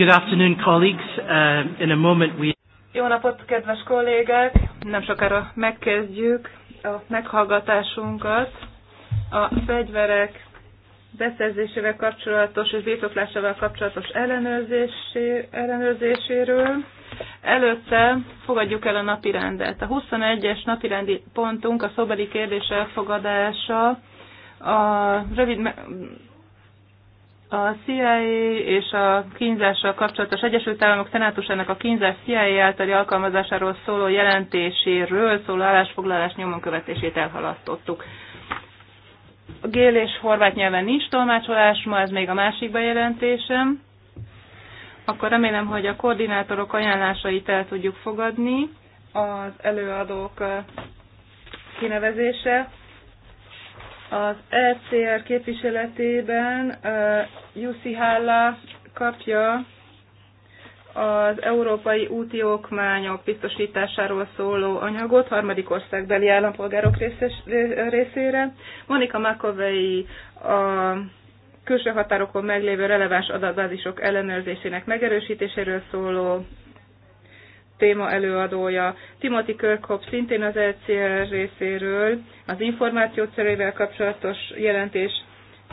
Good afternoon, colleagues. Uh, in a moment we... Jó napot, kedves kollégák! Nem sokára megkezdjük a meghallgatásunkat a fegyverek beszerzésével kapcsolatos és birtoklásával kapcsolatos ellenőrzésé, ellenőrzéséről. Előtte fogadjuk el a napirendet. A 21-es napirendi pontunk a szobeli kérdés elfogadása a rövid a CIA és a kínzással kapcsolatos Egyesült Államok Szenátusának a kínzás CIA általi alkalmazásáról szóló jelentéséről szóló állásfoglalás nyomon követését elhalasztottuk. A gél és horvát nyelven nincs tolmácsolás, ma ez még a másik bejelentésem. Akkor remélem, hogy a koordinátorok ajánlásait el tudjuk fogadni, az előadók kinevezése az ECR képviseletében Jussi Hállá kapja az Európai Úti Okmányok biztosításáról szóló anyagot harmadik országbeli állampolgárok részes, részére. Monika Makovei a külső határokon meglévő releváns adatbázisok ellenőrzésének megerősítéséről szóló téma előadója. Timothy Kirkhope szintén az e LCR részéről az cserével kapcsolatos jelentés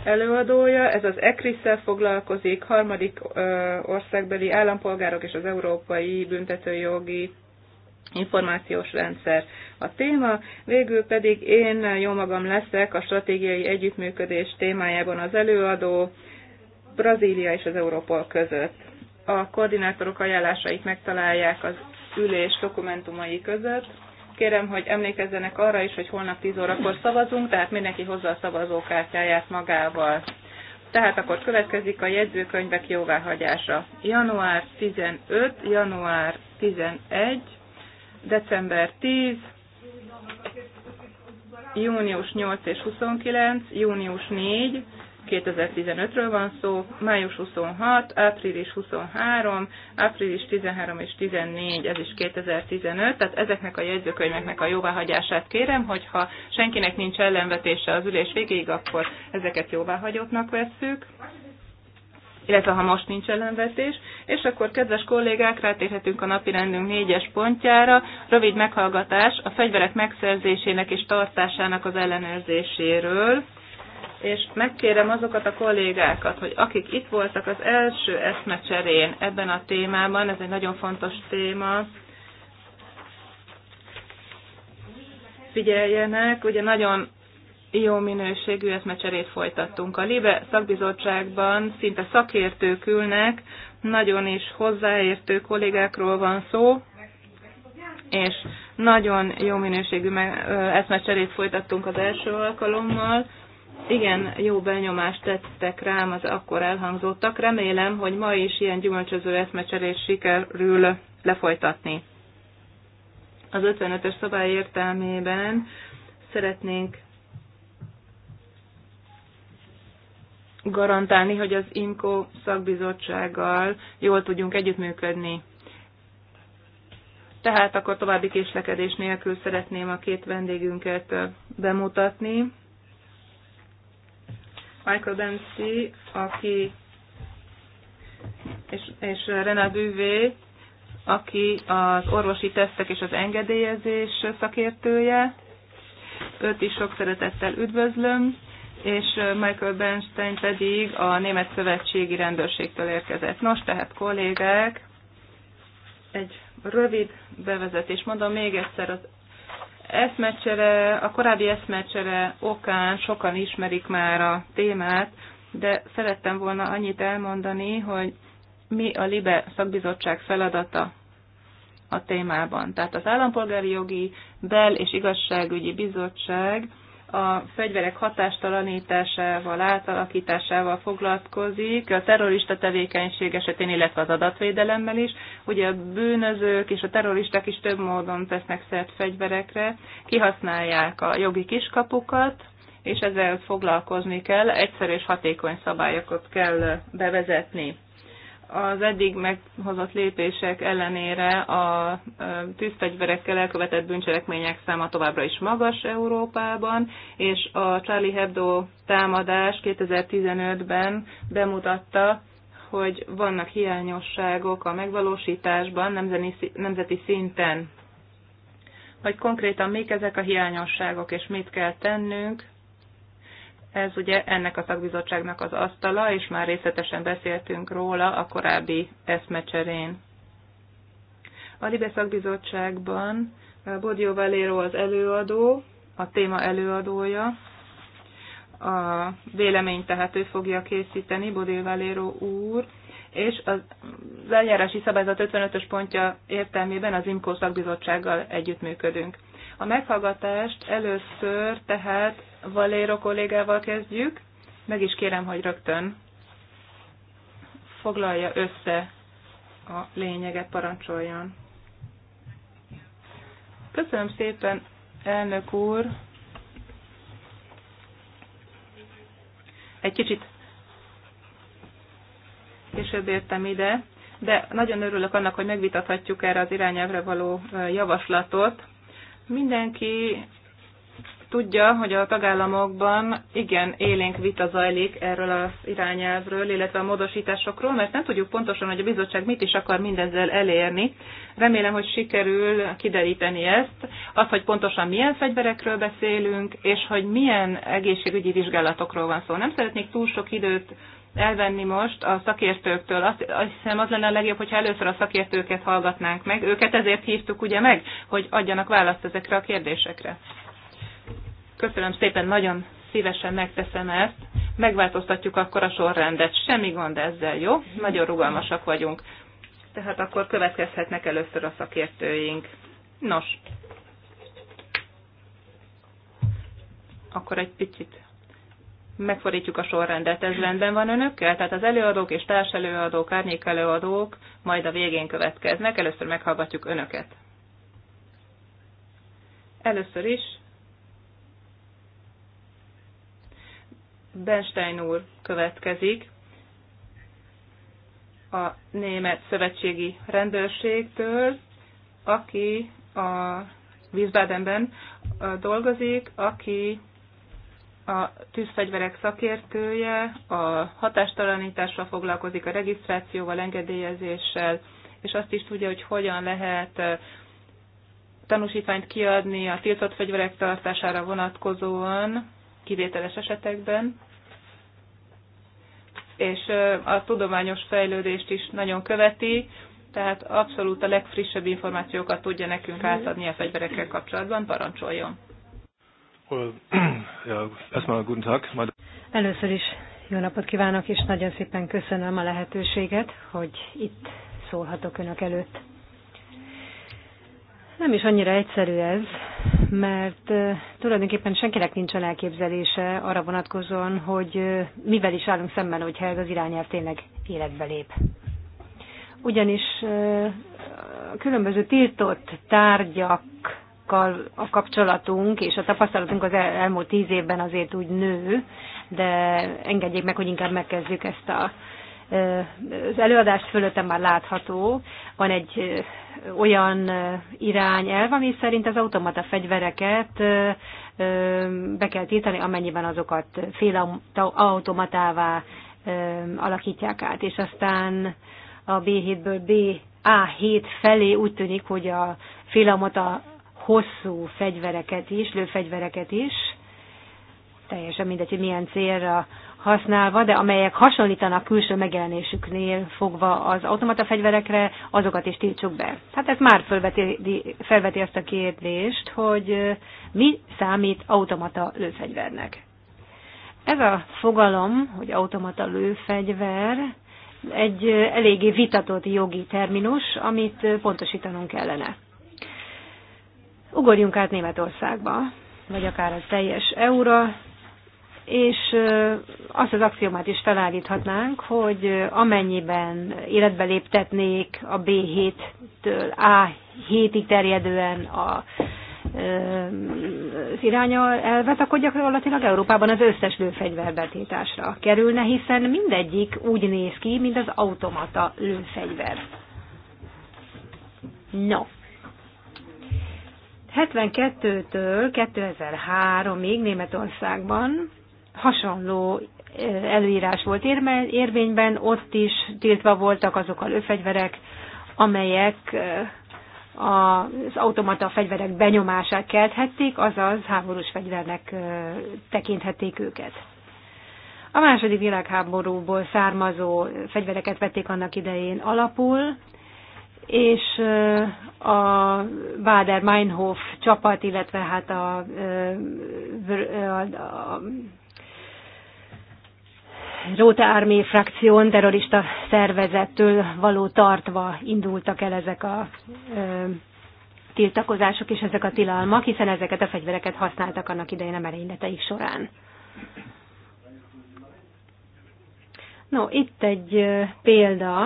előadója. Ez az ecris foglalkozik, harmadik országbeli állampolgárok és az európai büntetőjogi információs rendszer a téma, végül pedig én jó magam leszek a stratégiai együttműködés témájában az előadó Brazília és az Európol között. A koordinátorok ajánlásait megtalálják az ülés dokumentumai között. Kérem, hogy emlékezzenek arra is, hogy holnap 10 órakor szavazunk, tehát mindenki hozza a szavazókártyáját magával. Tehát akkor következik a jegyzőkönyvek jóváhagyása. Január 15, január 11, december 10, június 8 és 29, június 4, 2015-ről van szó, május 26, április 23, április 13 és 14, ez is 2015, tehát ezeknek a jegyzőkönyveknek a jóváhagyását kérem, hogyha senkinek nincs ellenvetése az ülés végéig, akkor ezeket jóváhagyottnak vesszük illetve ha most nincs ellenvetés, és akkor kedves kollégák, rátérhetünk a napi rendünk négyes pontjára, rövid meghallgatás a fegyverek megszerzésének és tartásának az ellenőrzéséről és megkérem azokat a kollégákat, hogy akik itt voltak az első eszmecserén ebben a témában, ez egy nagyon fontos téma, figyeljenek, ugye nagyon jó minőségű eszmecserét folytattunk. A Libe szakbizottságban szinte szakértők ülnek, nagyon is hozzáértő kollégákról van szó, és nagyon jó minőségű eszmecserét folytattunk az első alkalommal, igen jó benyomást tettek rám az akkor elhangzottak. Remélem, hogy ma is ilyen gyümölcsöző eszmecserés sikerül lefolytatni. Az 55-ös szabály értelmében szeretnénk garantálni, hogy az IMCO szakbizottsággal jól tudjunk együttműködni. Tehát akkor további késlekedés nélkül szeretném a két vendégünket bemutatni. Michael Dempsey, aki és, és René Büvé, aki az orvosi tesztek és az engedélyezés szakértője. Őt is sok szeretettel üdvözlöm, és Michael Bernstein pedig a Német Szövetségi Rendőrségtől érkezett. Nos, tehát kollégák, egy rövid bevezetés. Mondom még egyszer az eszmecsere, a korábbi eszmecsere okán sokan ismerik már a témát, de szerettem volna annyit elmondani, hogy mi a LIBE szakbizottság feladata a témában. Tehát az Állampolgári Jogi Bel- és Igazságügyi Bizottság a fegyverek hatástalanításával, átalakításával foglalkozik, a terrorista tevékenység esetén, illetve az adatvédelemmel is. Ugye a bűnözők és a terroristák is több módon tesznek szert fegyverekre, kihasználják a jogi kiskapukat, és ezzel foglalkozni kell, egyszerű és hatékony szabályokat kell bevezetni az eddig meghozott lépések ellenére a tűzfegyverekkel elkövetett bűncselekmények száma továbbra is magas Európában, és a Charlie Hebdo támadás 2015-ben bemutatta, hogy vannak hiányosságok a megvalósításban nemzeti szinten. Hogy konkrétan mik ezek a hiányosságok, és mit kell tennünk, ez ugye ennek a szakbizottságnak az asztala, és már részletesen beszéltünk róla a korábbi eszmecserén. A Libe szakbizottságban eh, Bodjó Valéro az előadó, a téma előadója, a véleményt tehát ő fogja készíteni, Bodjó Valéro úr, és az eljárási szabályzat 55-ös pontja értelmében az IMCO szakbizottsággal együttműködünk. A meghallgatást először tehát Valéro kollégával kezdjük. Meg is kérem, hogy rögtön foglalja össze a lényeget, parancsoljon. Köszönöm szépen, elnök úr. Egy kicsit később értem ide, de nagyon örülök annak, hogy megvitathatjuk erre az irányelvre való javaslatot. Mindenki tudja, hogy a tagállamokban igen élénk vita zajlik erről az irányelvről, illetve a módosításokról, mert nem tudjuk pontosan, hogy a bizottság mit is akar mindezzel elérni. Remélem, hogy sikerül kideríteni ezt, az, hogy pontosan milyen fegyverekről beszélünk, és hogy milyen egészségügyi vizsgálatokról van szó. Nem szeretnék túl sok időt elvenni most a szakértőktől. Azt, azt hiszem az lenne a legjobb, hogyha először a szakértőket hallgatnánk meg. Őket ezért hívtuk ugye meg, hogy adjanak választ ezekre a kérdésekre. Köszönöm szépen, nagyon szívesen megteszem ezt. Megváltoztatjuk akkor a sorrendet. Semmi gond ezzel, jó? Nagyon rugalmasak vagyunk. Tehát akkor következhetnek először a szakértőink. Nos, akkor egy picit megfordítjuk a sorrendet. Ez rendben van önökkel? Tehát az előadók és társelőadók, előadók, majd a végén következnek. Először meghallgatjuk önöket. Először is Benstein úr következik a Német Szövetségi Rendőrségtől, aki a Wiesbadenben dolgozik, aki a tűzfegyverek szakértője, a hatástalanítással foglalkozik, a regisztrációval, engedélyezéssel, és azt is tudja, hogy hogyan lehet tanúsítványt kiadni a tiltott fegyverek tartására vonatkozóan, kivételes esetekben, és a tudományos fejlődést is nagyon követi, tehát abszolút a legfrissebb információkat tudja nekünk átadni a fegyverekkel kapcsolatban, parancsoljon. Először is jó napot kívánok, és nagyon szépen köszönöm a lehetőséget, hogy itt szólhatok Önök előtt. Nem is annyira egyszerű ez, mert tulajdonképpen senkinek nincsen elképzelése arra vonatkozóan, hogy mivel is állunk szemben, hogyha ez az irányelv tényleg életbe lép. Ugyanis a különböző tiltott tárgyak bankokkal a kapcsolatunk és a tapasztalatunk az elmúlt tíz évben azért úgy nő, de engedjék meg, hogy inkább megkezdjük ezt a az előadást fölöttem már látható, van egy olyan irányelv, ami szerint az automata fegyvereket be kell tiltani, amennyiben azokat fél automatává alakítják át, és aztán a B7-ből B A7 felé úgy tűnik, hogy a félautomata hosszú fegyvereket is, lőfegyvereket is, teljesen mindegy, hogy milyen célra használva, de amelyek hasonlítanak külső megjelenésüknél fogva az automata fegyverekre, azokat is tiltsuk be. Hát ez már felveti, felveti azt a kérdést, hogy mi számít automata lőfegyvernek. Ez a fogalom, hogy automata lőfegyver, egy eléggé vitatott jogi terminus, amit pontosítanunk kellene. Ugorjunk át Németországba, vagy akár a teljes euróra, és azt az axiomát is felállíthatnánk, hogy amennyiben életbe léptetnék a B7-től A7-ig terjedően a az elvet, akkor gyakorlatilag Európában az összes lőfegyverbetétásra kerülne, hiszen mindegyik úgy néz ki, mint az automata lőfegyver. No, 72-től 2003-ig Németországban hasonló előírás volt érvényben, ott is tiltva voltak azok a lőfegyverek, amelyek az automata fegyverek benyomását kelthették, azaz háborús fegyvernek tekinthették őket. A második világháborúból származó fegyvereket vették annak idején alapul, és a Bader Meinhof csapat, illetve hát a, a, a Róta Armé frakción terrorista szervezettől való tartva indultak el ezek a ö, tiltakozások és ezek a tilalmak, hiszen ezeket a fegyvereket használtak annak idején a merényleteik során. No, itt egy példa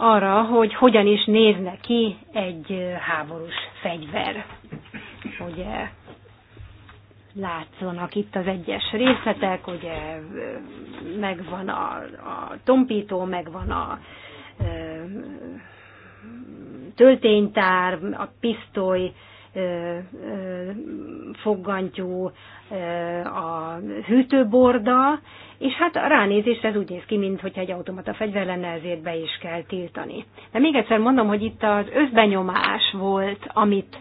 arra, hogy hogyan is nézne ki egy háborús fegyver. Ugye látszanak itt az egyes részletek, ugye megvan a, a tompító, megvan a e, tölténytár, a pisztoly, foggantyú, a hűtőborda, és hát a ránézésre ez úgy néz ki, mintha egy automata fegyver lenne, ezért be is kell tiltani. De még egyszer mondom, hogy itt az összbenyomás volt, amit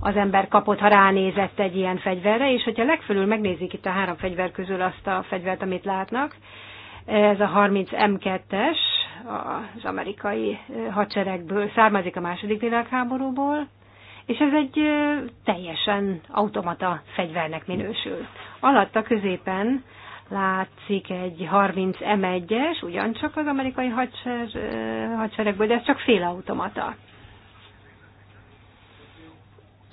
az ember kapott, ha ránézett egy ilyen fegyverre, és hogyha legfelül megnézik itt a három fegyver közül azt a fegyvert, amit látnak, ez a 30 M2-es, az amerikai hadseregből származik a második világháborúból, és ez egy teljesen automata fegyvernek minősül. Alatta középen látszik egy 30 M1-es, ugyancsak az amerikai hadser, hadseregből, de ez csak félautomata.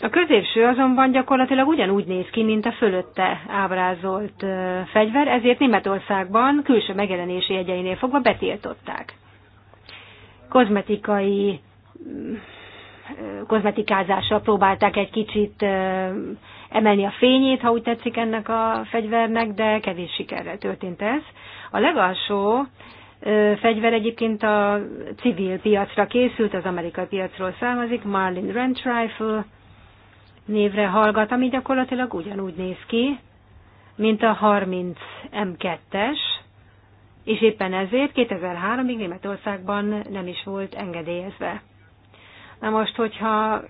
A középső azonban gyakorlatilag ugyanúgy néz ki, mint a fölötte ábrázolt fegyver, ezért Németországban külső megjelenési jegyeinél fogva betiltották. Kozmetikai kozmetikázással próbálták egy kicsit emelni a fényét, ha úgy tetszik ennek a fegyvernek, de kevés sikerrel történt ez. A legalsó fegyver egyébként a civil piacra készült, az amerikai piacról származik, Marlin Ranch Rifle névre hallgat, ami gyakorlatilag ugyanúgy néz ki, mint a 30 M2-es, és éppen ezért 2003-ig Németországban nem is volt engedélyezve. Na most, hogyha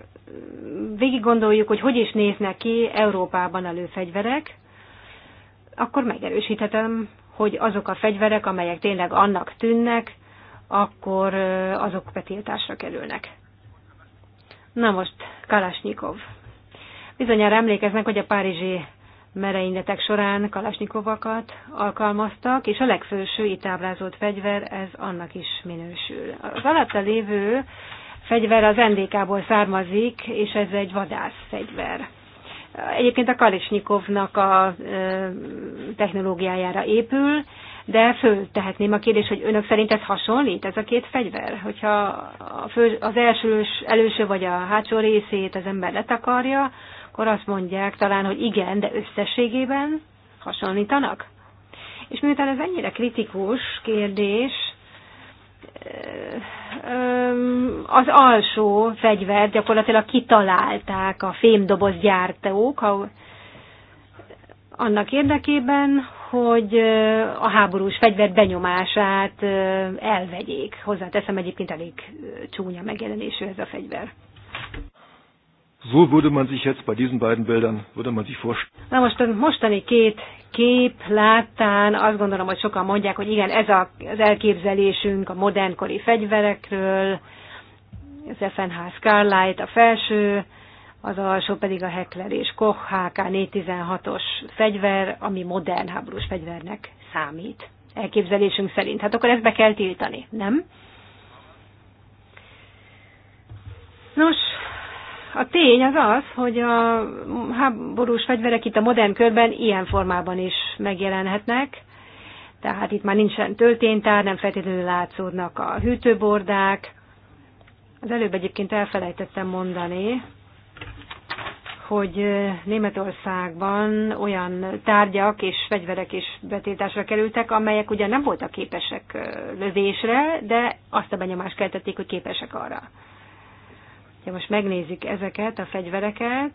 végig gondoljuk, hogy hogy is néznek ki Európában elő fegyverek, akkor megerősíthetem, hogy azok a fegyverek, amelyek tényleg annak tűnnek, akkor azok betiltásra kerülnek. Na most, Kalasnyikov. Bizonyára emlékeznek, hogy a párizsi mereindetek során kalasnyikovakat alkalmaztak, és a legfőső itt ábrázolt fegyver, ez annak is minősül. Az alatta lévő fegyver az NDK-ból származik, és ez egy vadász fegyver. Egyébként a Kalisnyikovnak a technológiájára épül, de föltehetném a kérdést, hogy önök szerint ez hasonlít, ez a két fegyver? Hogyha a fő, az első előső vagy a hátsó részét az ember letakarja, akkor azt mondják talán, hogy igen, de összességében hasonlítanak? És miután ez ennyire kritikus kérdés, az alsó fegyvert gyakorlatilag kitalálták a fémdoboz gyártók annak érdekében, hogy a háborús fegyver benyomását elvegyék. Hozzáteszem egyébként elég csúnya megjelenésű ez a fegyver. So würde man sich jetzt bei diesen beiden Bildern, würde man sich vorstellen. Na most a mostani két kép láttán azt gondolom, hogy sokan mondják, hogy igen, ez a, az elképzelésünk a modernkori fegyverekről, az FNH Scarlight a felső, az alsó pedig a Heckler és Koch HK416-os fegyver, ami modern háborús fegyvernek számít. Elképzelésünk szerint. Hát akkor ezt be kell tiltani, nem? Nos, a tény az az, hogy a háborús fegyverek itt a modern körben ilyen formában is megjelenhetnek, tehát itt már nincsen tölténytár, nem feltétlenül látszódnak a hűtőbordák. Az előbb egyébként elfelejtettem mondani, hogy Németországban olyan tárgyak és fegyverek is betiltásra kerültek, amelyek ugyan nem voltak képesek lövésre, de azt a benyomást keltették, hogy képesek arra. Ha most megnézik ezeket a fegyvereket,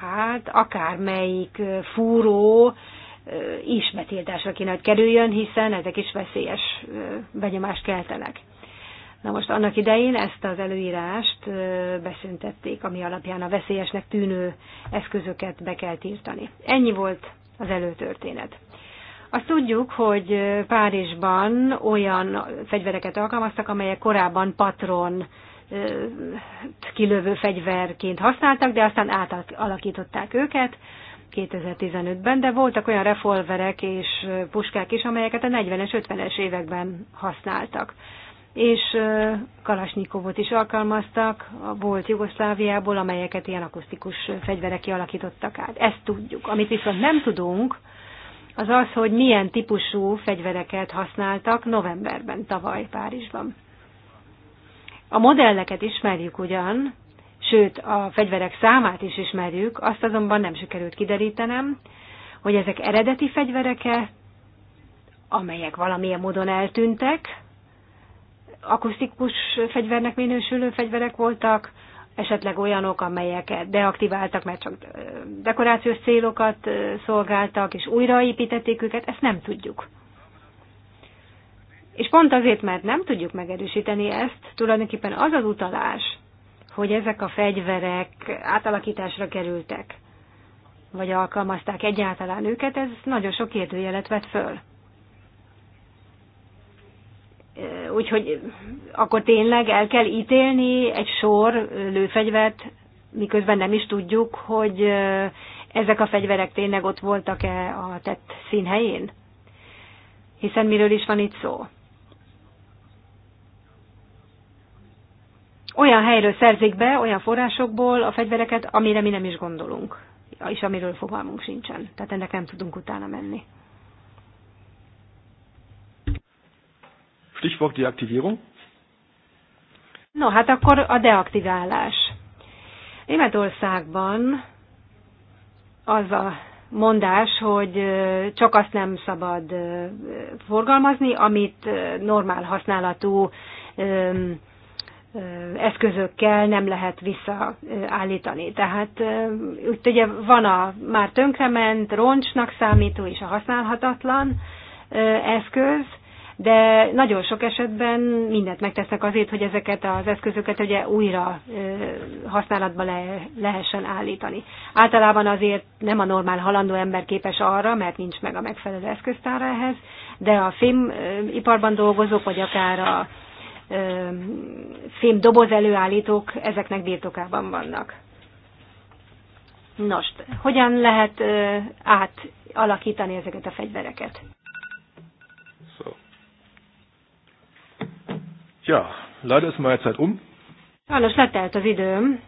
hát akármelyik fúró is betiltásra kéne, hogy kerüljön, hiszen ezek is veszélyes benyomást keltenek. Na most annak idején ezt az előírást beszüntették, ami alapján a veszélyesnek tűnő eszközöket be kell tiltani. Ennyi volt az előtörténet. Azt tudjuk, hogy Párizsban olyan fegyvereket alkalmaztak, amelyek korábban patron kilövő fegyverként használtak, de aztán átalakították őket 2015-ben, de voltak olyan revolverek és puskák is, amelyeket a 40-es, 50-es években használtak. És Kalasnyikovot is alkalmaztak, volt Jugoszláviából, amelyeket ilyen akusztikus fegyverek kialakítottak át. Ezt tudjuk. Amit viszont nem tudunk, az az, hogy milyen típusú fegyvereket használtak novemberben, tavaly Párizsban. A modelleket ismerjük ugyan, sőt a fegyverek számát is ismerjük, azt azonban nem sikerült kiderítenem, hogy ezek eredeti fegyvereke, amelyek valamilyen módon eltűntek, akusztikus fegyvernek minősülő fegyverek voltak, esetleg olyanok, amelyeket deaktiváltak, mert csak dekorációs célokat szolgáltak, és újraépítették őket, ezt nem tudjuk. És pont azért, mert nem tudjuk megerősíteni ezt, tulajdonképpen az az utalás, hogy ezek a fegyverek átalakításra kerültek, vagy alkalmazták egyáltalán őket, ez nagyon sok kérdőjelet vett föl. Úgyhogy akkor tényleg el kell ítélni egy sor lőfegyvert, miközben nem is tudjuk, hogy ezek a fegyverek tényleg ott voltak-e a tett színhelyén? Hiszen miről is van itt szó? olyan helyről szerzik be, olyan forrásokból a fegyvereket, amire mi nem is gondolunk, és amiről fogalmunk sincsen. Tehát ennek nem tudunk utána menni. Stichwort Deaktivierung. No, hát akkor a deaktiválás. Németországban az a mondás, hogy csak azt nem szabad forgalmazni, amit normál használatú eszközökkel nem lehet visszaállítani. Tehát úgy ugye van a már tönkrement, roncsnak számító és a használhatatlan eszköz, de nagyon sok esetben mindent megtesznek azért, hogy ezeket az eszközöket ugye újra használatba le, lehessen állítani. Általában azért nem a normál halandó ember képes arra, mert nincs meg a megfelelő eszköztára ehhez, de a filmiparban dolgozók, vagy akár a fém doboz előállítók ezeknek birtokában vannak. Nos, hogyan lehet átalakítani ezeket a fegyvereket? So. Ja, leider ist meine Zeit um. Sajnos letelt az időm,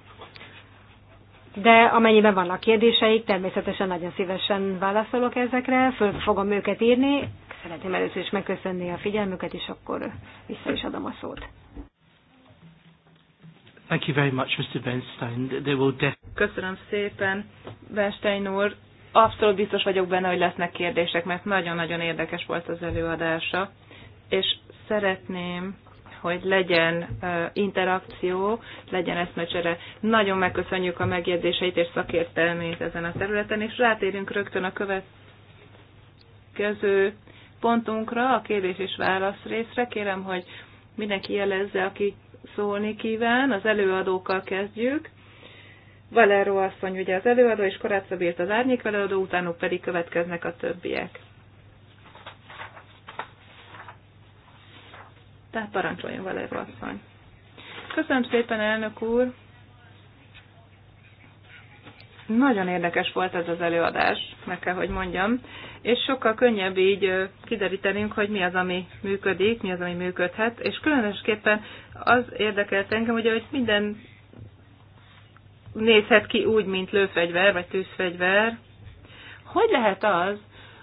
de amennyiben vannak kérdéseik, természetesen nagyon szívesen válaszolok ezekre, föl fogom őket írni, Szeretném először is megköszönni a figyelmüket, és akkor vissza is adom a szót. Thank you very much, Mr. Benstein. They will Köszönöm szépen, Benstein úr. Abszolút biztos vagyok benne, hogy lesznek kérdések, mert nagyon-nagyon érdekes volt az előadása, és szeretném, hogy legyen uh, interakció, legyen eszmecsere. Nagyon megköszönjük a megjegyzéseit és szakértelmét ezen a területen, és rátérünk rögtön a következő pontunkra, a kérdés és válasz részre. Kérem, hogy mindenki jelezze, aki szólni kíván. Az előadókkal kezdjük. Valero asszony ugye az előadó, és Korácsa Bírt az árnyék előadó, utánuk pedig következnek a többiek. Tehát parancsoljon Valero asszony. Köszönöm szépen, elnök úr! Nagyon érdekes volt ez az előadás, meg kell, hogy mondjam, és sokkal könnyebb így kiderítenünk, hogy mi az, ami működik, mi az, ami működhet, és különösképpen az érdekelt engem, ugye, hogy minden nézhet ki úgy, mint lőfegyver, vagy tűzfegyver. Hogy lehet az,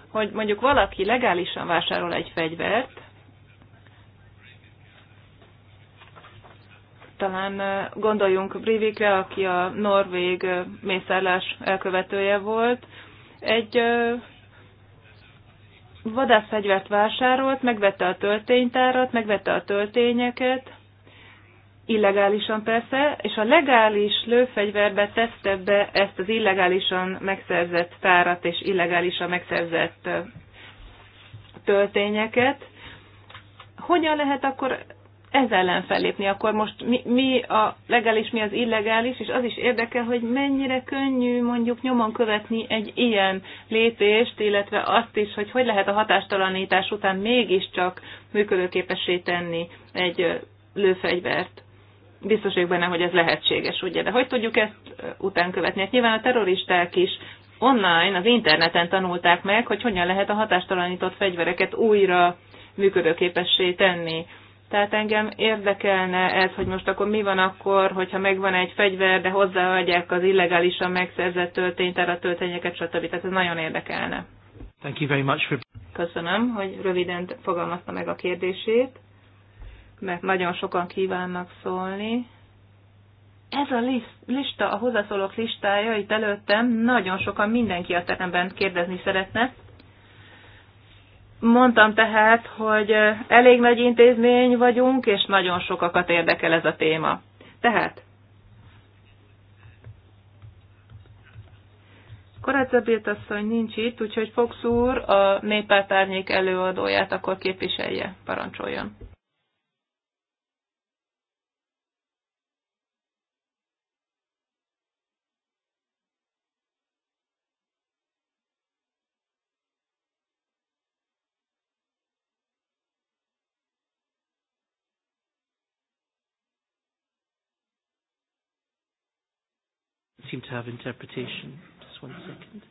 hogy mondjuk valaki legálisan vásárol egy fegyvert, talán gondoljunk Brivikre, aki a norvég mészárlás elkövetője volt. Egy vadászfegyvert vásárolt, megvette a tölténytárat, megvette a töltényeket, illegálisan persze, és a legális lőfegyverbe tette be ezt az illegálisan megszerzett tárat és illegálisan megszerzett töltényeket. Hogyan lehet akkor ez ellen fellépni, akkor most mi, mi a legális, mi az illegális, és az is érdekel, hogy mennyire könnyű mondjuk nyomon követni egy ilyen lépést, illetve azt is, hogy hogy lehet a hatástalanítás után mégiscsak működőképessé tenni egy lőfegyvert. Biztos vagyok benne, hogy ez lehetséges, ugye? De hogy tudjuk ezt után követni? Hát nyilván a terroristák is online, az interneten tanulták meg, hogy hogyan lehet a hatástalanított fegyvereket újra működőképessé tenni tehát engem érdekelne ez, hogy most akkor mi van akkor, hogyha megvan egy fegyver, de hozzáadják az illegálisan megszerzett töltényt, erre a töltényeket, stb. Tehát ez nagyon érdekelne. Thank you very much for... Köszönöm, hogy röviden fogalmazta meg a kérdését, mert nagyon sokan kívánnak szólni. Ez a lista, a hozzászólók listája itt előttem, nagyon sokan mindenki a teremben kérdezni szeretne. Mondtam tehát, hogy elég nagy intézmény vagyunk, és nagyon sokakat érdekel ez a téma. Tehát, Korácabét asszony nincs itt, úgyhogy Fox úr a néppárt árnyék előadóját akkor képviselje, parancsoljon. seem to have interpretation. Just one second.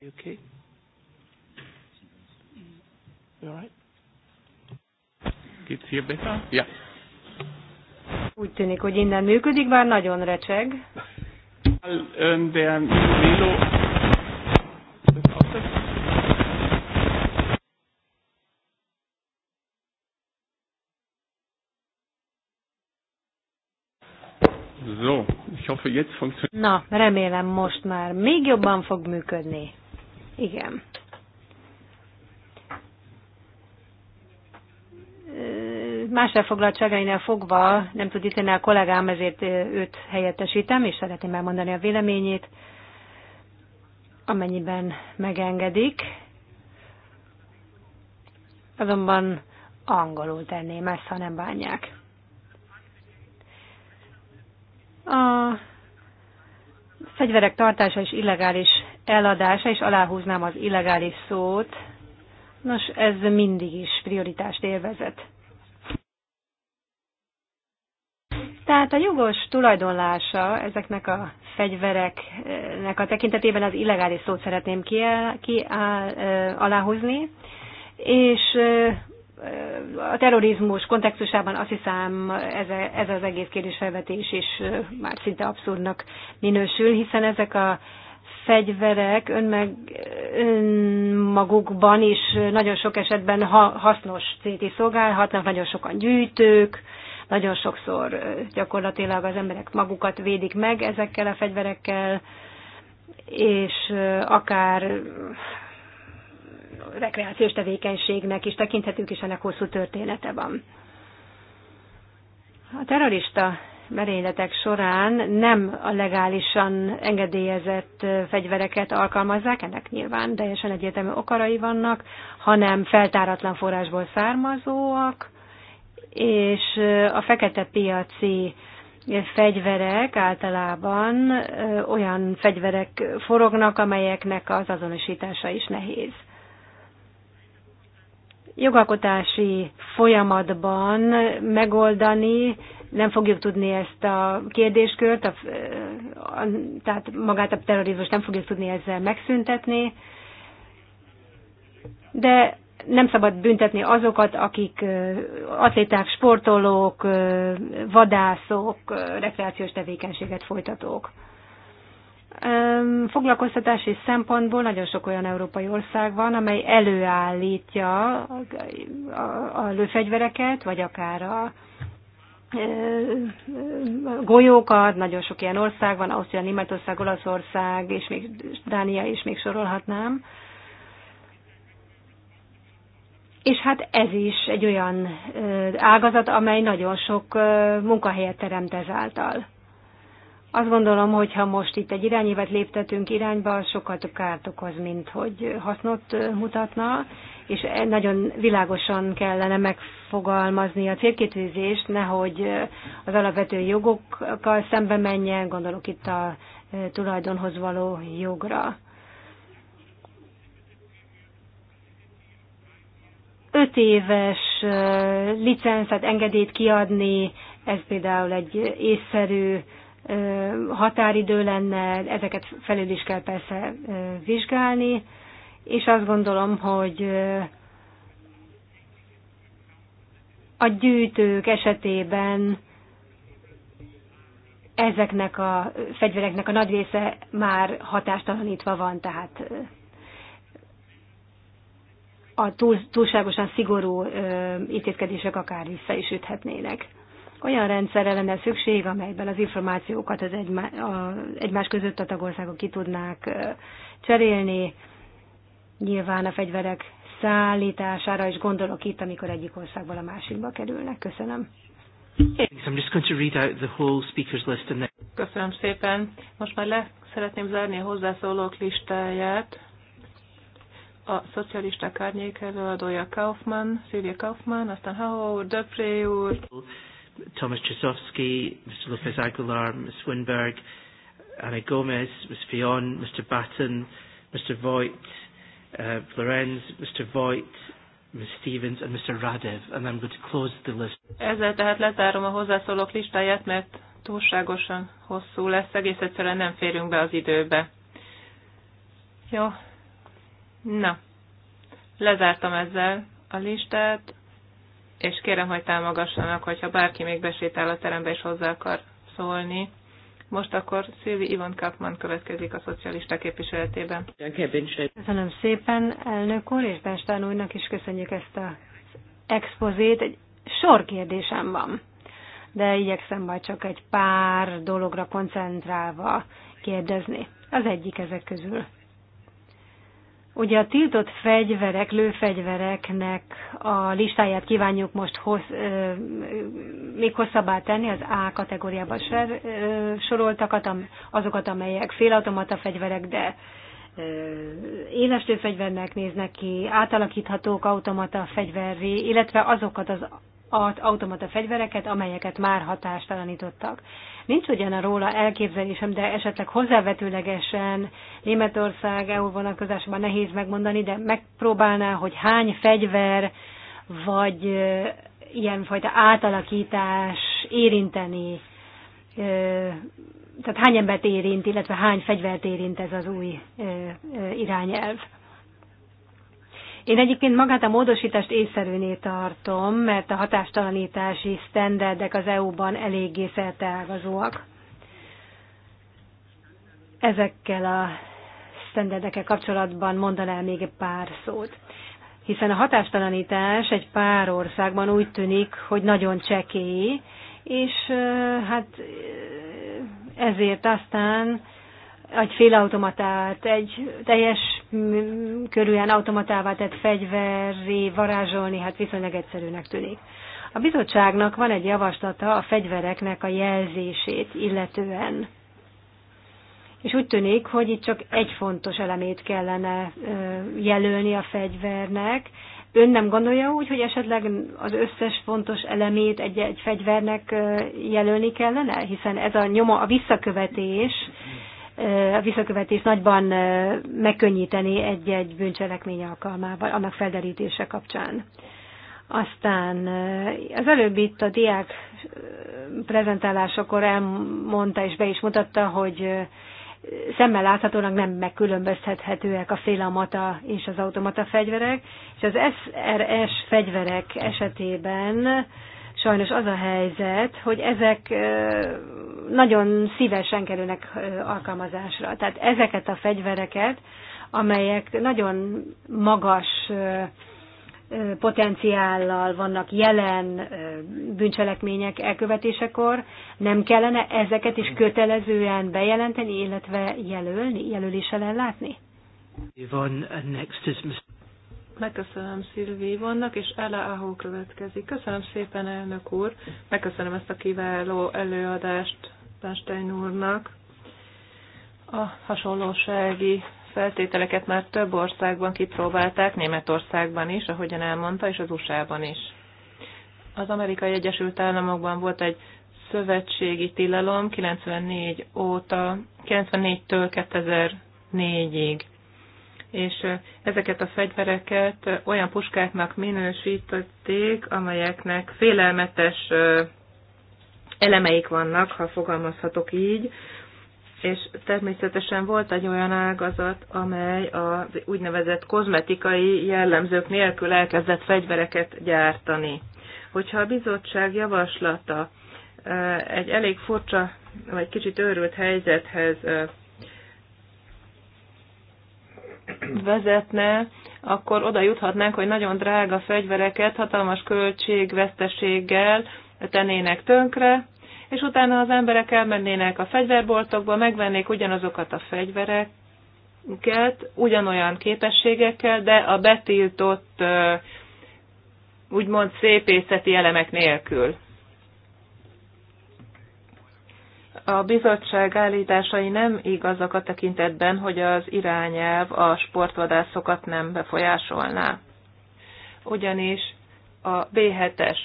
You okay? You all right? Geht's hier better? Yeah. Úgy tűnik, hogy innen működik, bár nagyon recseg. Ähm, der Melo hoffe, jetzt funktioniert. Na, remélem most már még jobban fog működni. Igen. Más elfoglaltságainál fogva nem tud itt a kollégám, ezért őt helyettesítem, és szeretném elmondani a véleményét, amennyiben megengedik. Azonban angolul tenném ezt, ha nem bánják. A fegyverek tartása és illegális eladása, és aláhúznám az illegális szót. Nos, ez mindig is prioritást élvezett. Tehát a jogos tulajdonlása ezeknek a fegyvereknek a tekintetében az illegális szót szeretném ki, ki á, aláhúzni, és a terrorizmus kontextusában azt hiszem ez, ez az egész kérdésfelvetés is már szinte abszurdnak minősül, hiszen ezek a fegyverek önmeg, önmagukban is nagyon sok esetben ha, hasznos célt is szolgálhatnak, nagyon sokan gyűjtők, nagyon sokszor gyakorlatilag az emberek magukat védik meg ezekkel a fegyverekkel, és akár rekreációs tevékenységnek is tekinthetünk, és ennek hosszú története van. A terrorista merényletek során nem a legálisan engedélyezett fegyvereket alkalmazzák, ennek nyilván teljesen egyértelmű okarai vannak, hanem feltáratlan forrásból származóak, és a fekete piaci fegyverek általában olyan fegyverek forognak, amelyeknek az azonosítása is nehéz jogalkotási folyamatban megoldani, nem fogjuk tudni ezt a kérdéskört, a, a, tehát magát a terrorizmus nem fogjuk tudni ezzel megszüntetni, de nem szabad büntetni azokat, akik atléták, sportolók, vadászok, rekreációs tevékenységet folytatók. Foglalkoztatási szempontból nagyon sok olyan európai ország van, amely előállítja a lőfegyvereket, vagy akár a golyókat, nagyon sok ilyen ország van, Ausztria, Németország, Olaszország, és még Dánia is még sorolhatnám. És hát ez is egy olyan ágazat, amely nagyon sok munkahelyet teremt ezáltal. Azt gondolom, hogy ha most itt egy irányévet léptetünk irányba, sokkal több kárt okoz, mint hogy hasznot mutatna, és e, nagyon világosan kellene megfogalmazni a célkitűzést, nehogy az alapvető jogokkal szembe menjen, gondolok itt a tulajdonhoz való jogra. Öt éves licenszet, engedélyt kiadni, ez például egy észszerű határidő lenne, ezeket felül is kell persze vizsgálni, és azt gondolom, hogy a gyűjtők esetében ezeknek a fegyvereknek a nagy része már hatástalanítva van, tehát a túl, túlságosan szigorú ö, intézkedések akár vissza is üthetnének. Olyan rendszerre lenne szükség, amelyben az információkat az egymá, a, egymás között a tagországok ki tudnák cserélni. Nyilván a fegyverek szállítására is gondolok itt, amikor egyik országból a másikba kerülnek. Köszönöm. Köszönöm szépen. Most már le szeretném zárni a hozzászólók listáját. A szocialista árnyék előadója Kaufmann, Szilvia Kaufmann, aztán Hau Döpré úr, Thomas Trzaskowski, Mr Lopez Aguilar, Ms Winberg, Anna Gomez, Ms Fionn, Mr Batten, Mr Voigt, uh, Lorenz, Mr Voigt, Ms Stevens and Mr Radev, and I'm going to close the list. Ezzel tehát lezárom a hozzászólók listáját, mert túlságosan hosszú lesz, egész egyszerűen nem férünk be az időbe. Jó. Na, lezártam ezzel a listát és kérem, hogy támogassanak, hogyha bárki még besétál a terembe és hozzá akar szólni. Most akkor Szilvi Ivan Kapman következik a szocialista képviseletében. Köszönöm szépen, elnök úr, és Benstán úrnak is köszönjük ezt az expozét. Egy sor kérdésem van, de igyekszem majd csak egy pár dologra koncentrálva kérdezni. Az egyik ezek közül. Ugye a tiltott fegyverek, lőfegyvereknek a listáját kívánjuk most hossz, ö, még hosszabbá tenni, az A kategóriába ser, ö, soroltakat, azokat, amelyek félautomata fegyverek, de éles lőfegyvernek néznek ki, átalakíthatók automata fegyverré, illetve azokat az az automata fegyvereket, amelyeket már hatástalanítottak. Nincs ugyan róla elképzelésem, de esetleg hozzávetőlegesen Németország EU vonatkozásában nehéz megmondani, de megpróbálná, hogy hány fegyver vagy ilyenfajta átalakítás érinteni, tehát hány embert érint, illetve hány fegyvert érint ez az új irányelv. Én egyébként magát a módosítást észszerűné tartom, mert a hatástalanítási sztenderdek az EU-ban eléggé szerteágazóak. Ezekkel a sztenderdekkel kapcsolatban mondanál még pár szót hiszen a hatástalanítás egy pár országban úgy tűnik, hogy nagyon csekély, és hát ezért aztán egy félautomatát, egy teljes körülön automatává tett fegyverré varázsolni, hát viszonylag egyszerűnek tűnik. A bizottságnak van egy javaslata a fegyvereknek a jelzését illetően. És úgy tűnik, hogy itt csak egy fontos elemét kellene jelölni a fegyvernek. Ön nem gondolja úgy, hogy esetleg az összes fontos elemét egy, egy fegyvernek jelölni kellene? Hiszen ez a nyoma, a visszakövetés, a visszakövetés nagyban megkönnyíteni egy-egy bűncselekmény alkalmával, annak felderítése kapcsán. Aztán az előbb itt a diák prezentálásakor elmondta és be is mutatta, hogy szemmel láthatólag nem megkülönböztethetőek a félamata és az automata fegyverek, és az SRS fegyverek esetében Sajnos az a helyzet, hogy ezek nagyon szívesen kerülnek alkalmazásra. Tehát ezeket a fegyvereket, amelyek nagyon magas potenciállal vannak jelen bűncselekmények elkövetésekor, nem kellene ezeket is kötelezően bejelenteni, illetve jelölni, jelöléssel ellátni? Yvonne, Megköszönöm Szilvi vannak, és Ela Ahó következik. Köszönöm szépen, elnök úr. Megköszönöm ezt a kiváló előadást Pánstein úrnak. A hasonlósági feltételeket már több országban kipróbálták, Németországban is, ahogyan elmondta, és az USA-ban is. Az Amerikai Egyesült Államokban volt egy szövetségi tilalom 94 óta, 94-től 2004-ig és ezeket a fegyvereket olyan puskáknak minősítették, amelyeknek félelmetes elemeik vannak, ha fogalmazhatok így, és természetesen volt egy olyan ágazat, amely az úgynevezett kozmetikai jellemzők nélkül elkezdett fegyvereket gyártani. Hogyha a bizottság javaslata egy elég furcsa, vagy kicsit őrült helyzethez vezetne, akkor oda juthatnánk, hogy nagyon drága fegyvereket hatalmas költségveszteséggel tennének tönkre, és utána az emberek elmennének a fegyverboltokba, megvennék ugyanazokat a fegyvereket, ugyanolyan képességekkel, de a betiltott úgymond szépészeti elemek nélkül. a bizottság állításai nem igazak a tekintetben, hogy az irányelv a sportvadászokat nem befolyásolná. Ugyanis a B7-es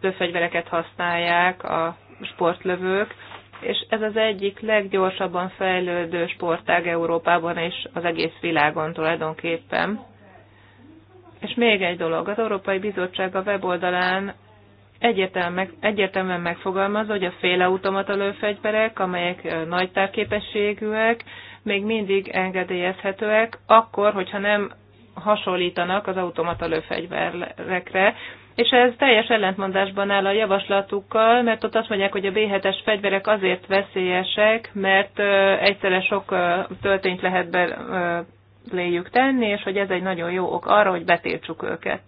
lőfegyvereket használják a sportlövők, és ez az egyik leggyorsabban fejlődő sportág Európában és az egész világon tulajdonképpen. És még egy dolog, az Európai Bizottság a weboldalán egyértelműen, egyértelműen megfogalmazza, hogy a félautomata lőfegyverek, amelyek nagy tárképességűek, még mindig engedélyezhetőek, akkor, hogyha nem hasonlítanak az automata lőfegyverekre, és ez teljes ellentmondásban áll a javaslatukkal, mert ott azt mondják, hogy a B7-es fegyverek azért veszélyesek, mert egyszerre sok töltényt lehet beléjük tenni, és hogy ez egy nagyon jó ok arra, hogy betiltsuk őket.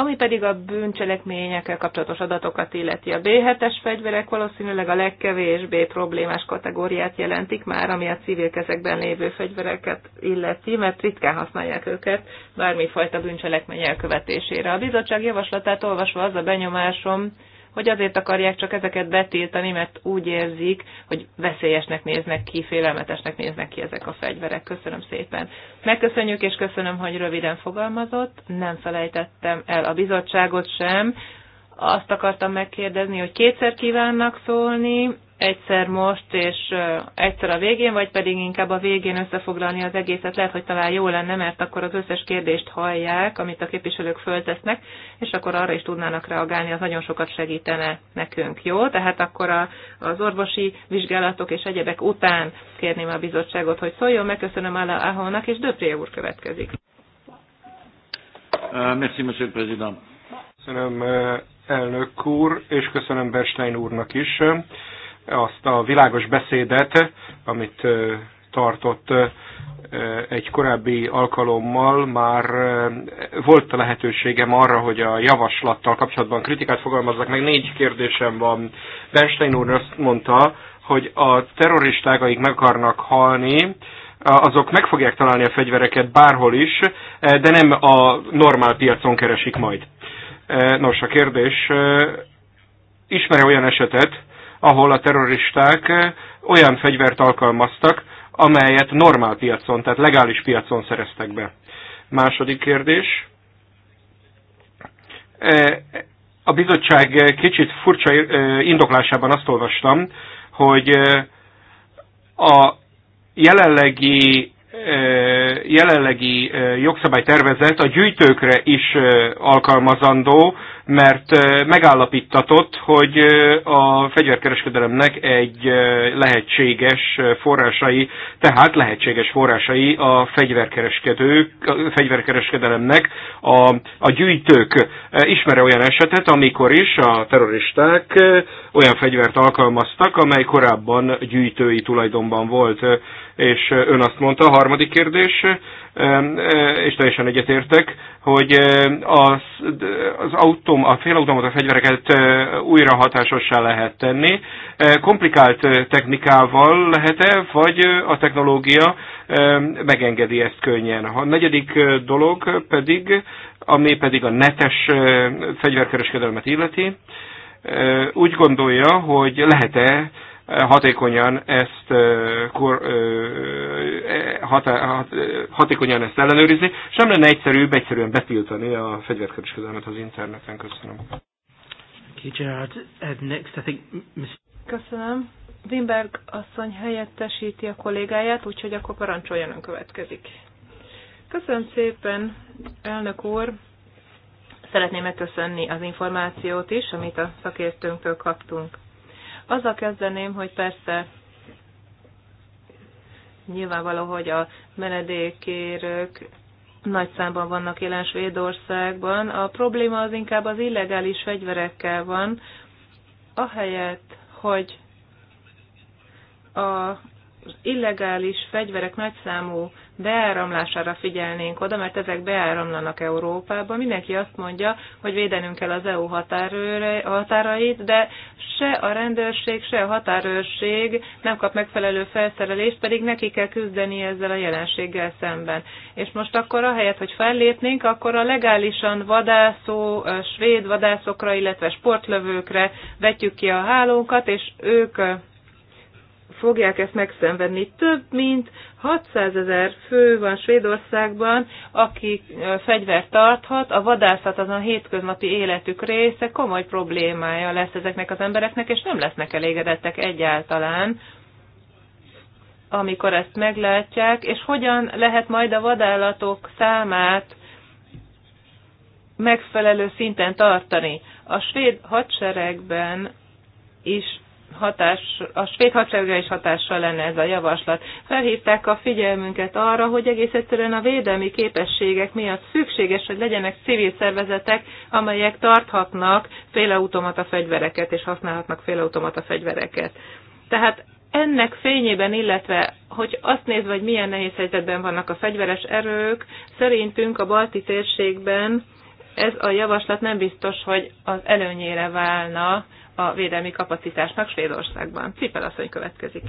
Ami pedig a bűncselekményekkel kapcsolatos adatokat illeti, a B7-es fegyverek valószínűleg a legkevésbé problémás kategóriát jelentik már, ami a civil kezekben lévő fegyvereket illeti, mert ritkán használják őket bármifajta bűncselekmény elkövetésére. A bizottság javaslatát olvasva az a benyomásom, hogy azért akarják csak ezeket betiltani, mert úgy érzik, hogy veszélyesnek néznek ki, félelmetesnek néznek ki ezek a fegyverek. Köszönöm szépen. Megköszönjük, és köszönöm, hogy röviden fogalmazott. Nem felejtettem el a bizottságot sem. Azt akartam megkérdezni, hogy kétszer kívánnak szólni, egyszer most, és egyszer a végén, vagy pedig inkább a végén összefoglalni az egészet. Lehet, hogy talán jó lenne, mert akkor az összes kérdést hallják, amit a képviselők föltesznek, és akkor arra is tudnának reagálni, az nagyon sokat segítene nekünk. Jó? Tehát akkor a, az orvosi vizsgálatok és egyebek után kérném a bizottságot, hogy szóljon. Megköszönöm Ála Áholnak, és Döpré úr következik. Uh, merci, monsieur président. Köszönöm uh, elnök úr, és köszönöm Berstein úrnak is azt a világos beszédet, amit tartott egy korábbi alkalommal már volt a lehetőségem arra, hogy a javaslattal kapcsolatban kritikát fogalmazzak, meg négy kérdésem van. Bernstein úr azt mondta, hogy a terroristák, akik meg akarnak halni, azok meg fogják találni a fegyvereket bárhol is, de nem a normál piacon keresik majd. Nos, a kérdés, ismeri olyan esetet, ahol a terroristák eh, olyan fegyvert alkalmaztak, amelyet normál piacon, tehát legális piacon szereztek be. Második kérdés. Eh, a bizottság kicsit furcsa eh, indoklásában azt olvastam, hogy a jelenlegi jelenlegi jogszabálytervezet a gyűjtőkre is alkalmazandó, mert megállapítatott, hogy a fegyverkereskedelemnek egy lehetséges forrásai, tehát lehetséges forrásai a fegyverkereskedők, a fegyverkereskedelemnek a, a gyűjtők. Ismere olyan esetet, amikor is a terroristák olyan fegyvert alkalmaztak, amely korábban gyűjtői tulajdonban volt és ön azt mondta, a harmadik kérdés, és teljesen egyetértek, hogy az, az autóm a félautomata fegyvereket újra hatásossá lehet tenni. Komplikált technikával lehet-e, vagy a technológia megengedi ezt könnyen? A negyedik dolog pedig, ami pedig a netes fegyverkereskedelmet illeti, úgy gondolja, hogy lehet-e hatékonyan ezt, kor, e, hatá, e, hatékonyan ezt ellenőrizni. Sem lenne egyszerűbb egyszerűen betiltani a fegyverkereskedelmet az interneten. Köszönöm. Köszönöm. Wimberg asszony helyettesíti a kollégáját, úgyhogy akkor parancsoljon ön következik. Köszönöm szépen, elnök úr. Szeretném megköszönni az információt is, amit a szakértőnktől kaptunk. Azzal kezdeném, hogy persze nyilvánvaló, hogy a menedékérők nagy számban vannak jelen Svédországban. A probléma az inkább az illegális fegyverekkel van, ahelyett, hogy az illegális fegyverek nagyszámú beáramlására figyelnénk oda, mert ezek beáramlanak Európába. Mindenki azt mondja, hogy védenünk kell az EU határait, de se a rendőrség, se a határőrség nem kap megfelelő felszerelést, pedig neki kell küzdeni ezzel a jelenséggel szemben. És most akkor ahelyett, hogy fellépnénk, akkor a legálisan vadászó, svéd vadászokra, illetve sportlövőkre vetjük ki a hálónkat, és ők fogják ezt megszenvedni. Több mint 600 ezer fő van Svédországban, aki fegyvert tarthat, a vadászat azon a hétköznapi életük része, komoly problémája lesz ezeknek az embereknek, és nem lesznek elégedettek egyáltalán, amikor ezt meglátják, és hogyan lehet majd a vadállatok számát megfelelő szinten tartani. A svéd hadseregben is hatás, a svéd hadseregre is hatással lenne ez a javaslat. Felhívták a figyelmünket arra, hogy egész egyszerűen a védelmi képességek miatt szükséges, hogy legyenek civil szervezetek, amelyek tarthatnak félautomata fegyvereket és használhatnak félautomata fegyvereket. Tehát ennek fényében, illetve hogy azt nézve, hogy milyen nehéz helyzetben vannak a fegyveres erők, szerintünk a balti térségben ez a javaslat nem biztos, hogy az előnyére válna a védelmi kapacitásnak Svédországban. Cipel asszony következik.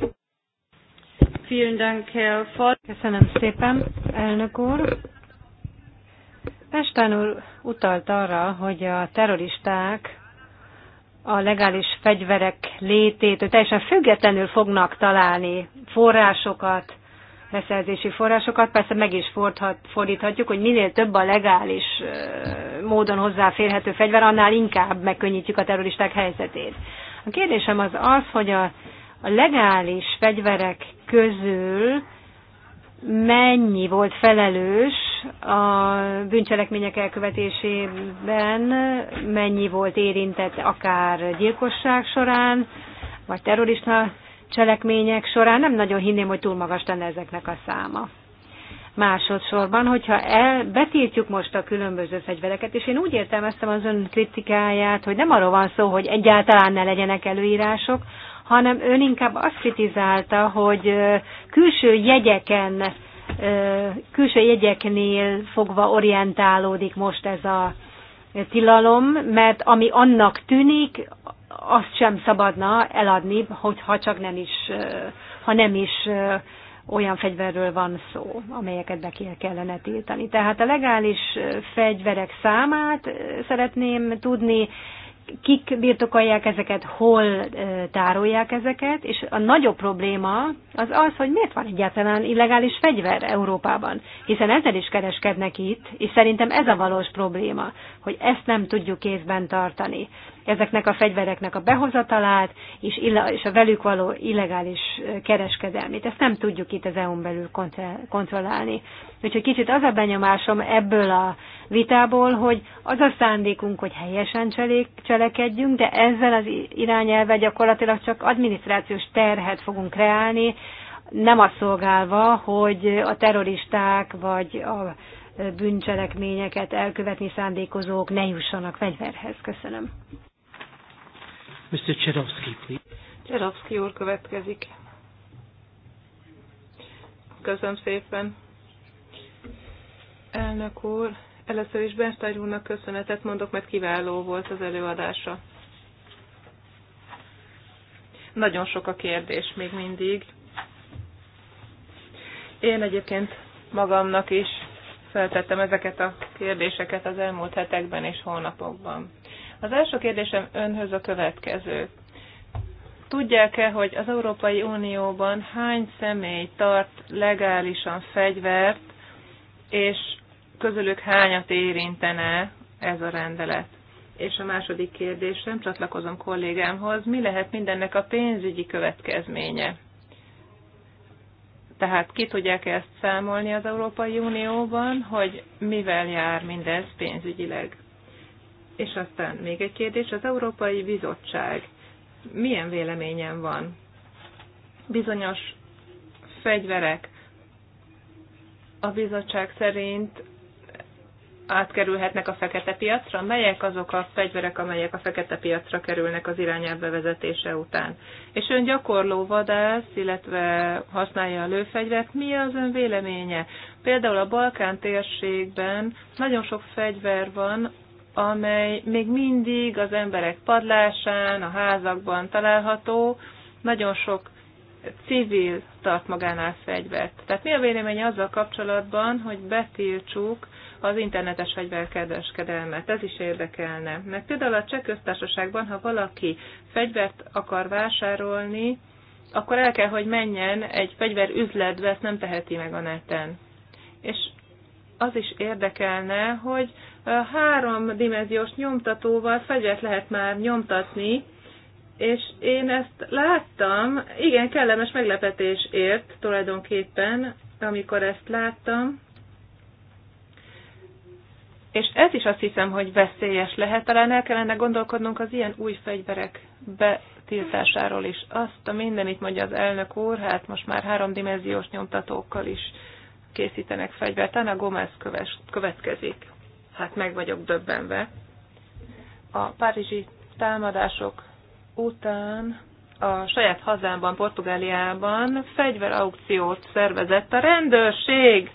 Köszönöm szépen, elnök úr. Pestán úr utalt arra, hogy a terroristák a legális fegyverek létét, teljesen függetlenül fognak találni forrásokat, beszerzési forrásokat. Persze meg is fordhat, fordíthatjuk, hogy minél több a legális módon hozzáférhető fegyver, annál inkább megkönnyítjük a terroristák helyzetét. A kérdésem az az, hogy a, a legális fegyverek közül mennyi volt felelős a bűncselekmények elkövetésében, mennyi volt érintett akár gyilkosság során, vagy terrorista Cselekmények során nem nagyon hinném, hogy túl magas lenne ezeknek a száma. Másodszorban, hogyha el, betiltjuk most a különböző fegyvereket, és én úgy értelmeztem az ön kritikáját, hogy nem arról van szó, hogy egyáltalán ne legyenek előírások, hanem ön inkább azt kritizálta, hogy külső jegyeken, külső jegyeknél fogva orientálódik most ez a tilalom, mert ami annak tűnik, azt sem szabadna eladni, hogyha csak nem is, ha nem is olyan fegyverről van szó, amelyeket be kellene tiltani. Tehát a legális fegyverek számát szeretném tudni, kik birtokolják ezeket, hol tárolják ezeket, és a nagyobb probléma az az, hogy miért van egyáltalán illegális fegyver Európában, hiszen ezzel is kereskednek itt, és szerintem ez a valós probléma, hogy ezt nem tudjuk kézben tartani. Ezeknek a fegyvereknek a behozatalát és, és a velük való illegális kereskedelmét. Ezt nem tudjuk itt az EU-n belül kontrollálni. Úgyhogy kicsit az a benyomásom ebből a vitából, hogy az a szándékunk, hogy helyesen cselék, cselekedjünk, de ezzel az irányelve gyakorlatilag csak adminisztrációs terhet fogunk kreálni, nem azt szolgálva, hogy a terroristák vagy a bűncselekményeket elkövetni szándékozók ne jussanak fegyverhez. Köszönöm. Mr. Cserovsky, please. Cserovsky úr következik. Köszönöm szépen. Elnök úr, először is Bertagy úrnak köszönetet mondok, mert kiváló volt az előadása. Nagyon sok a kérdés még mindig. Én egyébként magamnak is feltettem ezeket a kérdéseket az elmúlt hetekben és hónapokban. Az első kérdésem önhöz a következő. Tudják-e, hogy az Európai Unióban hány személy tart legálisan fegyvert, és közülük hányat érintene ez a rendelet? És a második kérdésem, csatlakozom kollégámhoz, mi lehet mindennek a pénzügyi következménye? Tehát ki tudják ezt számolni az Európai Unióban, hogy mivel jár mindez pénzügyileg? És aztán még egy kérdés, az Európai Bizottság milyen véleményen van? Bizonyos fegyverek a bizottság szerint átkerülhetnek a fekete piacra? Melyek azok a fegyverek, amelyek a fekete piacra kerülnek az irányelv bevezetése után? És ön gyakorló vadász, illetve használja a lőfegyvert. Mi az ön véleménye? Például a Balkán térségben nagyon sok fegyver van, amely még mindig az emberek padlásán, a házakban található, nagyon sok civil tart magánál fegyvert. Tehát mi a vélemény azzal kapcsolatban, hogy betiltsuk az internetes fegyverkereskedelmet. Ez is érdekelne. Mert például a cseh köztársaságban, ha valaki fegyvert akar vásárolni, akkor el kell, hogy menjen egy fegyverüzletbe, ezt nem teheti meg a neten. És az is érdekelne, hogy háromdimenziós nyomtatóval fegyvert lehet már nyomtatni, és én ezt láttam, igen, kellemes meglepetés ért tulajdonképpen, amikor ezt láttam, és ez is azt hiszem, hogy veszélyes lehet. Talán el kellene gondolkodnunk az ilyen új fegyverek betiltásáról is. Azt a mindenit mondja az elnök úr, hát most már háromdimenziós nyomtatókkal is készítenek fegyvert. Tana Gomez köves, következik. Hát meg vagyok döbbenve. A párizsi támadások után a saját hazámban, Portugáliában fegyveraukciót szervezett a rendőrség.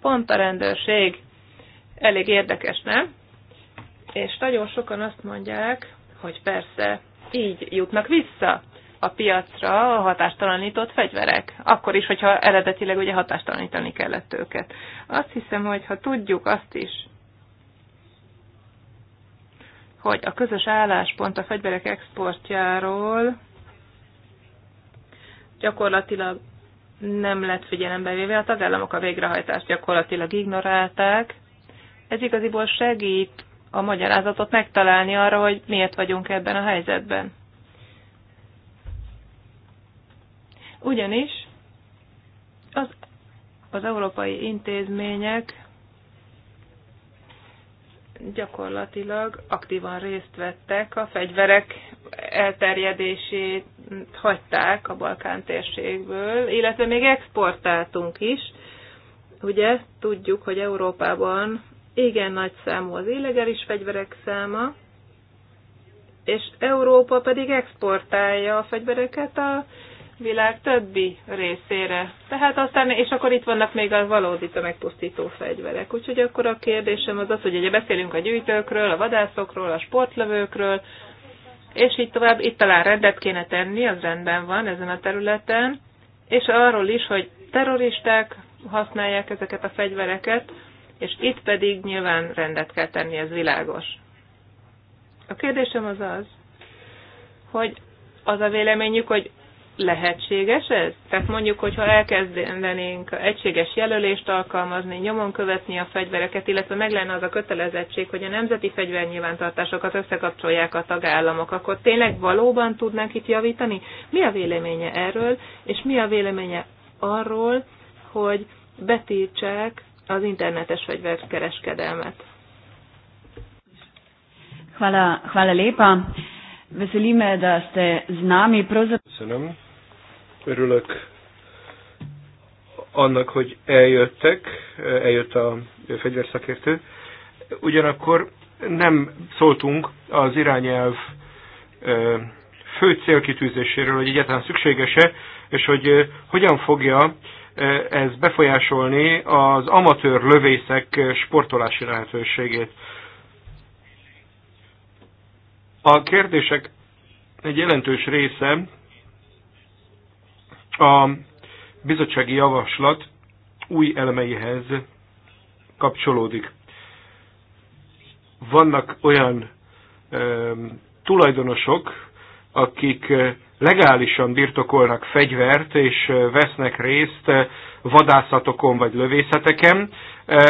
Pont a rendőrség Elég érdekes, nem? És nagyon sokan azt mondják, hogy persze, így jutnak vissza a piacra a hatástalanított fegyverek. Akkor is, hogyha eredetileg ugye hatástalanítani kellett őket. Azt hiszem, hogy ha tudjuk azt is, hogy a közös álláspont a fegyverek exportjáról gyakorlatilag nem lett figyelembe véve, a tagállamok a végrehajtást gyakorlatilag ignorálták, ez igaziból segít a magyarázatot megtalálni arra, hogy miért vagyunk ebben a helyzetben. Ugyanis az, az európai intézmények gyakorlatilag aktívan részt vettek, a fegyverek elterjedését hagyták a Balkán térségből, illetve még exportáltunk is. Ugye tudjuk, hogy Európában igen nagy számú az illegális fegyverek száma, és Európa pedig exportálja a fegyvereket a világ többi részére. Tehát aztán, és akkor itt vannak még a valódi tömegpusztító fegyverek. Úgyhogy akkor a kérdésem az az, hogy ugye beszélünk a gyűjtőkről, a vadászokról, a sportlövőkről, és így tovább, itt talán rendet kéne tenni, az rendben van ezen a területen, és arról is, hogy terroristák használják ezeket a fegyvereket, és itt pedig nyilván rendet kell tenni, ez világos. A kérdésem az az, hogy az a véleményük, hogy lehetséges ez? Tehát mondjuk, hogyha elkezdenénk egységes jelölést alkalmazni, nyomon követni a fegyvereket, illetve meg lenne az a kötelezettség, hogy a nemzeti fegyvernyilvántartásokat összekapcsolják a tagállamok, akkor tényleg valóban tudnánk itt javítani? Mi a véleménye erről, és mi a véleménye arról, hogy betítsák az internetes fegyverkereskedelmet. Hvala, hvala lepa. Veseli me, da ste z nami. Köszönöm. Örülök annak, hogy eljöttek, eljött a fegyverszakértő. Ugyanakkor nem szóltunk az irányelv fő célkitűzéséről, hogy egyáltalán szükséges-e, és hogy hogyan fogja ez befolyásolni az amatőr lövészek sportolási lehetőségét. A kérdések egy jelentős része a bizottsági javaslat új elemeihez kapcsolódik. Vannak olyan ö, tulajdonosok, akik legálisan birtokolnak fegyvert és vesznek részt vadászatokon vagy lövészeteken,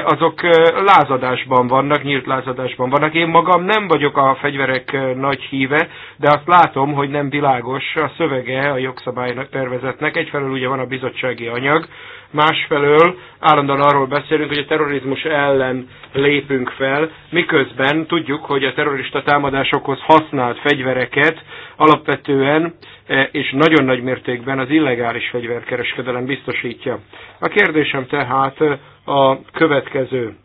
azok lázadásban vannak, nyílt lázadásban vannak. Én magam nem vagyok a fegyverek nagy híve, de azt látom, hogy nem világos a szövege a jogszabály tervezetnek. Egyfelől ugye van a bizottsági anyag, másfelől állandóan arról beszélünk, hogy a terrorizmus ellen lépünk fel, miközben tudjuk, hogy a terrorista támadásokhoz használt fegyvereket alapvetően E, és nagyon nagy mértékben az illegális fegyverkereskedelem biztosítja. A kérdésem tehát e, a következő.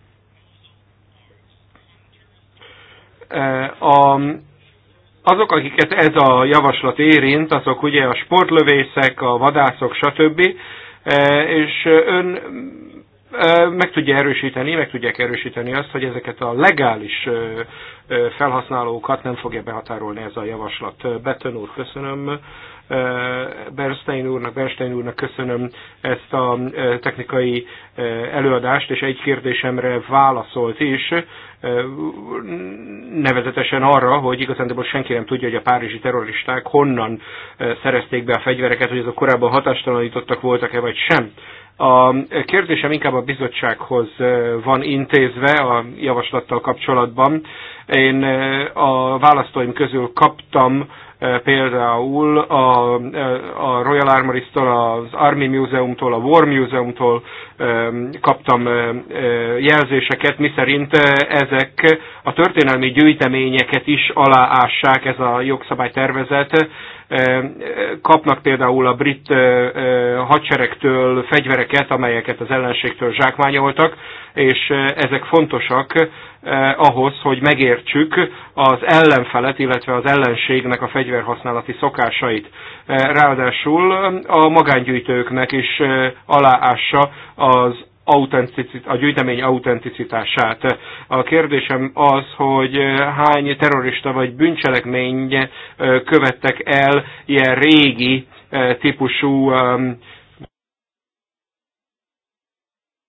E, a, azok, akiket ez a javaslat érint, azok ugye a sportlövészek, a vadászok, stb. És ön meg tudja erősíteni, meg tudják erősíteni azt, hogy ezeket a legális felhasználókat nem fogja behatárolni ez a javaslat. Beton úr, köszönöm. Bernstein úrnak, Bernstein úrnak köszönöm ezt a technikai előadást, és egy kérdésemre válaszolt is, nevezetesen arra, hogy igazándiból senki nem tudja, hogy a párizsi terroristák honnan szerezték be a fegyvereket, hogy azok korábban hatástalanítottak voltak-e, vagy sem. A kérdésem inkább a bizottsághoz van intézve a javaslattal kapcsolatban. Én a választóim közül kaptam például a, a Royal Armory-tól, az Army Museumtól, a War Museumtól kaptam jelzéseket, miszerint ezek a történelmi gyűjteményeket is aláássák ez a jogszabálytervezet, kapnak például a brit hadseregtől fegyvereket, amelyeket az ellenségtől zsákmányoltak, és ezek fontosak ahhoz, hogy megértsük az ellenfelet, illetve az ellenségnek a fegyverhasználati szokásait. Ráadásul a magángyűjtőknek is aláássa az a gyűjtemény autenticitását. A kérdésem az, hogy hány terrorista vagy bűncselekmény eh, követtek el ilyen régi eh, típusú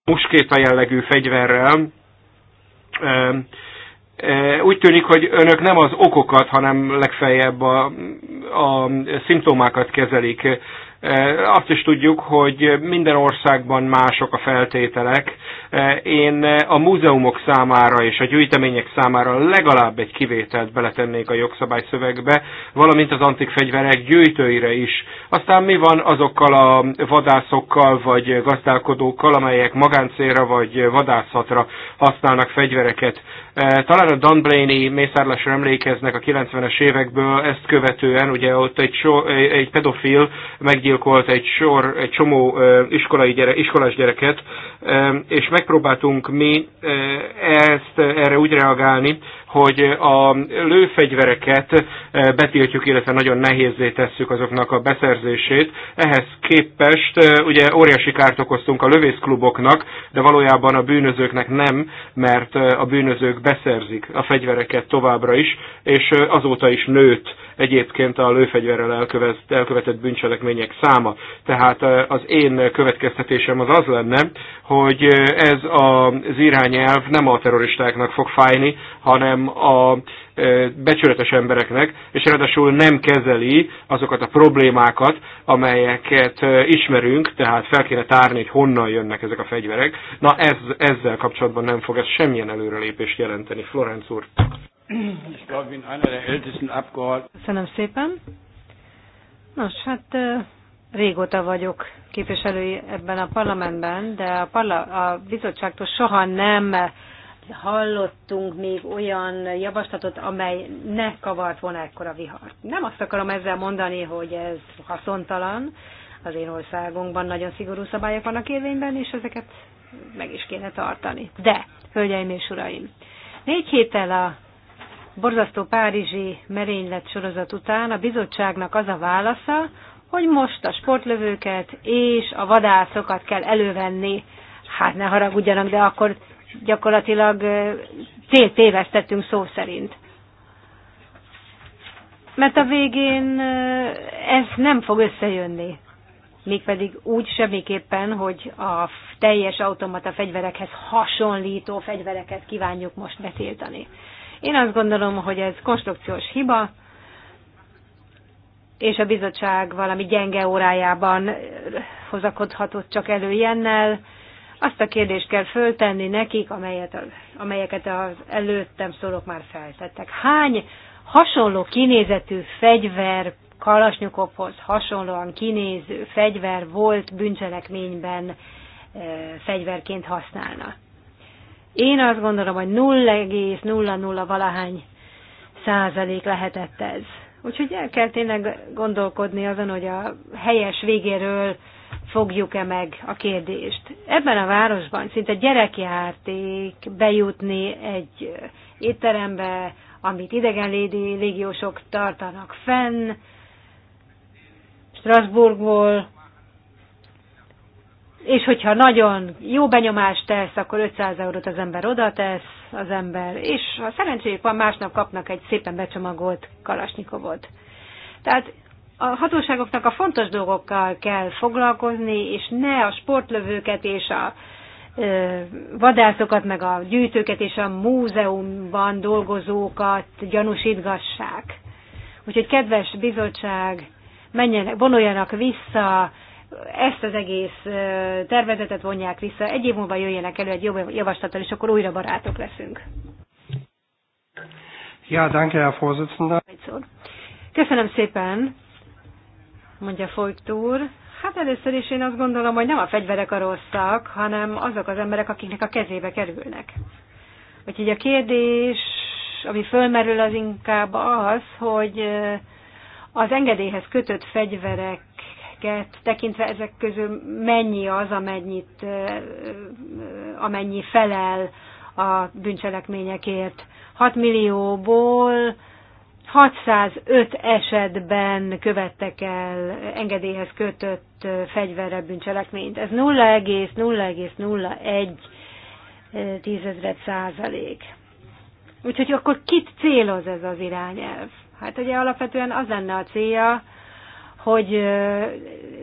muskéta jellegű fegyverrel. Eh, úgy tűnik, hogy önök nem az okokat, hanem legfeljebb a, a szimptomákat kezelik. Azt is tudjuk, hogy minden országban mások a feltételek, én a múzeumok számára és a gyűjtemények számára legalább egy kivételt beletennék a jogszabályszövegbe, valamint az antik fegyverek gyűjtőire is. Aztán mi van azokkal a vadászokkal vagy gazdálkodókkal, amelyek magáncélra vagy vadászatra használnak fegyvereket? E, talán a Blaney mészárlásra emlékeznek a 90-es évekből, ezt követően ugye ott egy, so, egy pedofil meggyilkolt egy sor, egy csomó e, iskolai gyere, iskolás gyereket, és megpróbáltunk mi ezt, erre úgy reagálni, hogy a lőfegyvereket eh, betiltjuk, illetve nagyon nehézé tesszük azoknak a beszerzését. Ehhez képest eh, ugye óriási kárt okoztunk a lövészkluboknak, de valójában a bűnözőknek nem, mert eh, a bűnözők beszerzik a fegyvereket továbbra is, és azóta is nőtt egyébként a lőfegyverrel elkövetett, elkövetett bűncselekmények száma. Tehát az én következtetésem az az lenne, hogy ez az irányelv nem a terroristáknak fog fájni, hanem hanem a becsületes embereknek, és ráadásul nem kezeli azokat a problémákat, amelyeket ismerünk, tehát fel kéne tárni, hogy honnan jönnek ezek a fegyverek. Na ez, ezzel kapcsolatban nem fog ez semmilyen előrelépést jelenteni. Florenc úr. Köszönöm szépen. Nos, hát régóta vagyok képviselői ebben a parlamentben, de a, parla- a bizottságtól soha nem hallottunk még olyan javaslatot, amely ne kavart volna ekkora vihart. Nem azt akarom ezzel mondani, hogy ez haszontalan, az én országunkban nagyon szigorú szabályok vannak érvényben, és ezeket meg is kéne tartani. De, hölgyeim és uraim, négy héttel a borzasztó párizsi merénylet sorozat után a bizottságnak az a válasza, hogy most a sportlövőket és a vadászokat kell elővenni. Hát ne haragudjanak, de akkor gyakorlatilag célt tévesztettünk szó szerint. Mert a végén ez nem fog összejönni. Mégpedig úgy semmiképpen, hogy a teljes automata fegyverekhez hasonlító fegyvereket kívánjuk most betiltani. Én azt gondolom, hogy ez konstrukciós hiba, és a bizottság valami gyenge órájában hozakodhatott csak elő jennel, azt a kérdést kell föltenni nekik, amelyet, amelyeket az előttem szólók már feltettek. Hány hasonló kinézetű fegyver Kalasnyukovhoz hasonlóan kinéző fegyver volt bűncselekményben e, fegyverként használna. Én azt gondolom, hogy 0,00 valahány százalék lehetett ez. Úgyhogy el kell tényleg gondolkodni azon, hogy a helyes végéről fogjuk-e meg a kérdést. Ebben a városban szinte gyerekjárték bejutni egy étterembe, amit idegen légiósok tartanak fenn, Strasbourgból, és hogyha nagyon jó benyomást tesz, akkor 500 eurót az ember oda tesz, az ember, és ha szerencséjük van, másnap kapnak egy szépen becsomagolt kalasnyikovot. Tehát a hatóságoknak a fontos dolgokkal kell foglalkozni, és ne a sportlövőket és a vadászokat, meg a gyűjtőket és a múzeumban dolgozókat gyanúsítgassák. Úgyhogy kedves bizottság, menjenek, vonuljanak vissza, ezt az egész tervezetet vonják vissza, egy év múlva jöjjenek elő egy jobb javaslattal, és akkor újra barátok leszünk. Ja, danke, Herr Vorsitzender. Köszönöm szépen, mondja Folyt úr. Hát először is én azt gondolom, hogy nem a fegyverek a rosszak, hanem azok az emberek, akiknek a kezébe kerülnek. Úgyhogy a kérdés, ami fölmerül az inkább az, hogy az engedélyhez kötött fegyvereket tekintve ezek közül mennyi az, amennyit, amennyi felel a bűncselekményekért. 6 millióból 605 esetben követtek el engedélyhez kötött fegyverre bűncselekményt. Ez 0,0,01 eh, tízezred százalék. Úgyhogy akkor kit céloz ez az irányelv? Hát ugye alapvetően az lenne a célja, hogy eh,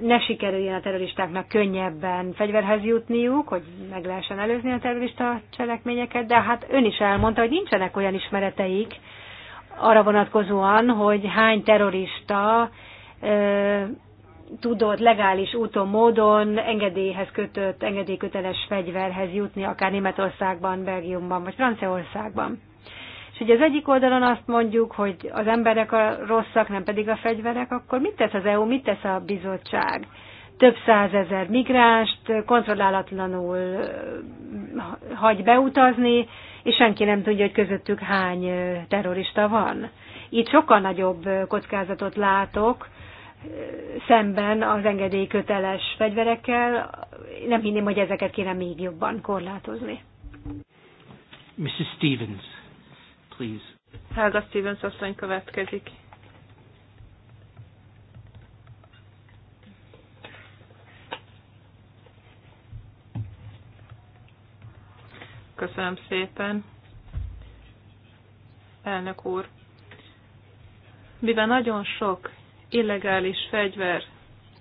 ne sikerüljön a terroristáknak könnyebben fegyverhez jutniuk, hogy meg lehessen előzni a terrorista cselekményeket, de hát ön is elmondta, hogy nincsenek olyan ismereteik, arra vonatkozóan, hogy hány terrorista tudott legális úton, módon engedélyhez kötött, engedélyköteles fegyverhez jutni, akár Németországban, Belgiumban vagy Franciaországban. És hogy az egyik oldalon azt mondjuk, hogy az emberek a rosszak, nem pedig a fegyverek, akkor mit tesz az EU, mit tesz a bizottság? Több százezer migránst kontrollálatlanul hagy beutazni, és senki nem tudja, hogy közöttük hány terrorista van. Itt sokkal nagyobb kockázatot látok, szemben az engedélyköteles fegyverekkel. Nem hinném, hogy ezeket kéne még jobban korlátozni. Mrs. Stevens, please. Helga Stevens asszony következik. Köszönöm szépen. Elnök úr. Mivel nagyon sok illegális fegyver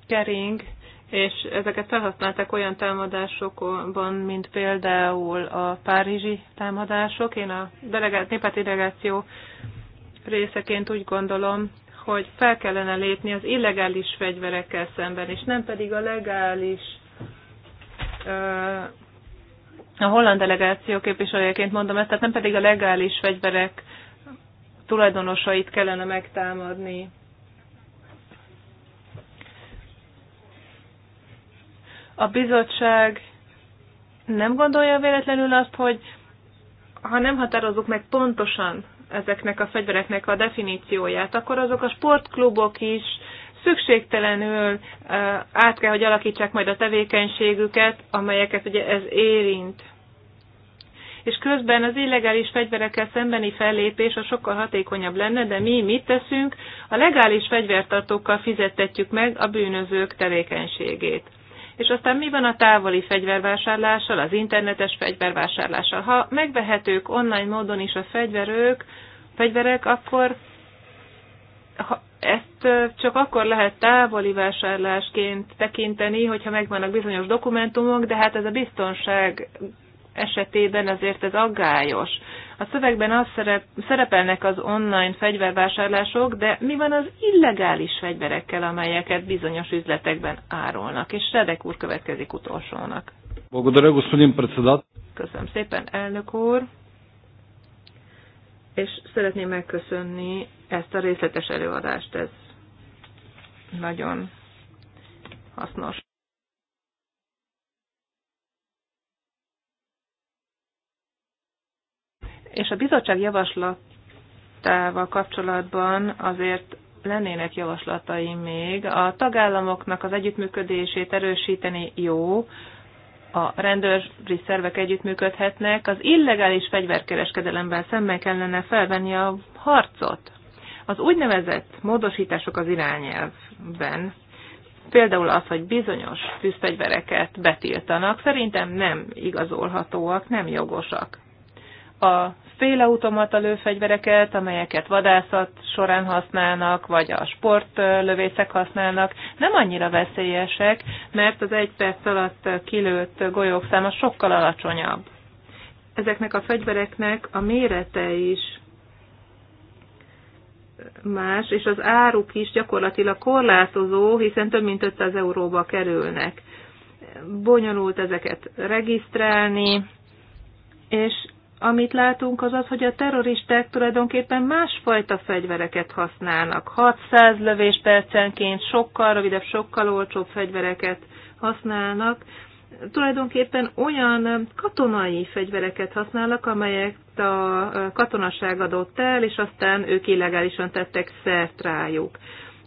kering, és ezeket felhasználták olyan támadásokban, mint például a párizsi támadások. Én a delegát, delegáció részeként úgy gondolom, hogy fel kellene lépni az illegális fegyverekkel szemben, és nem pedig a legális ö, a holland delegáció képviselőjeként mondom ezt, tehát nem pedig a legális fegyverek tulajdonosait kellene megtámadni. A bizottság nem gondolja véletlenül azt, hogy ha nem határozzuk meg pontosan ezeknek a fegyvereknek a definícióját, akkor azok a sportklubok is, szükségtelenül át kell, hogy alakítsák majd a tevékenységüket, amelyeket ugye ez érint. És közben az illegális fegyverekkel szembeni fellépés a sokkal hatékonyabb lenne, de mi mit teszünk? A legális fegyvertartókkal fizettetjük meg a bűnözők tevékenységét. És aztán mi van a távoli fegyvervásárlással, az internetes fegyvervásárlással? Ha megvehetők online módon is a fegyverők, fegyverek, akkor ha ezt csak akkor lehet távoli vásárlásként tekinteni, hogyha megvannak bizonyos dokumentumok, de hát ez a biztonság esetében azért ez aggályos. A szövegben az szerep, szerepelnek az online fegyvervásárlások, de mi van az illegális fegyverekkel, amelyeket bizonyos üzletekben árulnak? És Sedek úr következik utolsónak. Köszönöm szépen, elnök úr! És szeretném megköszönni ezt a részletes előadást, ez nagyon hasznos. És a bizottság javaslatával kapcsolatban azért lennének javaslatai még. A tagállamoknak az együttműködését erősíteni jó, a rendőri szervek együttműködhetnek, az illegális fegyverkereskedelemben szemben kellene felvenni a harcot. Az úgynevezett módosítások az irányelvben, például az, hogy bizonyos tűzfegyvereket betiltanak, szerintem nem igazolhatóak, nem jogosak. A félautomata lőfegyvereket, amelyeket vadászat során használnak, vagy a sportlövészek használnak, nem annyira veszélyesek, mert az egy perc alatt kilőtt golyók száma sokkal alacsonyabb. Ezeknek a fegyvereknek a mérete is más, és az áruk is gyakorlatilag korlátozó, hiszen több mint 500 euróba kerülnek. Bonyolult ezeket regisztrálni, és amit látunk az az, hogy a terroristák tulajdonképpen másfajta fegyvereket használnak. 600 lövés percenként sokkal rövidebb, sokkal olcsóbb fegyvereket használnak, tulajdonképpen olyan katonai fegyvereket használnak, amelyek a katonaság adott el, és aztán ők illegálisan tettek szert rájuk.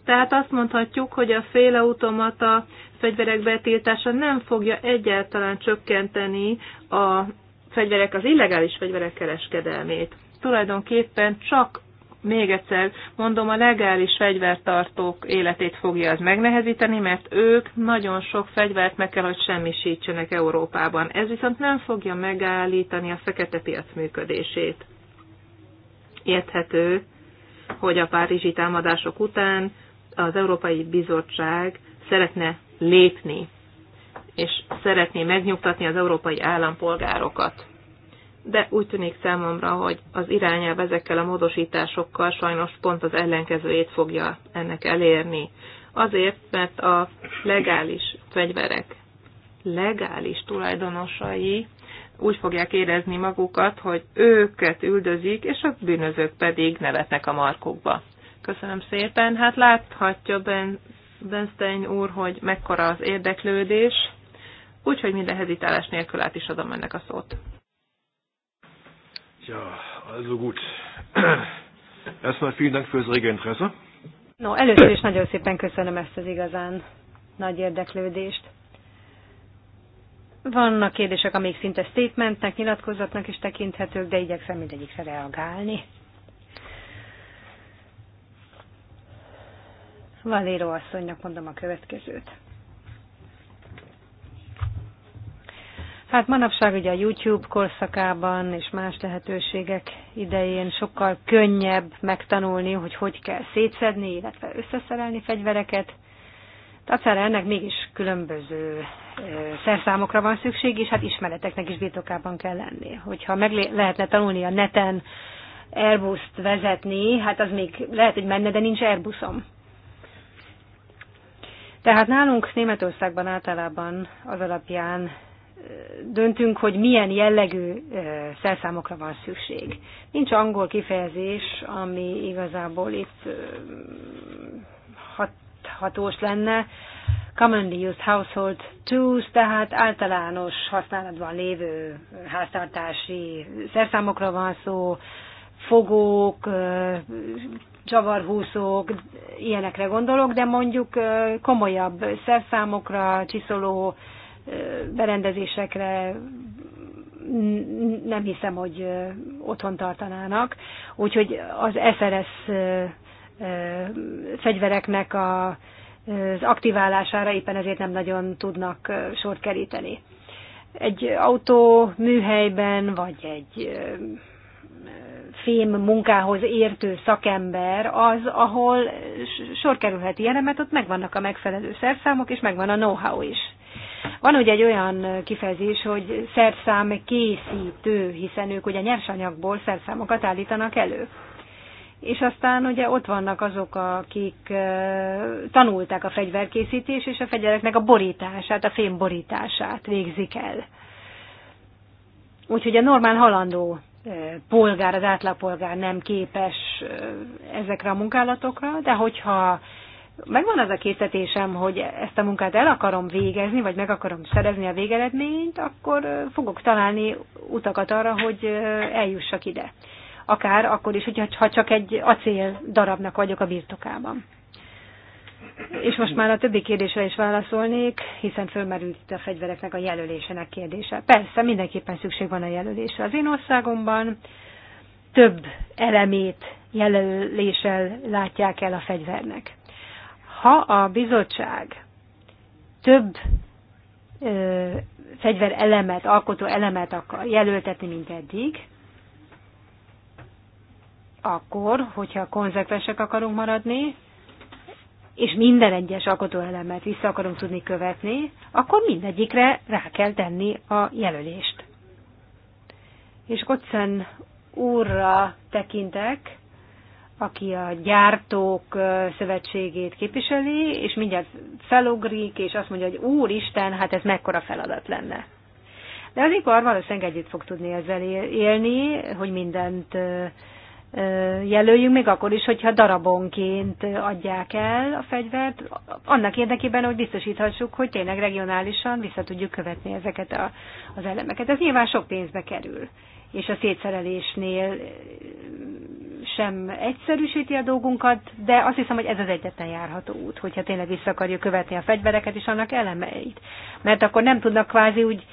Tehát azt mondhatjuk, hogy a félautomata fegyverek betiltása nem fogja egyáltalán csökkenteni a fegyverek, az illegális fegyverek kereskedelmét. Tulajdonképpen csak még egyszer mondom, a legális fegyvertartók életét fogja az megnehezíteni, mert ők nagyon sok fegyvert meg kell, hogy semmisítsenek Európában. Ez viszont nem fogja megállítani a fekete piac működését. Érthető, hogy a párizsi támadások után az Európai Bizottság szeretne lépni, és szeretné megnyugtatni az európai állampolgárokat de úgy tűnik számomra, hogy az irányelv ezekkel a módosításokkal sajnos pont az ellenkezőjét fogja ennek elérni. Azért, mert a legális fegyverek legális tulajdonosai úgy fogják érezni magukat, hogy őket üldözik, és a bűnözők pedig nevetnek a markukba. Köszönöm szépen. Hát láthatja ben, Benstein úr, hogy mekkora az érdeklődés, úgyhogy minden hezitálás nélkül át is adom ennek a szót. Ja, also gut. Erstmal vielen Dank für das rege Interesse. No, először is nagyon szépen köszönöm ezt az igazán nagy érdeklődést. Vannak kérdések, amik szinte statementnek, nyilatkozatnak is tekinthetők, de igyekszem mindegyikre reagálni. Valéro asszonynak mondom a következőt. Hát manapság ugye a YouTube korszakában és más lehetőségek idején sokkal könnyebb megtanulni, hogy hogy kell szétszedni, illetve összeszerelni fegyvereket. Tacára ennek mégis különböző szerszámokra van szükség, és hát ismereteknek is birtokában kell lenni. Hogyha meg lehetne tanulni a neten airbus vezetni, hát az még lehet, hogy menne, de nincs Airbusom. Tehát nálunk Németországban általában az alapján döntünk, hogy milyen jellegű szerszámokra van szükség. Nincs angol kifejezés, ami igazából itt hat, hatós lenne. Commonly used household tools, tehát általános használatban lévő háztartási szerszámokra van szó, fogók, csavarhúzók, ilyenekre gondolok, de mondjuk komolyabb szerszámokra, csiszoló, berendezésekre nem hiszem, hogy otthon tartanának. Úgyhogy az SRS fegyvereknek a, az aktiválására éppen ezért nem nagyon tudnak sort keríteni. Egy autó műhelyben, vagy egy fém munkához értő szakember az, ahol sor kerülhet ilyenem, mert ott megvannak a megfelelő szerszámok, és megvan a know-how is. Van ugye egy olyan kifejezés, hogy szerszám készítő, hiszen ők ugye nyersanyagból szerszámokat állítanak elő. És aztán ugye ott vannak azok, akik tanulták a fegyverkészítés és a fegyvereknek a borítását, a fém borítását végzik el. Úgyhogy a normál halandó polgár, az átlagpolgár nem képes ezekre a munkálatokra, de hogyha megvan az a készítésem, hogy ezt a munkát el akarom végezni, vagy meg akarom szerezni a végeredményt, akkor fogok találni utakat arra, hogy eljussak ide. Akár akkor is, hogyha ha csak egy acél darabnak vagyok a birtokában. És most már a többi kérdésre is válaszolnék, hiszen fölmerült itt a fegyvereknek a jelölésének kérdése. Persze, mindenképpen szükség van a jelölésre. Az én országomban több elemét jelöléssel látják el a fegyvernek ha a bizottság több ö, fegyverelemet, alkotó elemet akar jelöltetni, mint eddig, akkor, hogyha konzekvensek akarunk maradni, és minden egyes alkotóelemet vissza akarunk tudni követni, akkor mindegyikre rá kell tenni a jelölést. És Kocsen úrra tekintek, aki a gyártók szövetségét képviseli, és mindjárt felugrik, és azt mondja, hogy úristen, hát ez mekkora feladat lenne. De az ipar valószínűleg együtt fog tudni ezzel élni, hogy mindent jelöljünk, még akkor is, hogyha darabonként adják el a fegyvert, annak érdekében, hogy biztosíthassuk, hogy tényleg regionálisan vissza tudjuk követni ezeket a, az elemeket. Ez nyilván sok pénzbe kerül, és a szétszerelésnél sem egyszerűsíti a dolgunkat, de azt hiszem, hogy ez az egyetlen járható út, hogyha tényleg vissza akarja követni a fegyvereket és annak elemeit. Mert akkor nem tudnak kvázi úgy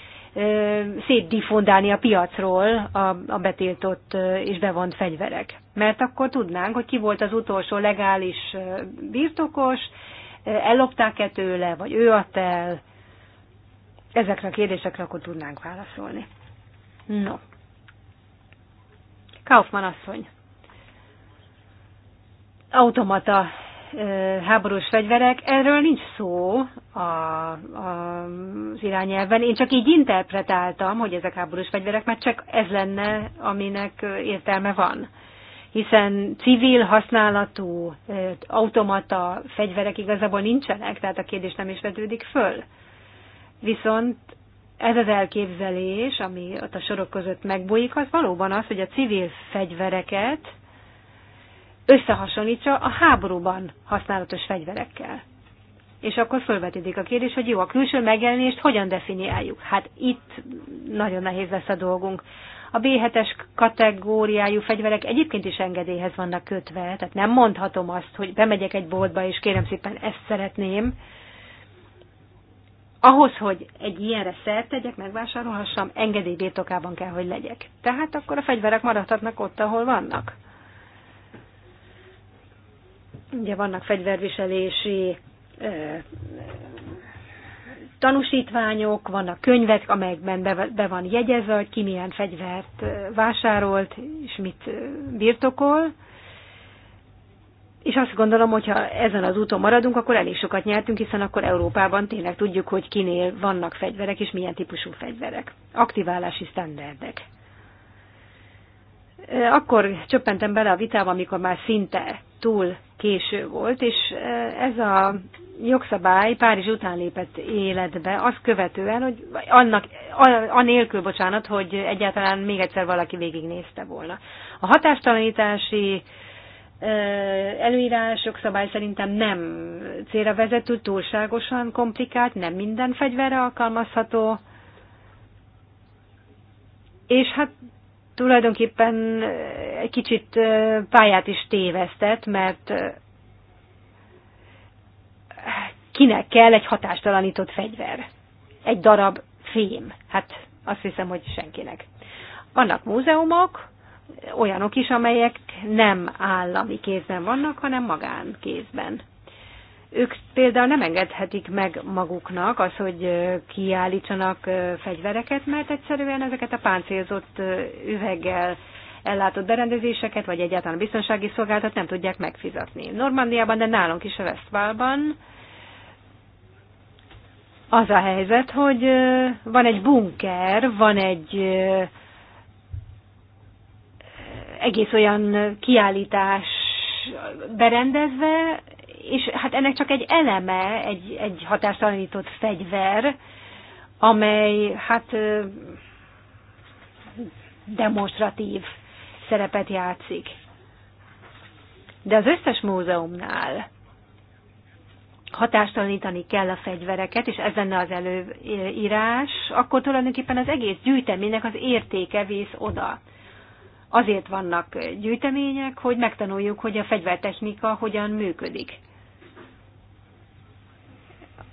szétdifundálni a piacról a, a betiltott és bevont fegyverek. Mert akkor tudnánk, hogy ki volt az utolsó legális birtokos, ellopták-e tőle, vagy ő adta el. Ezekre a kérdésekre akkor tudnánk válaszolni. No. Kaufmann asszony automata háborús fegyverek, erről nincs szó a, a, az irányelven. Én csak így interpretáltam, hogy ezek háborús fegyverek, mert csak ez lenne, aminek értelme van. Hiszen civil használatú automata fegyverek igazából nincsenek, tehát a kérdés nem is vetődik föl. Viszont ez az elképzelés, ami ott a sorok között megbújik, az valóban az, hogy a civil fegyvereket összehasonlítsa a háborúban használatos fegyverekkel. És akkor felvetődik a kérdés, hogy jó, a külső megjelenést hogyan definiáljuk? Hát itt nagyon nehéz lesz a dolgunk. A B7-es kategóriájú fegyverek egyébként is engedélyhez vannak kötve, tehát nem mondhatom azt, hogy bemegyek egy boltba, és kérem szépen ezt szeretném. Ahhoz, hogy egy ilyenre szert tegyek, megvásárolhassam, engedély birtokában kell, hogy legyek. Tehát akkor a fegyverek maradhatnak ott, ahol vannak. Ugye vannak fegyverviselési tanúsítványok, vannak könyvek, amelyekben be, be van jegyezve, hogy ki milyen fegyvert vásárolt, és mit birtokol. És azt gondolom, hogy ha ezen az úton maradunk, akkor elég sokat nyertünk, hiszen akkor Európában tényleg tudjuk, hogy kinél vannak fegyverek, és milyen típusú fegyverek. Aktiválási sztenderdek. Akkor csöppentem bele a vitába, amikor már szinte túl késő volt, és e, ez a jogszabály Párizs után lépett életbe, azt követően, hogy annak, anélkül, bocsánat, hogy egyáltalán még egyszer valaki végignézte volna. A hatástalanítási e, előírás jogszabály szerintem nem célra vezető, túlságosan komplikált, nem minden fegyverre alkalmazható, és hát tulajdonképpen egy kicsit pályát is tévesztett, mert kinek kell egy hatástalanított fegyver? Egy darab fém. Hát azt hiszem, hogy senkinek. Vannak múzeumok, olyanok is, amelyek nem állami kézben vannak, hanem magánkézben ők például nem engedhetik meg maguknak az, hogy kiállítsanak fegyvereket, mert egyszerűen ezeket a páncélzott üveggel ellátott berendezéseket, vagy egyáltalán a biztonsági szolgáltat nem tudják megfizetni. Normandiában, de nálunk is a Westfalban az a helyzet, hogy van egy bunker, van egy egész olyan kiállítás berendezve, és hát ennek csak egy eleme, egy, egy hatástalanított fegyver, amely hát demonstratív szerepet játszik. De az összes múzeumnál hatástalanítani kell a fegyvereket, és ez lenne az előírás, akkor tulajdonképpen az egész gyűjteménynek az értéke vész oda. Azért vannak gyűjtemények, hogy megtanuljuk, hogy a fegyvertechnika hogyan működik.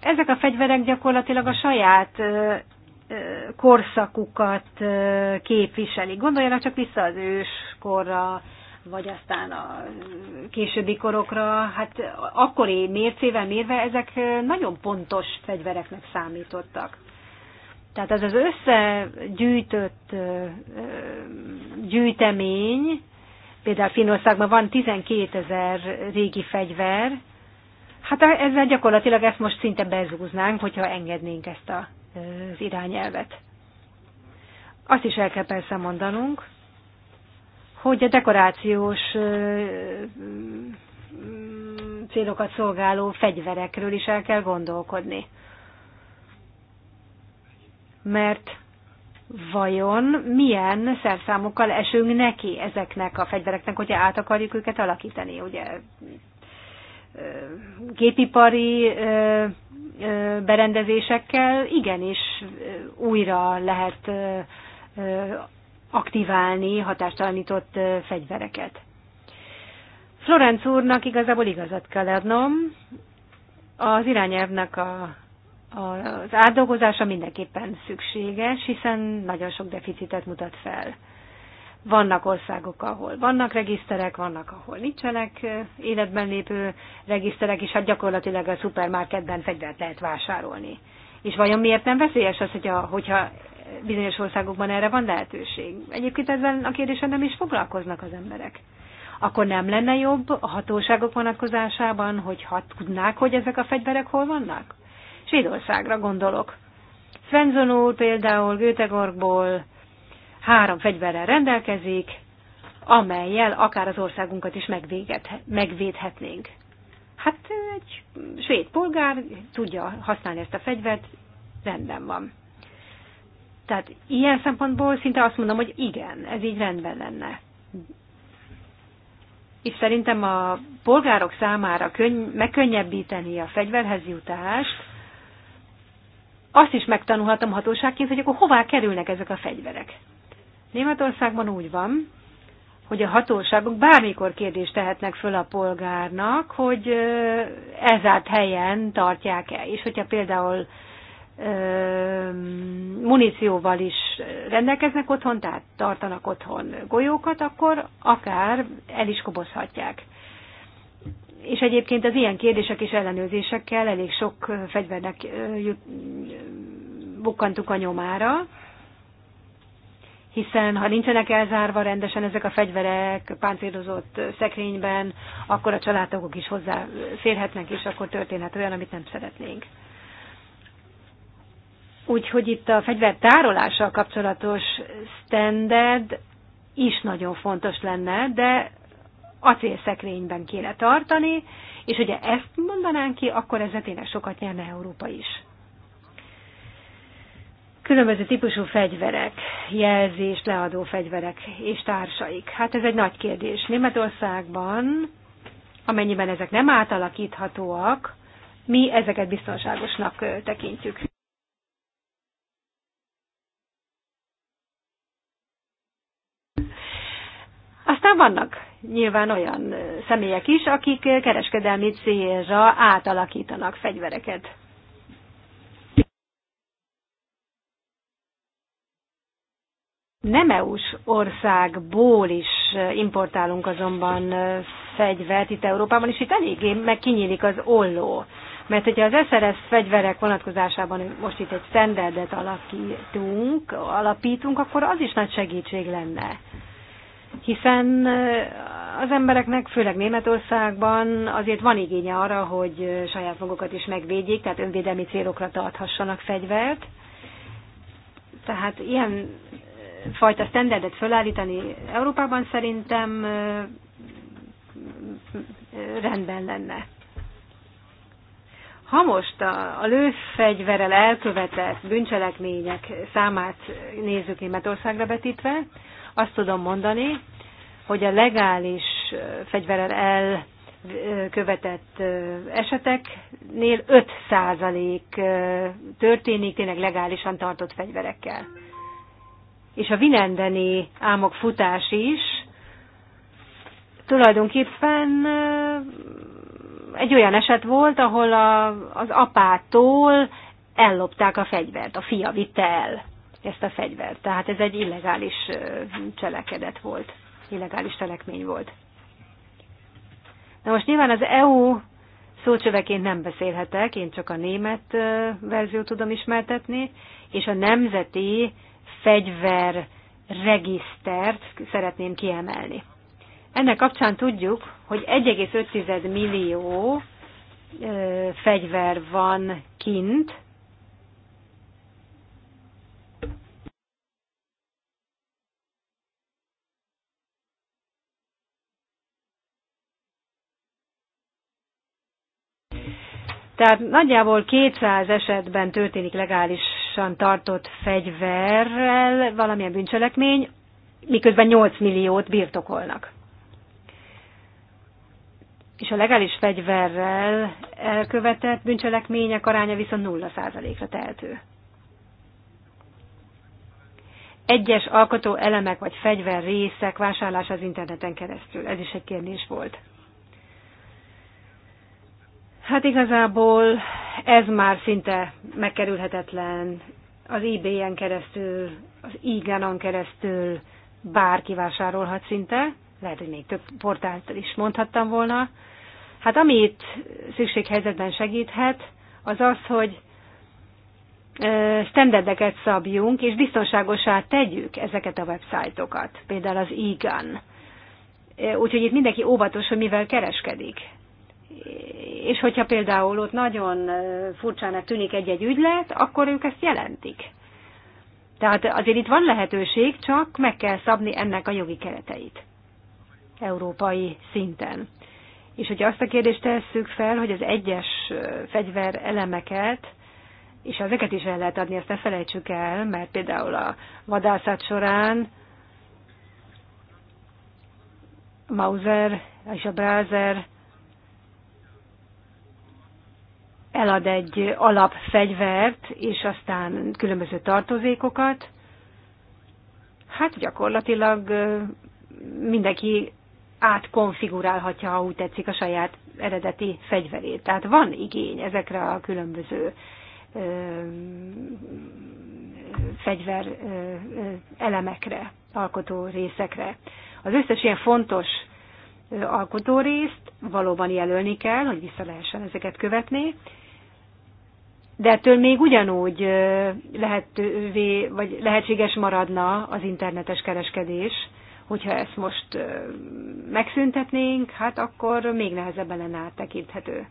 Ezek a fegyverek gyakorlatilag a saját korszakukat képviselik. Gondoljanak csak vissza az őskorra, vagy aztán a későbbi korokra, hát akkori mércével mérve ezek nagyon pontos fegyvereknek számítottak. Tehát az az összegyűjtött gyűjtemény, például Finországban van 12 ezer régi fegyver, Hát ezzel gyakorlatilag ezt most szinte bezúznánk, hogyha engednénk ezt a, az irányelvet. Azt is el kell persze mondanunk, hogy a dekorációs célokat szolgáló fegyverekről is el kell gondolkodni. Mert vajon milyen szerszámokkal esünk neki ezeknek a fegyvereknek, hogyha át akarjuk őket alakítani, ugye gépipari berendezésekkel igenis újra lehet aktiválni hatástalanított fegyvereket. Florenc úrnak igazából igazat kell adnom. Az irányelvnek a, a, az átdolgozása mindenképpen szükséges, hiszen nagyon sok deficitet mutat fel. Vannak országok, ahol vannak regiszterek, vannak, ahol nincsenek életben lépő regiszterek, és hát gyakorlatilag a szupermarketben fegyvert lehet vásárolni. És vajon miért nem veszélyes az, hogyha, hogyha bizonyos országokban erre van lehetőség? Egyébként ezzel a kérdésen nem is foglalkoznak az emberek. Akkor nem lenne jobb a hatóságok vonatkozásában, hogyha tudnák, hogy ezek a fegyverek hol vannak? Svédországra gondolok. Svenzon úr például Göteborgból három fegyverrel rendelkezik, amelyel akár az országunkat is megvédhetnénk. Hát egy svéd polgár tudja használni ezt a fegyvert, rendben van. Tehát ilyen szempontból szinte azt mondom, hogy igen, ez így rendben lenne. És szerintem a polgárok számára könny- megkönnyebbíteni a fegyverhez jutást, azt is megtanulhatom hatóságként, hogy akkor hová kerülnek ezek a fegyverek. Németországban úgy van, hogy a hatóságok bármikor kérdést tehetnek föl a polgárnak, hogy ezárt helyen tartják-e. És hogyha például munícióval is rendelkeznek otthon, tehát tartanak otthon golyókat, akkor akár el is kobozhatják. És egyébként az ilyen kérdések és ellenőrzésekkel elég sok fegyvernek bukkantuk a nyomára, hiszen ha nincsenek elzárva rendesen ezek a fegyverek páncélozott szekrényben, akkor a családtagok is hozzáférhetnek, és akkor történhet olyan, amit nem szeretnénk. Úgyhogy itt a fegyver tárolással kapcsolatos standard is nagyon fontos lenne, de acélszekrényben kéne tartani, és ugye ezt mondanánk ki, akkor ezetének tényleg sokat nyerne Európa is különböző típusú fegyverek, jelzés leadó fegyverek és társaik. Hát ez egy nagy kérdés. Németországban, amennyiben ezek nem átalakíthatóak, mi ezeket biztonságosnak tekintjük. Aztán vannak nyilván olyan személyek is, akik kereskedelmi célra átalakítanak fegyvereket. nem EU-s országból is eh, importálunk azonban eh, fegyvert itt Európában, és itt eléggé meg kinyílik az olló. Mert hogyha az SRS fegyverek vonatkozásában most itt egy standardet alakítunk, alapítunk, akkor az is nagy segítség lenne. Hiszen eh, az embereknek, főleg Németországban azért van igénye arra, hogy saját magukat is megvédjék, tehát önvédelmi célokra tarthassanak fegyvert. Tehát ilyen fajta standardet fölállítani Európában szerintem rendben lenne. Ha most a, a lőfegyverrel elkövetett bűncselekmények számát nézzük Németországra betítve, azt tudom mondani, hogy a legális fegyverrel elkövetett eseteknél 5% történik tényleg legálisan tartott fegyverekkel és a vinendeni álmok futás is tulajdonképpen egy olyan eset volt, ahol a, az apától ellopták a fegyvert, a fia vitte el ezt a fegyvert. Tehát ez egy illegális cselekedet volt, illegális cselekmény volt. Na most nyilván az EU szócsöveként nem beszélhetek, én csak a német verziót tudom ismertetni, és a nemzeti fegyver regisztert szeretném kiemelni. Ennek kapcsán tudjuk, hogy 1,5 millió fegyver van kint, Tehát nagyjából 200 esetben történik legális illegálisan tartott fegyverrel valamilyen bűncselekmény, miközben 8 milliót birtokolnak. És a legális fegyverrel elkövetett bűncselekmények aránya viszont 0%-ra tehető. Egyes alkotó elemek vagy fegyverrészek vásárlása az interneten keresztül. Ez is egy kérdés volt. Hát igazából ez már szinte megkerülhetetlen. Az eBay-en keresztül, az Iganon keresztül bárki vásárolhat szinte, lehet, hogy még több portált is mondhattam volna. Hát amit szükséghelyzetben segíthet, az az, hogy standardeket szabjunk, és biztonságosá tegyük ezeket a websájtokat, például az IGAN. Úgyhogy itt mindenki óvatos, hogy mivel kereskedik és hogyha például ott nagyon furcsának tűnik egy-egy ügylet, akkor ők ezt jelentik. Tehát azért itt van lehetőség, csak meg kell szabni ennek a jogi kereteit európai szinten. És hogyha azt a kérdést tesszük fel, hogy az egyes fegyver elemeket, és ezeket is el lehet adni, ezt ne felejtsük el, mert például a vadászat során Mauser és a Brázer elad egy alapfegyvert, és aztán különböző tartozékokat, hát gyakorlatilag mindenki átkonfigurálhatja, ha úgy tetszik, a saját eredeti fegyverét. Tehát van igény ezekre a különböző fegyver elemekre, alkotó részekre. Az összes ilyen fontos alkotórészt valóban jelölni kell, hogy vissza lehessen ezeket követni, de ettől még ugyanúgy lehetővé, vagy lehetséges maradna az internetes kereskedés, hogyha ezt most megszüntetnénk, hát akkor még nehezebben lenne áttekinthető.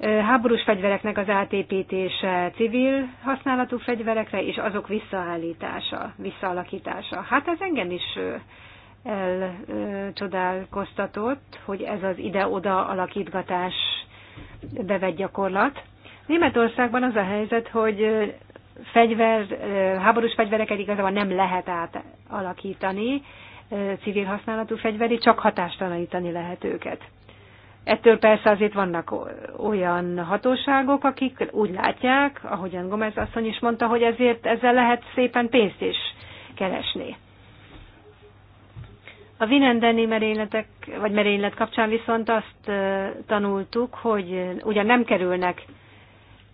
Háborús fegyvereknek az átépítése civil használatú fegyverekre, és azok visszaállítása, visszaalakítása. Hát ez engem is elcsodálkoztatott, hogy ez az ide-oda alakítgatás bevett gyakorlat. Németországban az a helyzet, hogy fegyver, háborús fegyvereket igazából nem lehet átalakítani, civil használatú fegyveri, csak hatástalanítani lehet őket. Ettől persze azért vannak olyan hatóságok, akik úgy látják, ahogyan Gomez asszony is mondta, hogy ezért ezzel lehet szépen pénzt is keresni. A vinendeni merényletek, vagy merénylet kapcsán viszont azt tanultuk, hogy ugyan nem kerülnek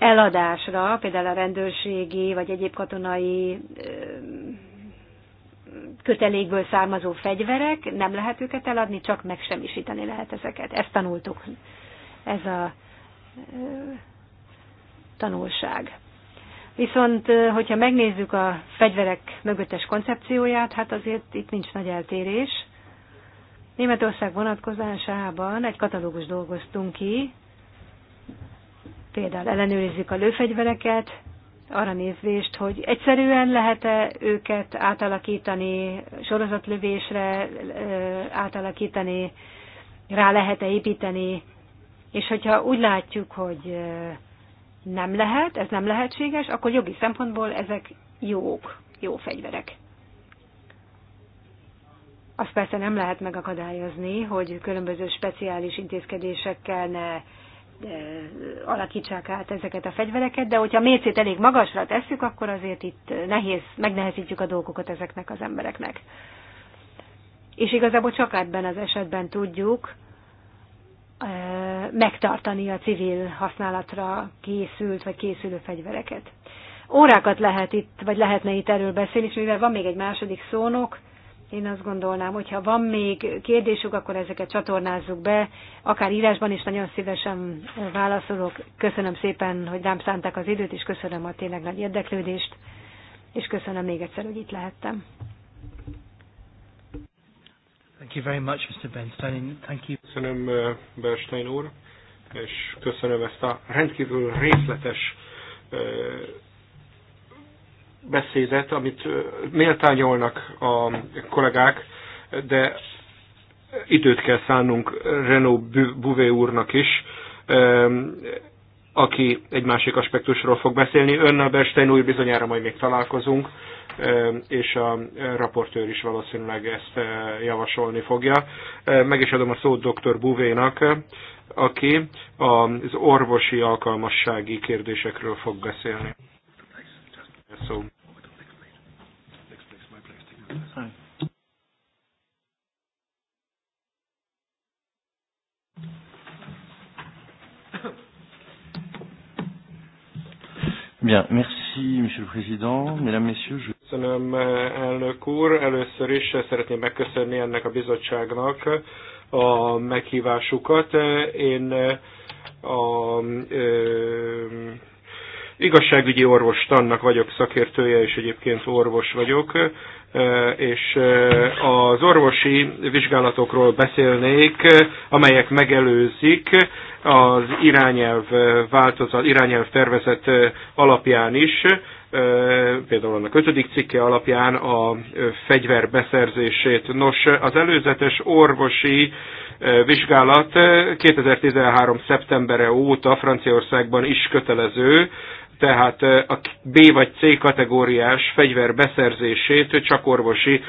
eladásra, például a rendőrségi vagy egyéb katonai kötelékből származó fegyverek, nem lehet őket eladni, csak megsemmisíteni lehet ezeket. Ezt tanultuk. Ez a tanulság. Viszont, hogyha megnézzük a fegyverek mögöttes koncepcióját, hát azért itt nincs nagy eltérés. Németország vonatkozásában egy katalógus dolgoztunk ki, Például ellenőrizzük a lőfegyvereket, arra nézvést, hogy egyszerűen lehet-e őket átalakítani, sorozatlövésre átalakítani, rá lehet-e építeni, és hogyha úgy látjuk, hogy nem lehet, ez nem lehetséges, akkor jogi szempontból ezek jók, jó fegyverek. Azt persze nem lehet megakadályozni, hogy különböző speciális intézkedésekkel ne Eh, alakítsák át ezeket a fegyvereket, de hogyha a mércét elég magasra tesszük, akkor azért itt nehéz, megnehezítjük a dolgokat ezeknek az embereknek. És igazából csak ebben az esetben tudjuk eh, megtartani a civil használatra készült vagy készülő fegyvereket. Órákat lehet itt, vagy lehetne itt erről beszélni, és mivel van még egy második szónok, én azt gondolnám, hogyha van még kérdésük, akkor ezeket csatornázzuk be, akár írásban is nagyon szívesen válaszolok. Köszönöm szépen, hogy rám szánták az időt, és köszönöm a tényleg nagy érdeklődést, és köszönöm még egyszer, hogy itt lehettem. Thank you very much, Mr. Thank you. Köszönöm, uh, Bernstein úr, és köszönöm ezt a rendkívül részletes uh, beszédet, amit méltányolnak a kollégák, de időt kell szánnunk Renaud Bouvé úrnak is, aki egy másik aspektusról fog beszélni. Önnel Berstein úr bizonyára majd még találkozunk, és a raportőr is valószínűleg ezt javasolni fogja. Meg is adom a szót dr. Bouvénak, aki az orvosi alkalmassági kérdésekről fog beszélni. So. Bien, merci, Monsieur le Président, Mesdames, Messieurs. Je... Köszönöm, elnök úr. Először is szeretném megköszönni ennek a bizottságnak a meghívásukat. Én a, a Igazságügyi orvos tannak vagyok szakértője, és egyébként orvos vagyok, e, és e, az orvosi vizsgálatokról beszélnék, amelyek megelőzik az irányelv változat, irányelv tervezet alapján is, e, például annak ötödik cikke alapján a fegyver beszerzését. Nos, az előzetes orvosi vizsgálat 2013. szeptembere óta Franciaországban is kötelező, tehát a B vagy C kategóriás fegyver beszerzését csak orvosi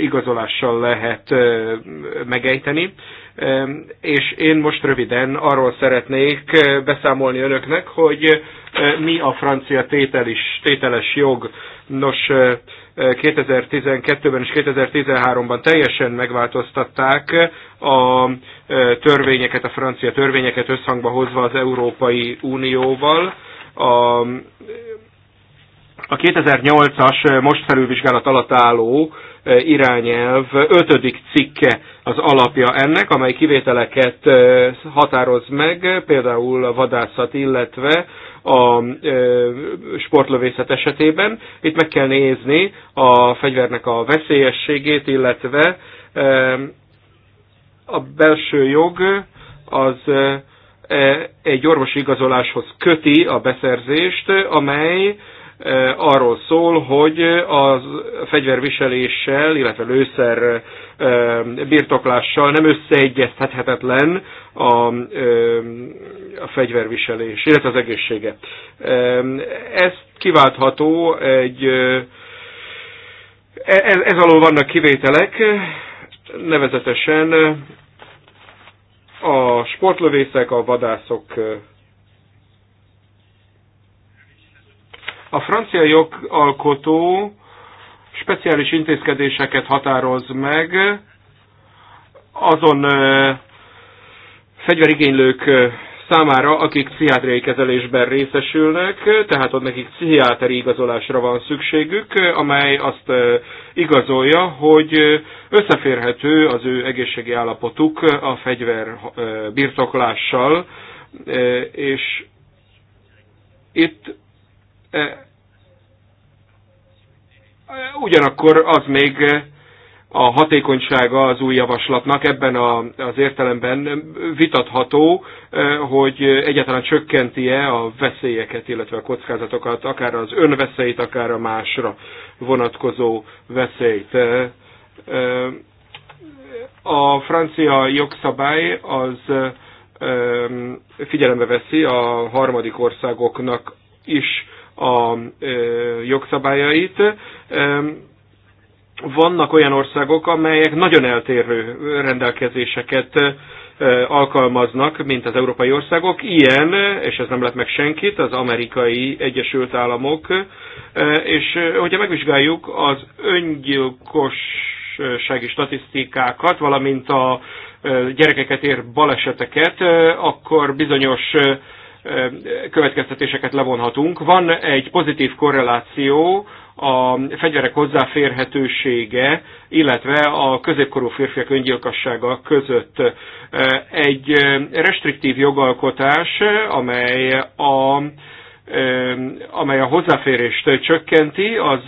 igazolással lehet megejteni. És én most röviden arról szeretnék beszámolni önöknek, hogy mi a francia tételis, tételes jog. Nos, 2012-ben és 2013-ban teljesen megváltoztatták a törvényeket, a francia törvényeket összhangba hozva az Európai Unióval. A, a 2008-as most felülvizsgálat alatt álló e, irányelv ötödik cikke az alapja ennek, amely kivételeket e, határoz meg, például a vadászat, illetve a e, sportlövészet esetében. Itt meg kell nézni a fegyvernek a veszélyességét, illetve a belső jog az E, egy orvosi igazoláshoz köti a beszerzést, amely e, arról szól, hogy a fegyverviseléssel, illetve lőszer e, birtoklással nem összeegyeztethetetlen a, a fegyverviselés, illetve az egészsége. Ez kiváltható egy ez, ez alól vannak kivételek, nevezetesen a sportlövészek, a vadászok. A francia jogalkotó speciális intézkedéseket határoz meg azon fegyverigénylők számára, akik pszichiátriai kezelésben részesülnek, tehát ott nekik pszichiáteri igazolásra van szükségük, amely azt igazolja, hogy összeférhető az ő egészségi állapotuk a fegyver birtoklással, és itt ugyanakkor az még a hatékonysága az új javaslatnak ebben a, az értelemben vitatható, eh, hogy egyáltalán csökkenti-e a veszélyeket, illetve a kockázatokat, akár az önveszélyt, akár a másra vonatkozó veszélyt. Eh, eh, a francia jogszabály az figyelembe veszi a harmadik országoknak is a jogszabályait vannak olyan országok, amelyek nagyon eltérő rendelkezéseket alkalmaznak, mint az európai országok. Ilyen, és ez nem lett meg senkit, az amerikai Egyesült Államok. És hogyha megvizsgáljuk az öngyilkossági statisztikákat, valamint a gyerekeket ér baleseteket, akkor bizonyos következtetéseket levonhatunk. Van egy pozitív korreláció a fegyverek hozzáférhetősége, illetve a középkorú férfiak öngyilkossága között. Egy restriktív jogalkotás, amely a amely a hozzáférést csökkenti, az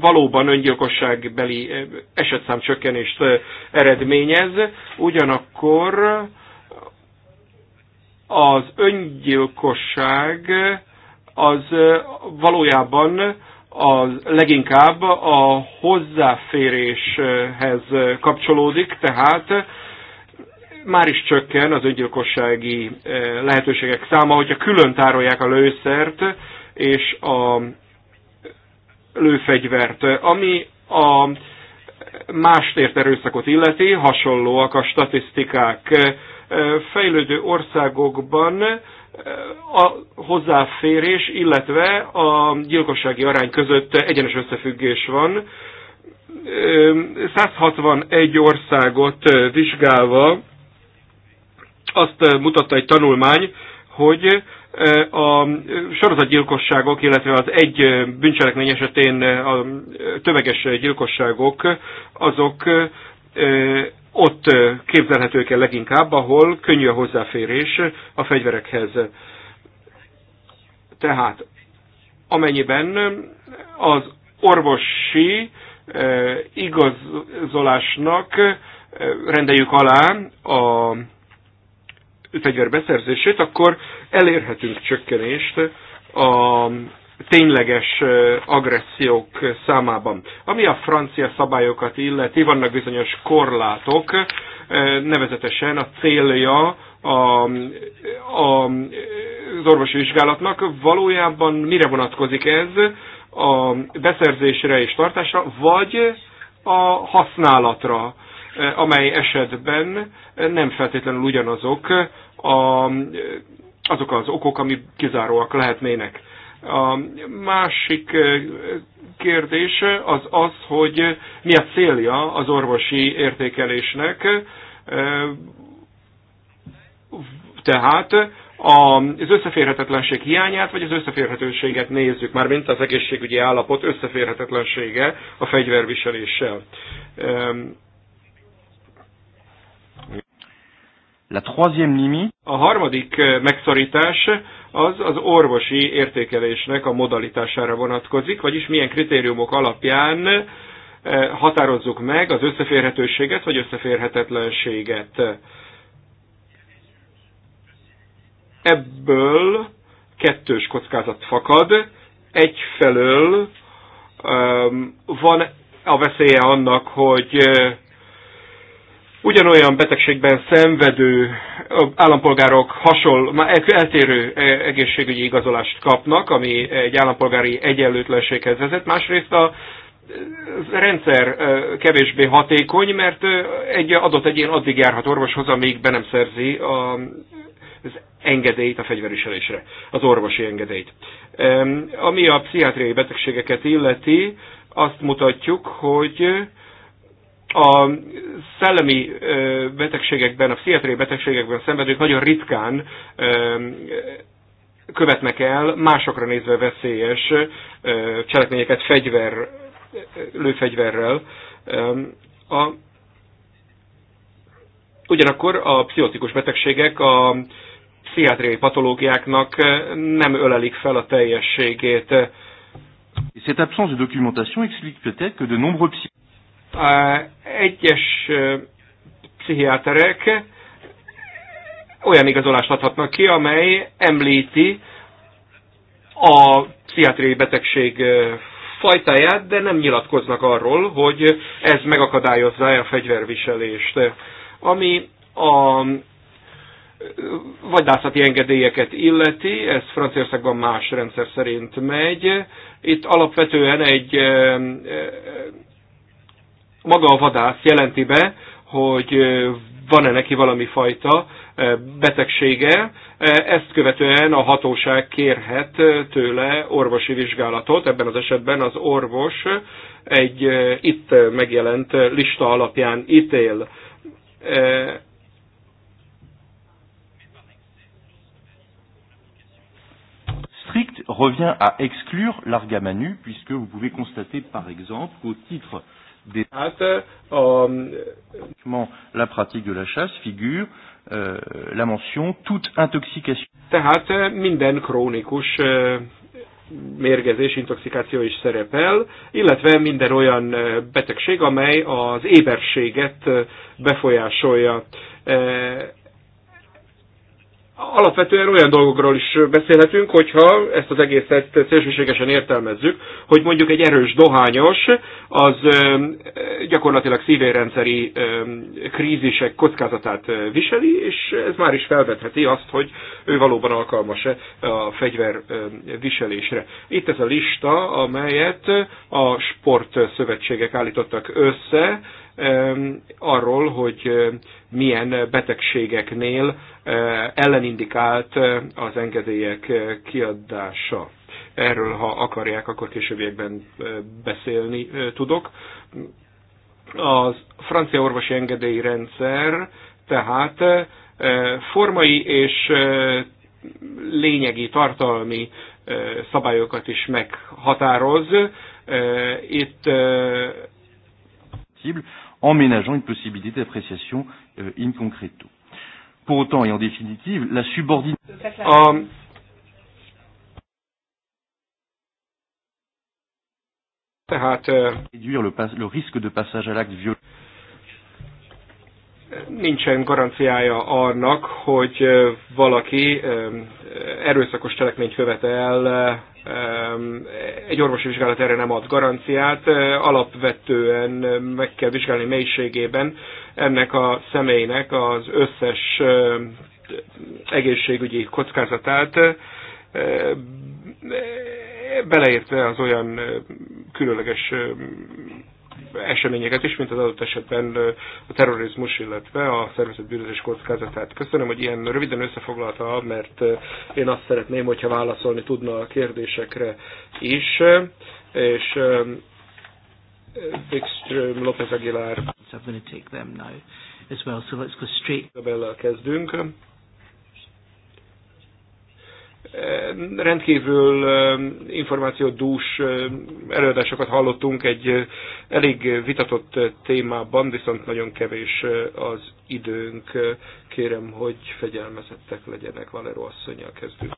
valóban öngyilkosságbeli esetszám csökkenést eredményez, ugyanakkor az öngyilkosság az valójában a leginkább a hozzáféréshez kapcsolódik, tehát már is csökken az öngyilkossági eh, lehetőségek száma, hogyha külön tárolják a lőszert és a lőfegyvert. Ami a mástért erőszakot illeti, hasonlóak a statisztikák. Eh, fejlődő országokban a hozzáférés, illetve a gyilkossági arány között egyenes összefüggés van. 161 országot vizsgálva azt mutatta egy tanulmány, hogy a sorozatgyilkosságok, illetve az egy bűncselekmény esetén a tömeges gyilkosságok, azok ott képzelhetők el leginkább, ahol könnyű a hozzáférés a fegyverekhez. Tehát amennyiben az orvosi igazolásnak rendeljük alá a fegyverbeszerzését, akkor elérhetünk csökkenést a tényleges agressziók számában. Ami a francia szabályokat illeti, vannak bizonyos korlátok, nevezetesen a célja a, a, az orvosi vizsgálatnak. Valójában mire vonatkozik ez? A beszerzésre és tartásra, vagy a használatra, amely esetben nem feltétlenül ugyanazok a, azok az okok, ami kizáróak lehetnének. A másik kérdés az az, hogy mi a célja az orvosi értékelésnek, tehát az összeférhetetlenség hiányát, vagy az összeférhetőséget nézzük, már mint az egészségügyi állapot összeférhetetlensége a fegyverviseléssel. La troisième limite. A harmadik megszorítás az az orvosi értékelésnek a modalitására vonatkozik, vagyis milyen kritériumok alapján eh, határozzuk meg az összeférhetőséget vagy összeférhetetlenséget. Ebből kettős kockázat fakad. Egyfelől ehm, van a veszélye annak, hogy eh, ugyanolyan betegségben szenvedő állampolgárok hasonló, eltérő egészségügyi igazolást kapnak, ami egy állampolgári egyenlőtlenséghez vezet. Másrészt a rendszer kevésbé hatékony, mert egy adott egyén addig járhat orvoshoz, amíg be nem szerzi a az engedélyt a fegyveriselésre, az orvosi engedélyt. Ami a pszichiátriai betegségeket illeti, azt mutatjuk, hogy a szellemi betegségekben, a pszichiátriai betegségekben szenvedők nagyon ritkán követnek el másokra nézve veszélyes cselekményeket fegyver, lőfegyverrel. A, ugyanakkor a pszichotikus betegségek a pszichiátriai patológiáknak nem ölelik fel a teljességét. Cette absence de documentation explique peut-être que de nombreux egyes pszichiáterek olyan igazolást adhatnak ki, amely említi a pszichiátriai betegség fajtáját, de nem nyilatkoznak arról, hogy ez megakadályozza -e a fegyverviselést. Ami a vagydászati engedélyeket illeti, ez Franciaországban más rendszer szerint megy. Itt alapvetően egy maga a vadász jelenti be, hogy van-e neki valami fajta betegsége, ezt követően a hatóság kérhet tőle orvosi vizsgálatot, ebben az esetben az orvos egy itt megjelent lista alapján ítél. Strict revient à exclure l'argamanu, puisque vous pouvez constater par exemple qu'au titre Hát a... Euh, la pratique de la chasse figure euh, la mention toute intoxication. Tehát euh, minden krónikus euh, mérgezés, intoxikáció is szerepel, illetve minden olyan euh, betegség, amely az éberséget befolyásolja alapvetően olyan dolgokról is beszélhetünk, hogyha ezt az egészet szélsőségesen értelmezzük, hogy mondjuk egy erős dohányos az gyakorlatilag szívérrendszeri krízisek kockázatát viseli, és ez már is felvetheti azt, hogy ő valóban alkalmas-e a fegyver viselésre. Itt ez a lista, amelyet a sportszövetségek állítottak össze, arról, hogy milyen betegségeknél ellenindikált az engedélyek kiadása. Erről, ha akarják, akkor későbbiekben beszélni tudok. A francia orvosi engedélyrendszer tehát formai és lényegi, tartalmi szabályokat is meghatároz. Itt en ménageant une possibilité d'appréciation euh, in concreto. Pour autant, et en définitive, la subordination. Um, tehát réduire le risque de passage à l'acte violent. Nincsen garanciája annak, hogy valaki erőszakos cselekményt követ el egy orvosi vizsgálat erre nem ad garanciát, alapvetően meg kell vizsgálni mélységében ennek a személynek az összes egészségügyi kockázatát, beleértve az olyan különleges eseményeket is, mint az adott esetben a terrorizmus, illetve a szervezetbűnözés kockázatát. Köszönöm, hogy ilyen röviden összefoglalta, mert én azt szeretném, hogyha válaszolni tudna a kérdésekre is, és Wikström, López Aguilar. so let's go straight. Isabella kezdünk rendkívül információdús előadásokat hallottunk egy elég vitatott témában, viszont nagyon kevés az időnk. Kérem, hogy fegyelmezettek legyenek Valero asszonyjal kezdünk.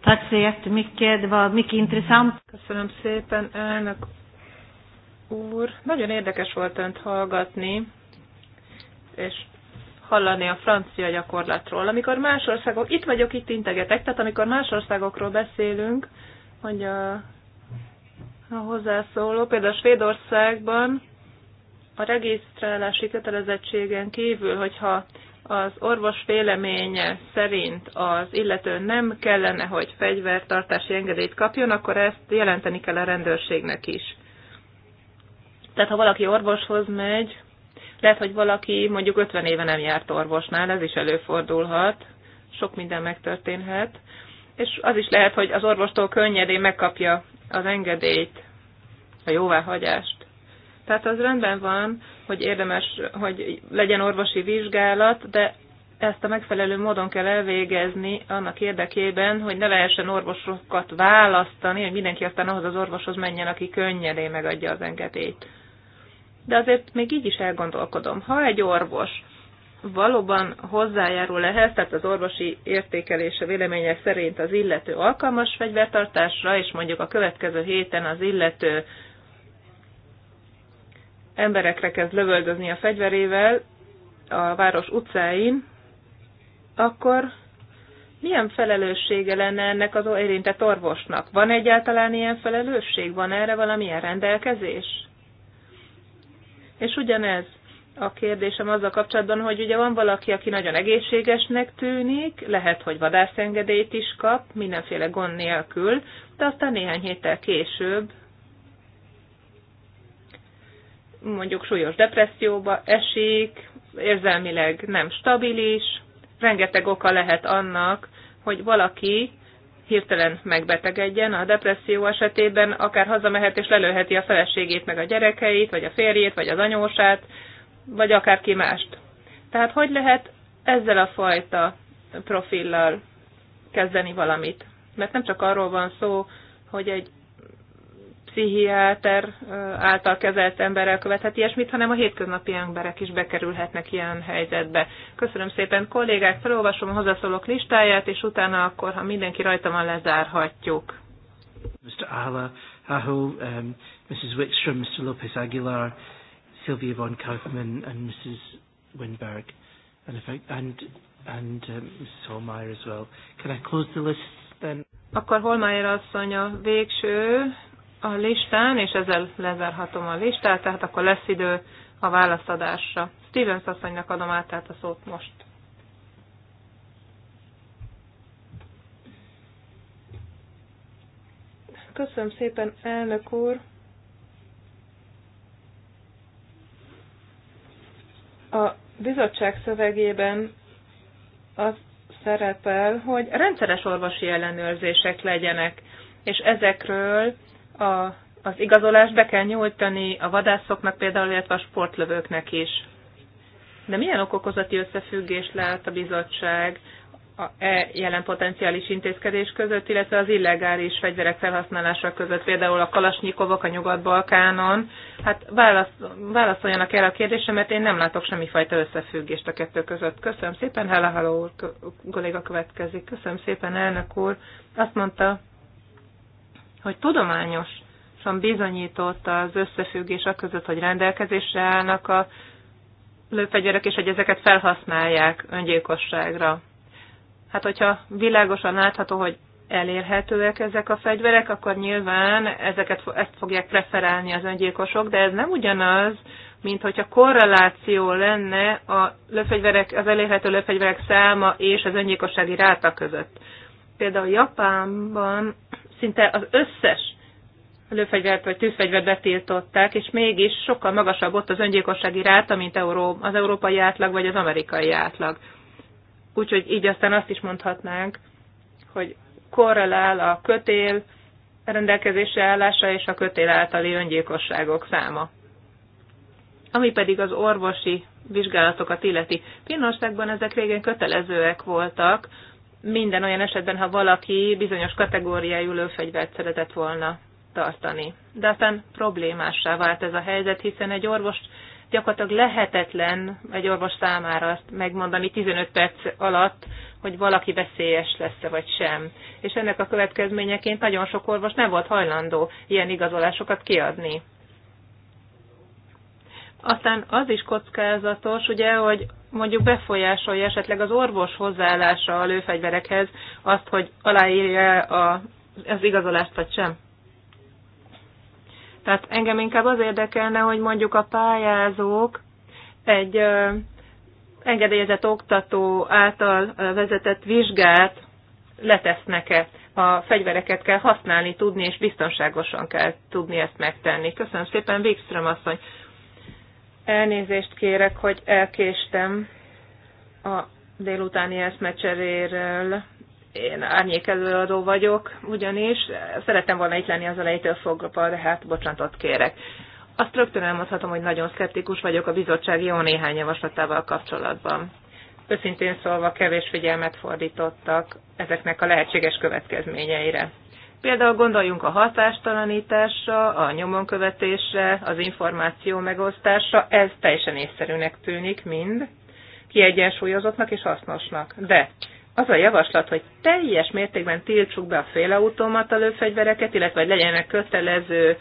Tack så jättemycket. Det var mycket intressant. Köszönöm szépen, elnök úr. Nagyon érdekes volt önt hallgatni, és hallani a francia gyakorlatról. Amikor más országok, itt vagyok, itt integetek, tehát amikor más országokról beszélünk, hogy a hozzászóló, például Svédországban a regisztrálási kötelezettségen kívül, hogyha az orvos véleménye szerint az illető nem kellene, hogy fegyvertartási engedélyt kapjon, akkor ezt jelenteni kell a rendőrségnek is. Tehát ha valaki orvoshoz megy, lehet, hogy valaki mondjuk 50 éve nem járt orvosnál, ez is előfordulhat, sok minden megtörténhet, és az is lehet, hogy az orvostól könnyedén megkapja az engedélyt, a jóváhagyást. Tehát az rendben van, hogy érdemes, hogy legyen orvosi vizsgálat, de ezt a megfelelő módon kell elvégezni annak érdekében, hogy ne lehessen orvosokat választani, hogy mindenki aztán ahhoz az orvoshoz menjen, aki könnyedén megadja az engedélyt de azért még így is elgondolkodom. Ha egy orvos valóban hozzájárul ehhez, tehát az orvosi értékelése véleménye szerint az illető alkalmas fegyvertartásra, és mondjuk a következő héten az illető emberekre kezd lövöldözni a fegyverével a város utcáin, akkor milyen felelőssége lenne ennek az érintett orvosnak? Van egyáltalán ilyen felelősség? Van erre valamilyen rendelkezés? És ugyanez a kérdésem azzal kapcsolatban, hogy ugye van valaki, aki nagyon egészségesnek tűnik, lehet, hogy vadászengedélyt is kap, mindenféle gond nélkül, de aztán néhány héttel később mondjuk súlyos depresszióba esik, érzelmileg nem stabilis, rengeteg oka lehet annak, hogy valaki hirtelen megbetegedjen. A depresszió esetében akár hazamehet és lelőheti a feleségét, meg a gyerekeit, vagy a férjét, vagy az anyósát, vagy akárki mást. Tehát hogy lehet ezzel a fajta profillal kezdeni valamit? Mert nem csak arról van szó, hogy egy pszichiáter által kezelt emberrel követhet ilyesmit, hanem a hétköznapi emberek is bekerülhetnek ilyen helyzetbe. Köszönöm szépen, kollégák, felolvasom a hozzászólók listáját, és utána akkor, ha mindenki rajta van, lezárhatjuk. Mr. Ala, Aho, um, Mrs. Wickstrom, Mr. Lopez Aguilar, Sylvia von Kaufman, and Mrs. Winberg, and, if I, and, and um, Mrs. Holmeyer as well. Can I close the list then? Akkor Holmeyer asszony a végső, a listán, és ezzel lezárhatom a listát, tehát akkor lesz idő a válaszadásra. Stevens asszonynak adom át tehát a szót most. Köszönöm szépen, elnök úr! A bizottság szövegében az szerepel, hogy rendszeres orvosi ellenőrzések legyenek, és ezekről a, az igazolást be kell nyújtani a vadászoknak például, illetve a sportlövőknek is. De milyen okokozati összefüggés lát a bizottság a e jelen potenciális intézkedés között, illetve az illegális fegyverek felhasználása között, például a kalasnyikovok a Nyugat-Balkánon? Hát válasz, válaszoljanak erre a kérdésre, mert én nem látok semmifajta összefüggést a kettő között. Köszönöm szépen, Halahaló úr kolléga következik. Köszönöm szépen, elnök úr. Azt mondta, hogy tudományosan bizonyított az összefüggés a között, hogy rendelkezésre állnak a lőfegyverek, és hogy ezeket felhasználják öngyilkosságra. Hát, hogyha világosan látható, hogy elérhetőek ezek a fegyverek, akkor nyilván ezeket, ezt fogják preferálni az öngyilkosok, de ez nem ugyanaz, mint hogyha korreláció lenne a lőfegyverek, az elérhető lőfegyverek száma és az öngyilkossági ráta között. Például Japánban szinte az összes lőfegyvert vagy tűzfegyvert betiltották, és mégis sokkal magasabb ott az öngyilkossági ráta, mint az európai átlag vagy az amerikai átlag. Úgyhogy így aztán azt is mondhatnánk, hogy korrelál a kötél rendelkezésre állása és a kötél általi öngyilkosságok száma. Ami pedig az orvosi vizsgálatokat illeti. Finnországban ezek régen kötelezőek voltak, minden olyan esetben, ha valaki bizonyos kategóriájú lőfegyvert szeretett volna tartani. De aztán problémássá vált ez a helyzet, hiszen egy orvos gyakorlatilag lehetetlen egy orvos számára azt megmondani 15 perc alatt, hogy valaki veszélyes lesz-e vagy sem. És ennek a következményeként nagyon sok orvos nem volt hajlandó ilyen igazolásokat kiadni. Aztán az is kockázatos, ugye, hogy mondjuk befolyásolja esetleg az orvos hozzáállása a lőfegyverekhez azt, hogy aláírja a, az igazolást vagy sem? Tehát engem inkább az érdekelne, hogy mondjuk a pályázók egy ö, engedélyezett oktató által vezetett vizsgát letesznek-e. A fegyvereket kell használni, tudni, és biztonságosan kell tudni ezt megtenni. Köszönöm szépen, Wikström asszony. Elnézést kérek, hogy elkéstem a délutáni eszmecseréről. Én árnyék előadó vagyok, ugyanis szerettem volna itt lenni az elejétől fogva, de hát bocsánatot kérek. Azt rögtön elmondhatom, hogy nagyon szkeptikus vagyok a bizottság jó néhány javaslatával kapcsolatban. Őszintén szólva kevés figyelmet fordítottak ezeknek a lehetséges következményeire. Például gondoljunk a hatástalanításra, a nyomonkövetésre, az információ megosztásra, ez teljesen észszerűnek tűnik mind, kiegyensúlyozottnak és hasznosnak. De az a javaslat, hogy teljes mértékben tiltsuk be a félautomata lőfegyvereket, illetve hogy legyenek kötelező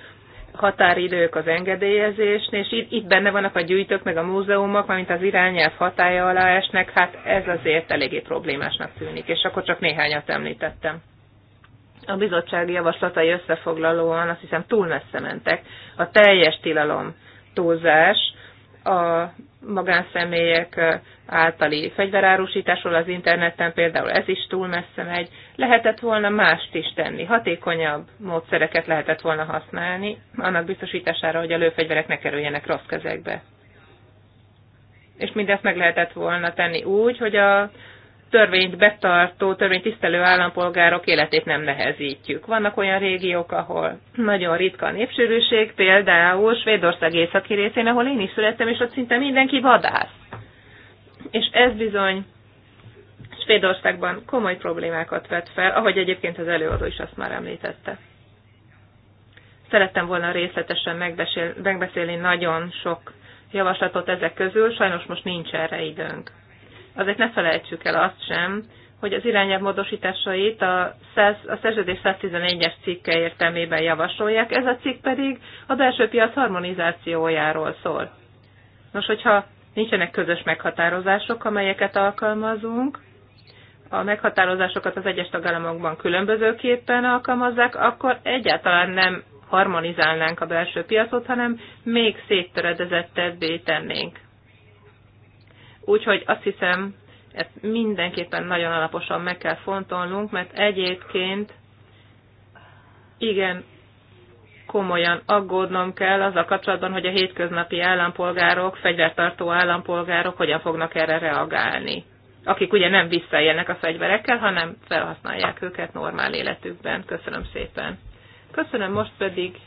határidők az engedélyezésnél, és itt, itt benne vannak a gyűjtők, meg a múzeumok, mint az irányelv hatája alá esnek, hát ez azért eléggé problémásnak tűnik, és akkor csak néhányat említettem a bizottsági javaslatai összefoglalóan azt hiszem túl messze mentek. A teljes tilalom túlzás, a magánszemélyek általi fegyverárusításról az interneten például ez is túl messze megy. Lehetett volna mást is tenni, hatékonyabb módszereket lehetett volna használni, annak biztosítására, hogy a lőfegyverek ne kerüljenek rossz kezekbe. És mindezt meg lehetett volna tenni úgy, hogy a törvényt betartó, törvényt tisztelő állampolgárok életét nem nehezítjük. Vannak olyan régiók, ahol nagyon ritka a népsűrűség, például Svédország északi részén, ahol én is születtem, és ott szinte mindenki vadász. És ez bizony Svédországban komoly problémákat vet fel, ahogy egyébként az előadó is azt már említette. Szerettem volna részletesen megbeszélni nagyon sok javaslatot ezek közül, sajnos most nincs erre időnk. Azért ne felejtsük el azt sem, hogy az irányelv módosításait a, 100, a szerződés 111 es cikke értelmében javasolják, ez a cikk pedig a belső piac harmonizációjáról szól. Nos, hogyha nincsenek közös meghatározások, amelyeket alkalmazunk, a meghatározásokat az egyes tagállamokban különbözőképpen alkalmazzák, akkor egyáltalán nem harmonizálnánk a belső piacot, hanem még széttöredezettebbé tennénk. Úgyhogy azt hiszem, ezt mindenképpen nagyon alaposan meg kell fontolnunk, mert egyébként igen komolyan aggódnom kell az a kapcsolatban, hogy a hétköznapi állampolgárok, fegyvertartó állampolgárok hogyan fognak erre reagálni. Akik ugye nem visszaélnek a fegyverekkel, hanem felhasználják őket normál életükben. Köszönöm szépen. Köszönöm, most pedig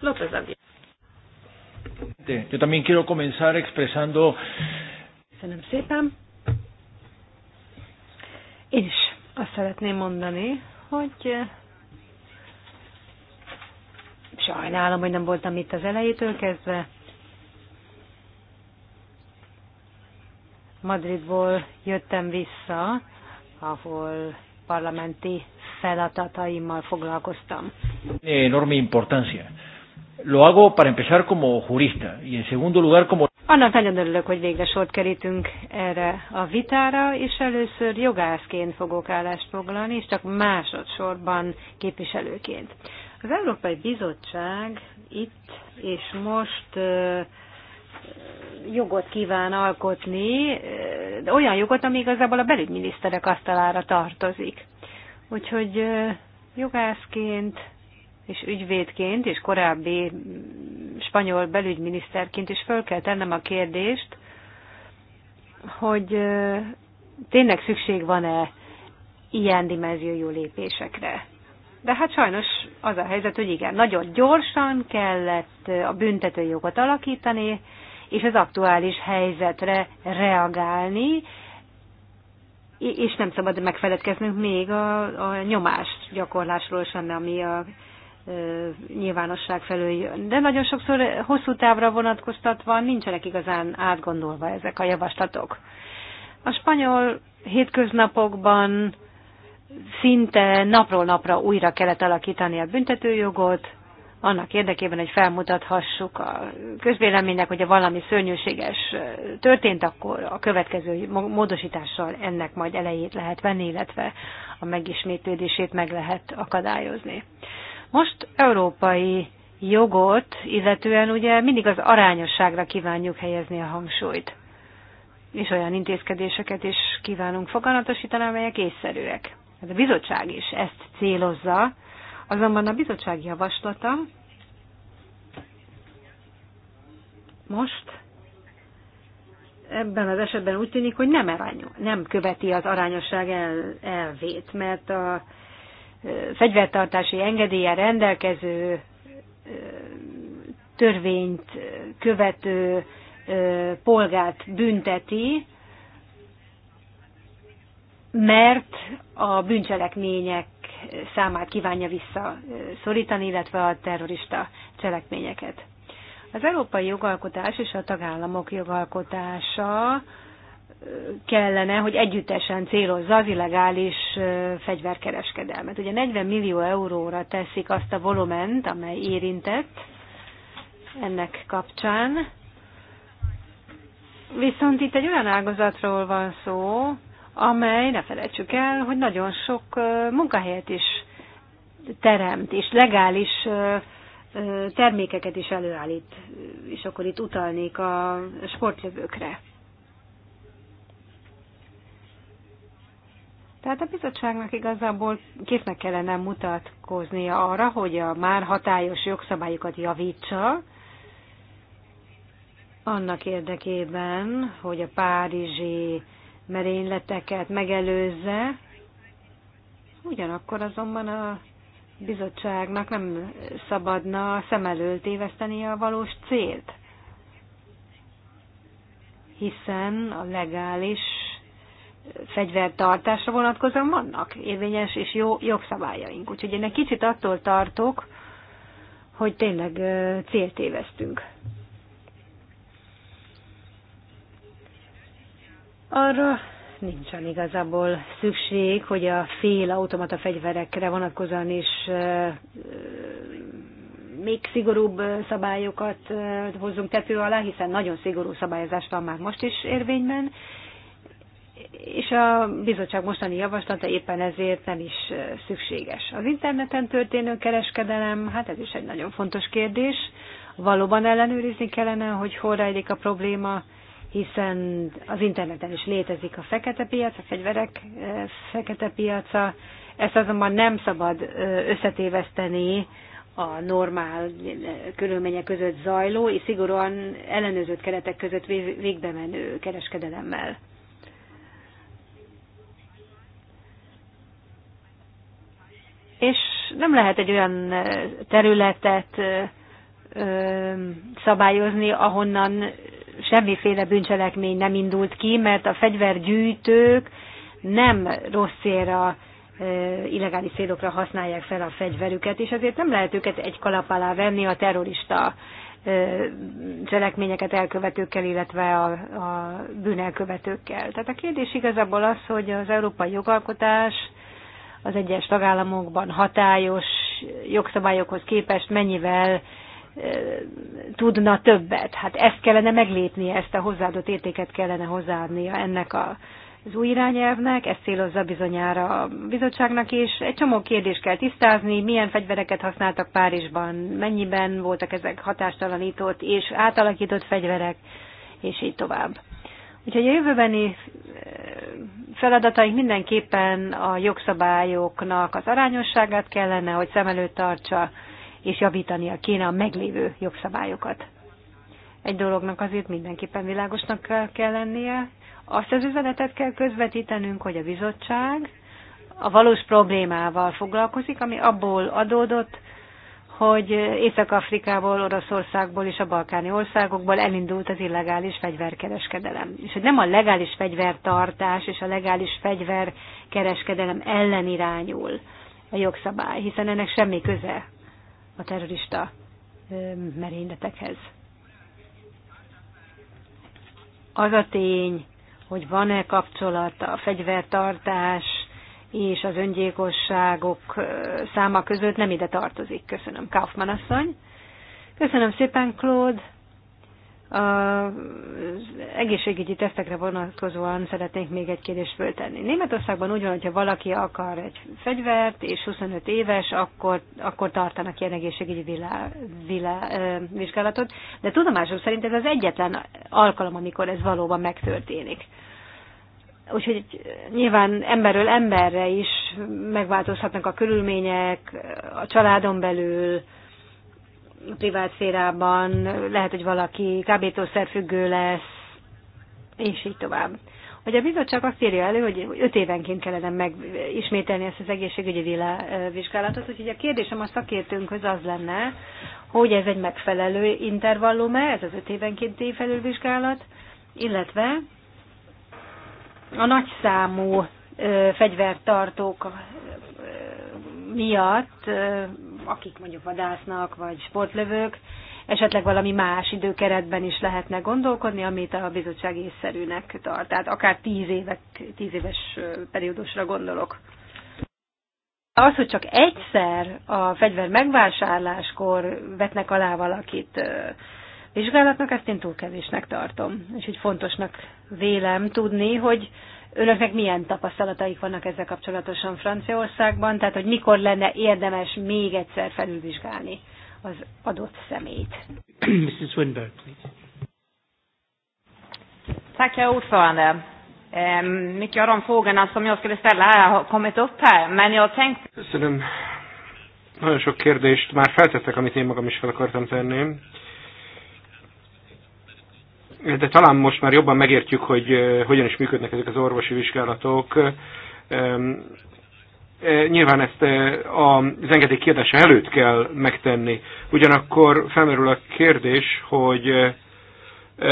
López Aguilar. Yo también quiero comenzar expresando Köszönöm szépen. és azt szeretném mondani, hogy eh, sajnálom, hogy nem voltam itt az elejétől kezdve. Madridból jöttem vissza, ahol parlamenti feladataimmal foglalkoztam. Enorme importancia. Lo hago para empezar como jurista y en segundo lugar como annak nagyon örülök, hogy végre sort kerítünk erre a vitára, és először jogászként fogok állást foglalni, és csak másodszorban képviselőként. Az Európai Bizottság itt és most jogot kíván alkotni, de olyan jogot, ami igazából a belügyminiszterek asztalára tartozik. Úgyhogy jogászként és ügyvédként, és korábbi mm, spanyol belügyminiszterként is föl kell tennem a kérdést, hogy tényleg szükség van-e ilyen dimenziójú lépésekre. De hát sajnos az a helyzet, hogy igen, nagyon gyorsan kellett a büntetőjogot alakítani, és az aktuális helyzetre reagálni, és nem szabad megfeledkeznünk még a, a nyomás gyakorlásról sem, ami a nyilvánosság felől jön. De nagyon sokszor hosszú távra vonatkoztatva nincsenek igazán átgondolva ezek a javaslatok. A spanyol hétköznapokban szinte napról napra újra kellett alakítani a büntetőjogot, annak érdekében, hogy felmutathassuk a közvéleménynek, hogyha valami szörnyűséges történt, akkor a következő módosítással ennek majd elejét lehet venni, illetve a megismétlődését meg lehet akadályozni. Most európai jogot, illetően ugye mindig az arányosságra kívánjuk helyezni a hangsúlyt, és olyan intézkedéseket is kívánunk foganatosítani, amelyek észszerűek. Hát a bizottság is ezt célozza, azonban a bizottság javaslata most ebben az esetben úgy tűnik, hogy nem, arányos, nem követi az arányosság el, elvét, mert a fegyvertartási engedélye rendelkező törvényt követő polgárt bünteti, mert a bűncselekmények számát kívánja visszaszorítani, illetve a terrorista cselekményeket. Az európai jogalkotás és a tagállamok jogalkotása kellene, hogy együttesen célozza az illegális fegyverkereskedelmet. Ugye 40 millió euróra teszik azt a volument, amely érintett ennek kapcsán. Viszont itt egy olyan ágazatról van szó, amely, ne felejtsük el, hogy nagyon sok munkahelyet is teremt, és legális termékeket is előállít, és akkor itt utalnék a sportjövőkre. Tehát a bizottságnak igazából késznek kellene mutatkoznia arra, hogy a már hatályos jogszabályokat javítsa, annak érdekében, hogy a párizsi merényleteket megelőzze, ugyanakkor azonban a bizottságnak nem szabadna szem előtt téveszteni a valós célt, hiszen a legális fegyvertartásra vonatkozóan vannak érvényes és jó jogszabályaink. Úgyhogy én egy kicsit attól tartok, hogy tényleg céltévesztünk. Arra nincsen igazából szükség, hogy a fél automata fegyverekre vonatkozóan is még szigorúbb szabályokat hozzunk tető alá, hiszen nagyon szigorú szabályozás van már most is érvényben, és a bizottság mostani javaslata éppen ezért nem is szükséges. Az interneten történő kereskedelem, hát ez is egy nagyon fontos kérdés. Valóban ellenőrizni kellene, hogy hol rejlik a probléma, hiszen az interneten is létezik a fekete piac, a fegyverek fekete piaca. Ezt azonban nem szabad összetéveszteni a normál körülmények között zajló és szigorúan ellenőrzött keretek között végbe menő kereskedelemmel. és nem lehet egy olyan területet szabályozni, ahonnan semmiféle bűncselekmény nem indult ki, mert a fegyvergyűjtők nem rossz célra, illegális célokra használják fel a fegyverüket, és ezért nem lehet őket egy kalap alá venni a terrorista cselekményeket elkövetőkkel, illetve a, a bűnelkövetőkkel. Tehát a kérdés igazából az, hogy az európai jogalkotás az egyes tagállamokban hatályos jogszabályokhoz képest mennyivel tudna többet. Hát ezt kellene meglépnie, ezt a hozzáadott értéket kellene hozzáadnia ennek a, az új irányelvnek, ezt célozza bizonyára a bizottságnak is. Egy csomó kérdést kell tisztázni, milyen fegyvereket használtak Párizsban, mennyiben voltak ezek hatástalanított és átalakított fegyverek, és így tovább. Úgyhogy a jövőbeni eh, feladataink mindenképpen a jogszabályoknak az arányosságát kellene, hogy szem előtt tartsa, és javítania kéne a meglévő jogszabályokat. Egy dolognak azért mindenképpen világosnak kell lennie. Azt az üzenetet kell közvetítenünk, hogy a bizottság a valós problémával foglalkozik, ami abból adódott, hogy Észak-Afrikából, Oroszországból és a balkáni országokból elindult az illegális fegyverkereskedelem. És hogy nem a legális fegyvertartás és a legális fegyverkereskedelem ellen irányul a jogszabály, hiszen ennek semmi köze a terrorista merényletekhez. Az a tény, hogy van-e kapcsolat a fegyvertartás és az öngyilkosságok száma között nem ide tartozik. Köszönöm, Kaufmann asszony. Köszönöm szépen, Claude. Az egészségügyi tesztekre vonatkozóan szeretnék még egy kérdést föltenni. Németországban úgy van, hogyha valaki akar egy fegyvert, és 25 éves, akkor, akkor tartanak ilyen egészségügyi vilá, vilá, vizsgálatot, de tudomásom szerint ez az egyetlen alkalom, amikor ez valóban megtörténik. Úgyhogy eh, nyilván emberről emberre is megváltozhatnak a körülmények, eh, a családon belül, a privát szférában, eh, lehet, hogy valaki kábítószerfüggő lesz, és így tovább. Hogy a bizottság azt írja elő, hogy öt évenként kellene megismételni ezt az egészségügyi vizsgálatot, úgyhogy a kérdésem a szakértőnkhöz az lenne, hogy ez egy megfelelő intervallum-e, ez az öt évenkénti felülvizsgálat, illetve a nagyszámú fegyvertartók miatt, akik mondjuk vadásznak, vagy sportlövők, esetleg valami más időkeretben is lehetne gondolkodni, amit a bizottság észszerűnek tart. Tehát akár tíz, évek, tíz éves periódusra gondolok. Az, hogy csak egyszer a fegyver megvásárláskor vetnek alá valakit vizsgálatnak, ezt én túl kevésnek tartom, és így fontosnak vélem tudni, hogy önöknek milyen tapasztalataik vannak ezzel kapcsolatosan Franciaországban, tehát hogy mikor lenne érdemes még egyszer felülvizsgálni az adott szemét. Mrs. Winberg, please. Tack, herr ordförande. Ehm, mycket av de frågorna som jag skulle ställa här har kommit upp här, men jag tänkte... Köszönöm. Nagyon sok kérdést már feltettek, amit én magam is fel akartam tenni de talán most már jobban megértjük, hogy hogyan is működnek ezek az orvosi vizsgálatok. Nyilván ezt az engedély kiadása előtt kell megtenni. Ugyanakkor felmerül a kérdés, hogy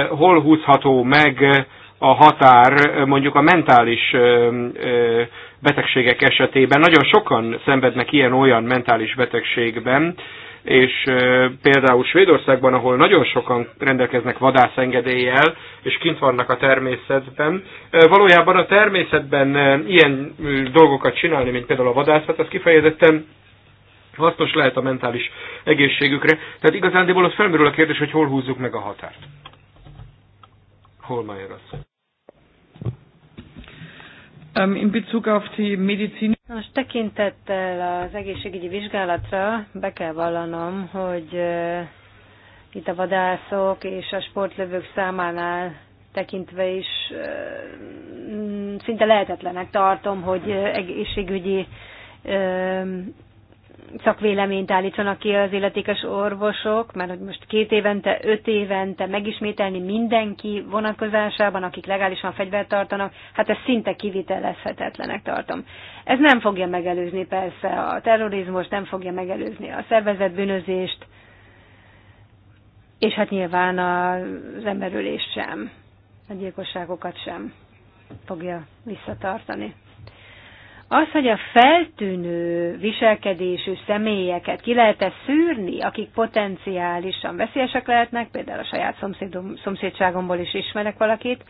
hol húzható meg a határ mondjuk a mentális betegségek esetében. Nagyon sokan szenvednek ilyen-olyan mentális betegségben, és például Svédországban, ahol nagyon sokan rendelkeznek vadászengedéllyel, és kint vannak a természetben, valójában a természetben ilyen dolgokat csinálni, mint például a vadászat, az kifejezetten hasznos lehet a mentális egészségükre. Tehát igazándiból ott felmerül a kérdés, hogy hol húzzuk meg a határt. Hol Holmeyer Ähm, in Bezug auf die Medizin. Most tekintettel az egészségügyi vizsgálatra be kell vallanom, hogy itt a vadászok és a sportlövők számánál tekintve is szinte lehetetlenek tartom, hogy egészségügyi szakvéleményt állítsanak ki az illetékes orvosok, mert hogy most két évente, öt évente megismételni mindenki vonatkozásában, akik legálisan fegyvert tartanak, hát ez szinte kivitelezhetetlenek tartom. Ez nem fogja megelőzni persze a terrorizmus, nem fogja megelőzni a szervezett bűnözést, és hát nyilván az emberülést sem, a gyilkosságokat sem fogja visszatartani. Az, hogy a feltűnő viselkedésű személyeket ki lehet-e szűrni, akik potenciálisan veszélyesek lehetnek, például a saját szomszédom, szomszédságomból is ismerek valakit,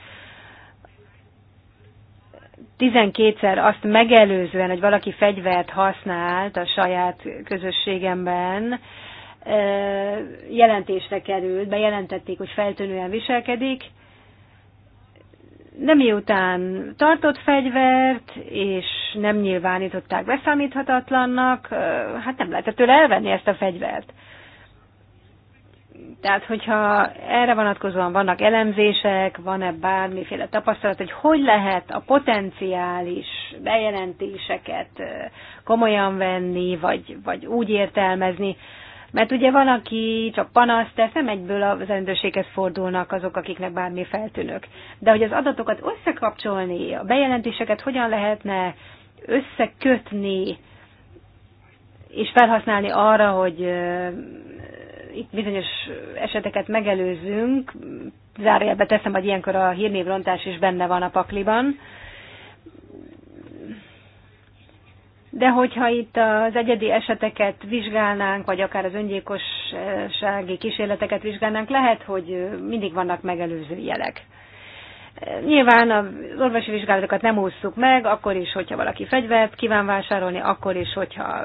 12-szer azt megelőzően, hogy valaki fegyvert használt a saját közösségemben, jelentésre került, bejelentették, hogy feltűnően viselkedik, nem miután tartott fegyvert, és nem nyilvánították beszámíthatatlannak, hát nem lehetett tőle elvenni ezt a fegyvert. Tehát, hogyha erre vonatkozóan vannak elemzések, van-e bármiféle tapasztalat, hogy hogy lehet a potenciális bejelentéseket komolyan venni, vagy, vagy úgy értelmezni, mert ugye van, aki csak panaszt tesz, nem egyből az rendőrséghez fordulnak azok, akiknek bármi feltűnök. De hogy az adatokat összekapcsolni, a bejelentéseket hogyan lehetne összekötni, és felhasználni arra, hogy itt bizonyos eseteket megelőzzünk, zárójelbe teszem, hogy ilyenkor a hírnévrontás is benne van a pakliban, De hogyha itt az egyedi eseteket vizsgálnánk, vagy akár az öngyilkossági kísérleteket vizsgálnánk, lehet, hogy mindig vannak megelőző jelek. Nyilván az orvosi vizsgálatokat nem ússzuk meg, akkor is, hogyha valaki fegyvert kíván vásárolni, akkor is, hogyha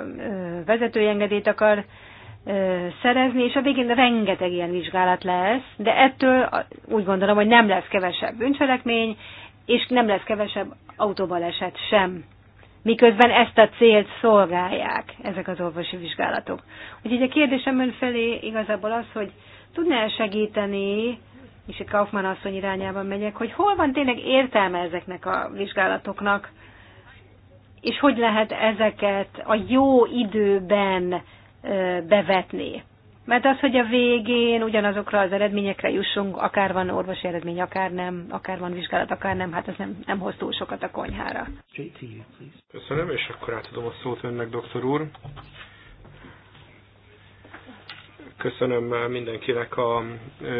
vezetői engedélyt akar szerezni, és a végén rengeteg ilyen vizsgálat lesz, de ettől úgy gondolom, hogy nem lesz kevesebb bűncselekmény, és nem lesz kevesebb autóbaleset sem miközben ezt a célt szolgálják ezek az orvosi vizsgálatok. Úgyhogy a kérdésem ön felé igazából az, hogy tudná-e segíteni, és itt Kaufmann asszony irányában megyek, hogy hol van tényleg értelme ezeknek a vizsgálatoknak, és hogy lehet ezeket a jó időben bevetni. Mert az, hogy a végén ugyanazokra az eredményekre jussunk, akár van orvosi eredmény, akár nem, akár van vizsgálat, akár nem, hát ez nem, nem hoz túl sokat a konyhára. Köszönöm, és akkor átadom a szót önnek, doktor úr. Köszönöm mindenkinek a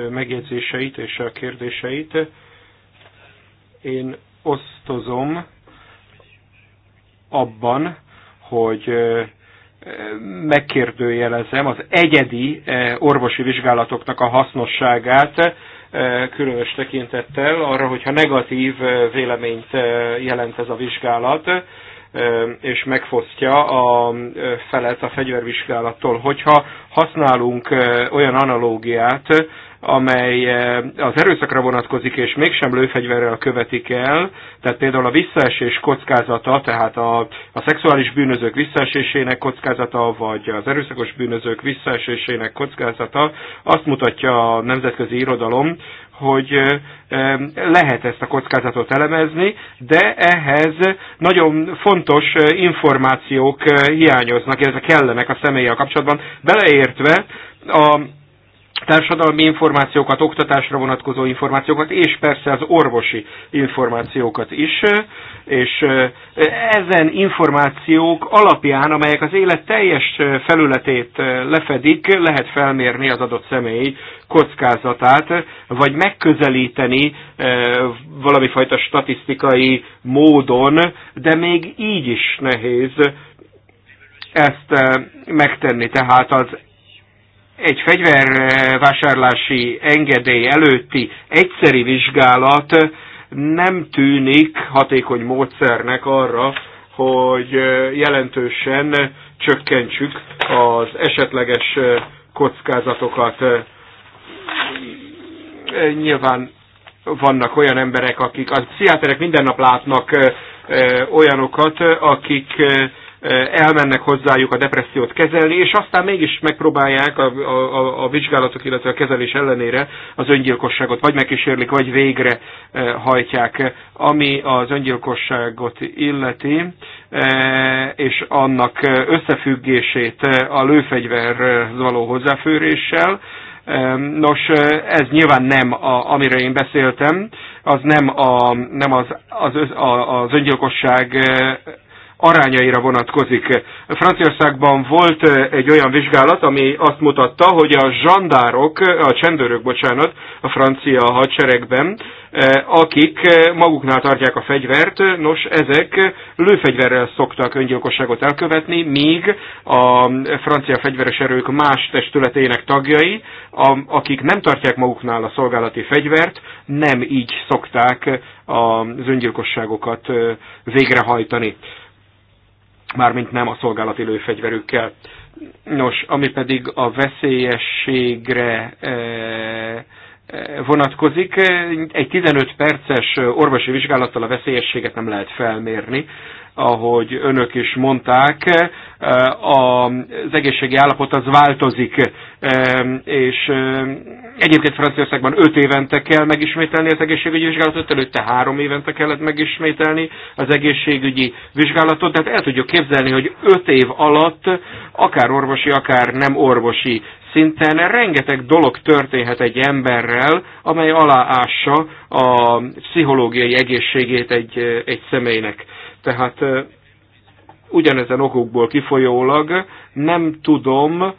megjegyzéseit és a kérdéseit. Én osztozom abban, hogy megkérdőjelezem az egyedi eh, orvosi vizsgálatoknak a hasznosságát, eh, különös tekintettel arra, hogyha negatív eh, véleményt jelent ez a vizsgálat, és megfosztja a felet a fegyvervizsgálattól. Hogyha használunk olyan analógiát, amely eh, az erőszakra vonatkozik, és mégsem lőfegyverrel követik el, tehát például a visszaesés kockázata, tehát a, a szexuális bűnözők visszaesésének kockázata, vagy az erőszakos bűnözők visszaesésének kockázata, azt mutatja a nemzetközi irodalom, hogy eh, eh, lehet ezt a kockázatot elemezni, de ehhez nagyon fontos információk hiányoznak, illetve kellenek a személlyel kapcsolatban, beleértve a társadalmi információkat, oktatásra vonatkozó információkat, és persze az orvosi információkat is, és ezen információk alapján, amelyek az élet teljes felületét lefedik, lehet felmérni az adott személy kockázatát, vagy megközelíteni valami fajta statisztikai módon, de még így is nehéz ezt megtenni. Tehát az egy fegyvervásárlási eh, engedély előtti egyszeri vizsgálat nem tűnik hatékony módszernek arra, hogy eh, jelentősen csökkentsük az esetleges eh, kockázatokat. Nyilván vannak olyan emberek, akik, a pszichiáterek minden nap látnak olyanokat, akik elmennek hozzájuk a depressziót kezelni, és aztán mégis megpróbálják a, a, a vizsgálatok, illetve a kezelés ellenére az öngyilkosságot vagy megkísérlik, vagy végre hajtják, ami az öngyilkosságot illeti, és annak összefüggését a lőfegyver való hozzáféréssel. Nos, ez nyilván nem, a, amire én beszéltem, az nem, a, nem az, az, az öngyilkosság arányaira vonatkozik. Franciaországban volt eh, egy olyan vizsgálat, ami azt mutatta, hogy a zsandárok, a csendőrök, bocsánat, a francia hadseregben, eh, akik eh, maguknál tartják a fegyvert, nos, ezek lőfegyverrel szoktak öngyilkosságot elkövetni, míg a francia fegyveres erők más testületének tagjai, akik nem tartják maguknál a szolgálati fegyvert, nem így szokták az öngyilkosságokat végrehajtani mármint nem a szolgálati lőfegyverükkel. Nos, ami pedig a veszélyességre e, e, vonatkozik, egy 15 perces orvosi vizsgálattal a veszélyességet nem lehet felmérni ahogy önök is mondták, e, az egészségi állapot az változik, e, és e, egyébként Franciaországban 5 évente kell megismételni az egészségügyi vizsgálatot, előtte 3 évente kellett megismételni az egészségügyi vizsgálatot, tehát el tudjuk képzelni, hogy 5 év alatt akár orvosi, akár nem orvosi szinten rengeteg dolog történhet egy emberrel, amely aláássa a pszichológiai egészségét egy, egy személynek. Tehát ugyanezen okokból kifolyólag nem tudom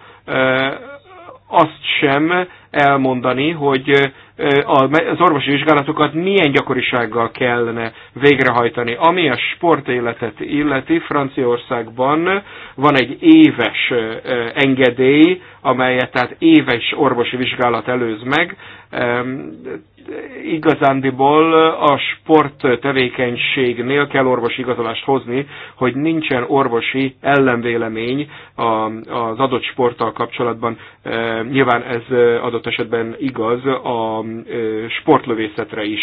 azt sem elmondani, hogy az orvosi vizsgálatokat milyen gyakorisággal kellene végrehajtani. Ami a sportéletet illeti, Franciaországban van egy éves engedély, amelyet tehát éves orvosi vizsgálat előz meg igazándiból a sport tevékenységnél kell orvosi igazolást hozni, hogy nincsen orvosi ellenvélemény az adott sporttal kapcsolatban. E, nyilván ez e, adott esetben igaz a e, sportlövészetre is.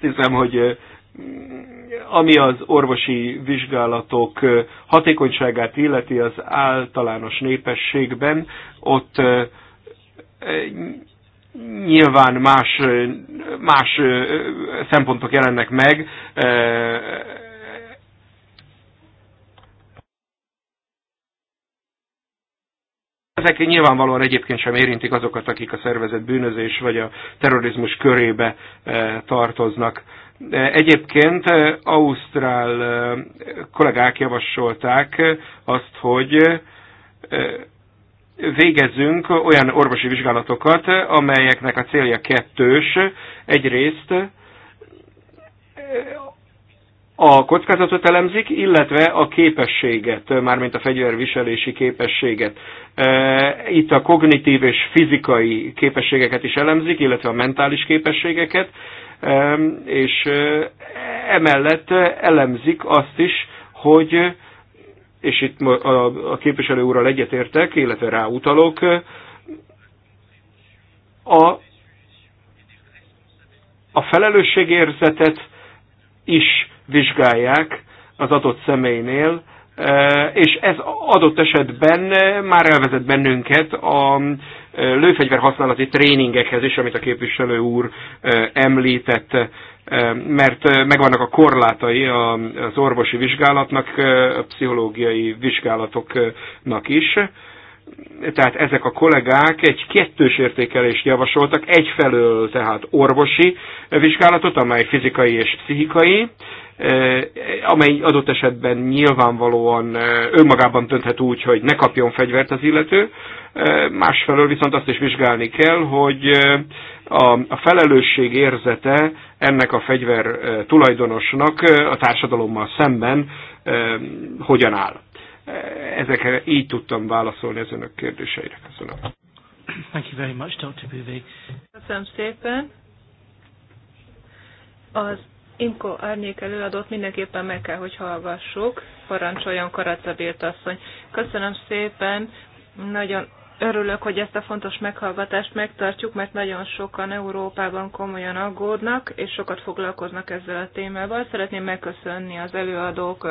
Hiszem, hogy ami az orvosi vizsgálatok hatékonyságát illeti az általános népességben, ott nyilván más, más szempontok jelennek meg, Ezek nyilvánvalóan egyébként sem érintik azokat, akik a szervezet bűnözés vagy a terrorizmus körébe tartoznak. Egyébként eh, ausztrál eh, kollégák javasolták eh, azt, hogy végezzünk olyan orvosi vizsgálatokat, amelyeknek a célja kettős. Egyrészt a kockázatot elemzik, illetve a képességet, mármint a fegyverviselési képességet. Itt a kognitív és fizikai képességeket is elemzik, illetve a mentális képességeket, és emellett elemzik azt is, hogy, és itt a képviselő úrral egyetértek, illetve ráutalok, a, a felelősségérzetet is vizsgálják az adott személynél, és ez adott esetben már elvezet bennünket a lőfegyver használati tréningekhez is, amit a képviselő úr említett, mert megvannak a korlátai az orvosi vizsgálatnak, a pszichológiai vizsgálatoknak is tehát ezek a kollégák egy kettős értékelést javasoltak, egyfelől tehát orvosi vizsgálatot, amely fizikai és pszichikai, amely adott esetben nyilvánvalóan önmagában dönthet úgy, hogy ne kapjon fegyvert az illető, Másfelől viszont azt is vizsgálni kell, hogy a, a felelősség érzete ennek a fegyver tulajdonosnak a társadalommal szemben hogyan áll. Ezekre így tudtam válaszolni az önök kérdéseire. Köszönöm. Thank you very much, Dr. Bouvet. Köszönöm szépen. Az Imko Árnyék előadót mindenképpen meg kell, hogy hallgassuk. Parancsoljon Karacabért asszony. Köszönöm szépen. Nagyon Örülök, hogy ezt a fontos meghallgatást megtartjuk, mert nagyon sokan Európában komolyan aggódnak, és sokat foglalkoznak ezzel a témával. Szeretném megköszönni az előadók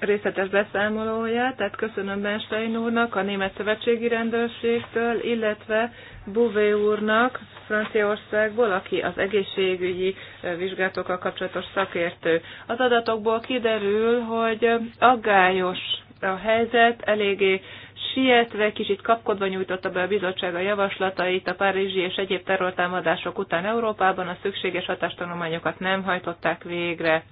részletes beszámolóját, tehát köszönöm Benstein úrnak, a Német Szövetségi Rendőrségtől, illetve Bouvé úrnak Franciaországból, aki az egészségügyi vizsgálatokkal kapcsolatos szakértő. Az adatokból kiderül, hogy aggályos a helyzet, eléggé sietve, kicsit kapkodva nyújtotta be a bizottság a javaslatait a párizsi és egyéb terrortámadások után Európában, a szükséges hatástanulmányokat nem hajtották végre,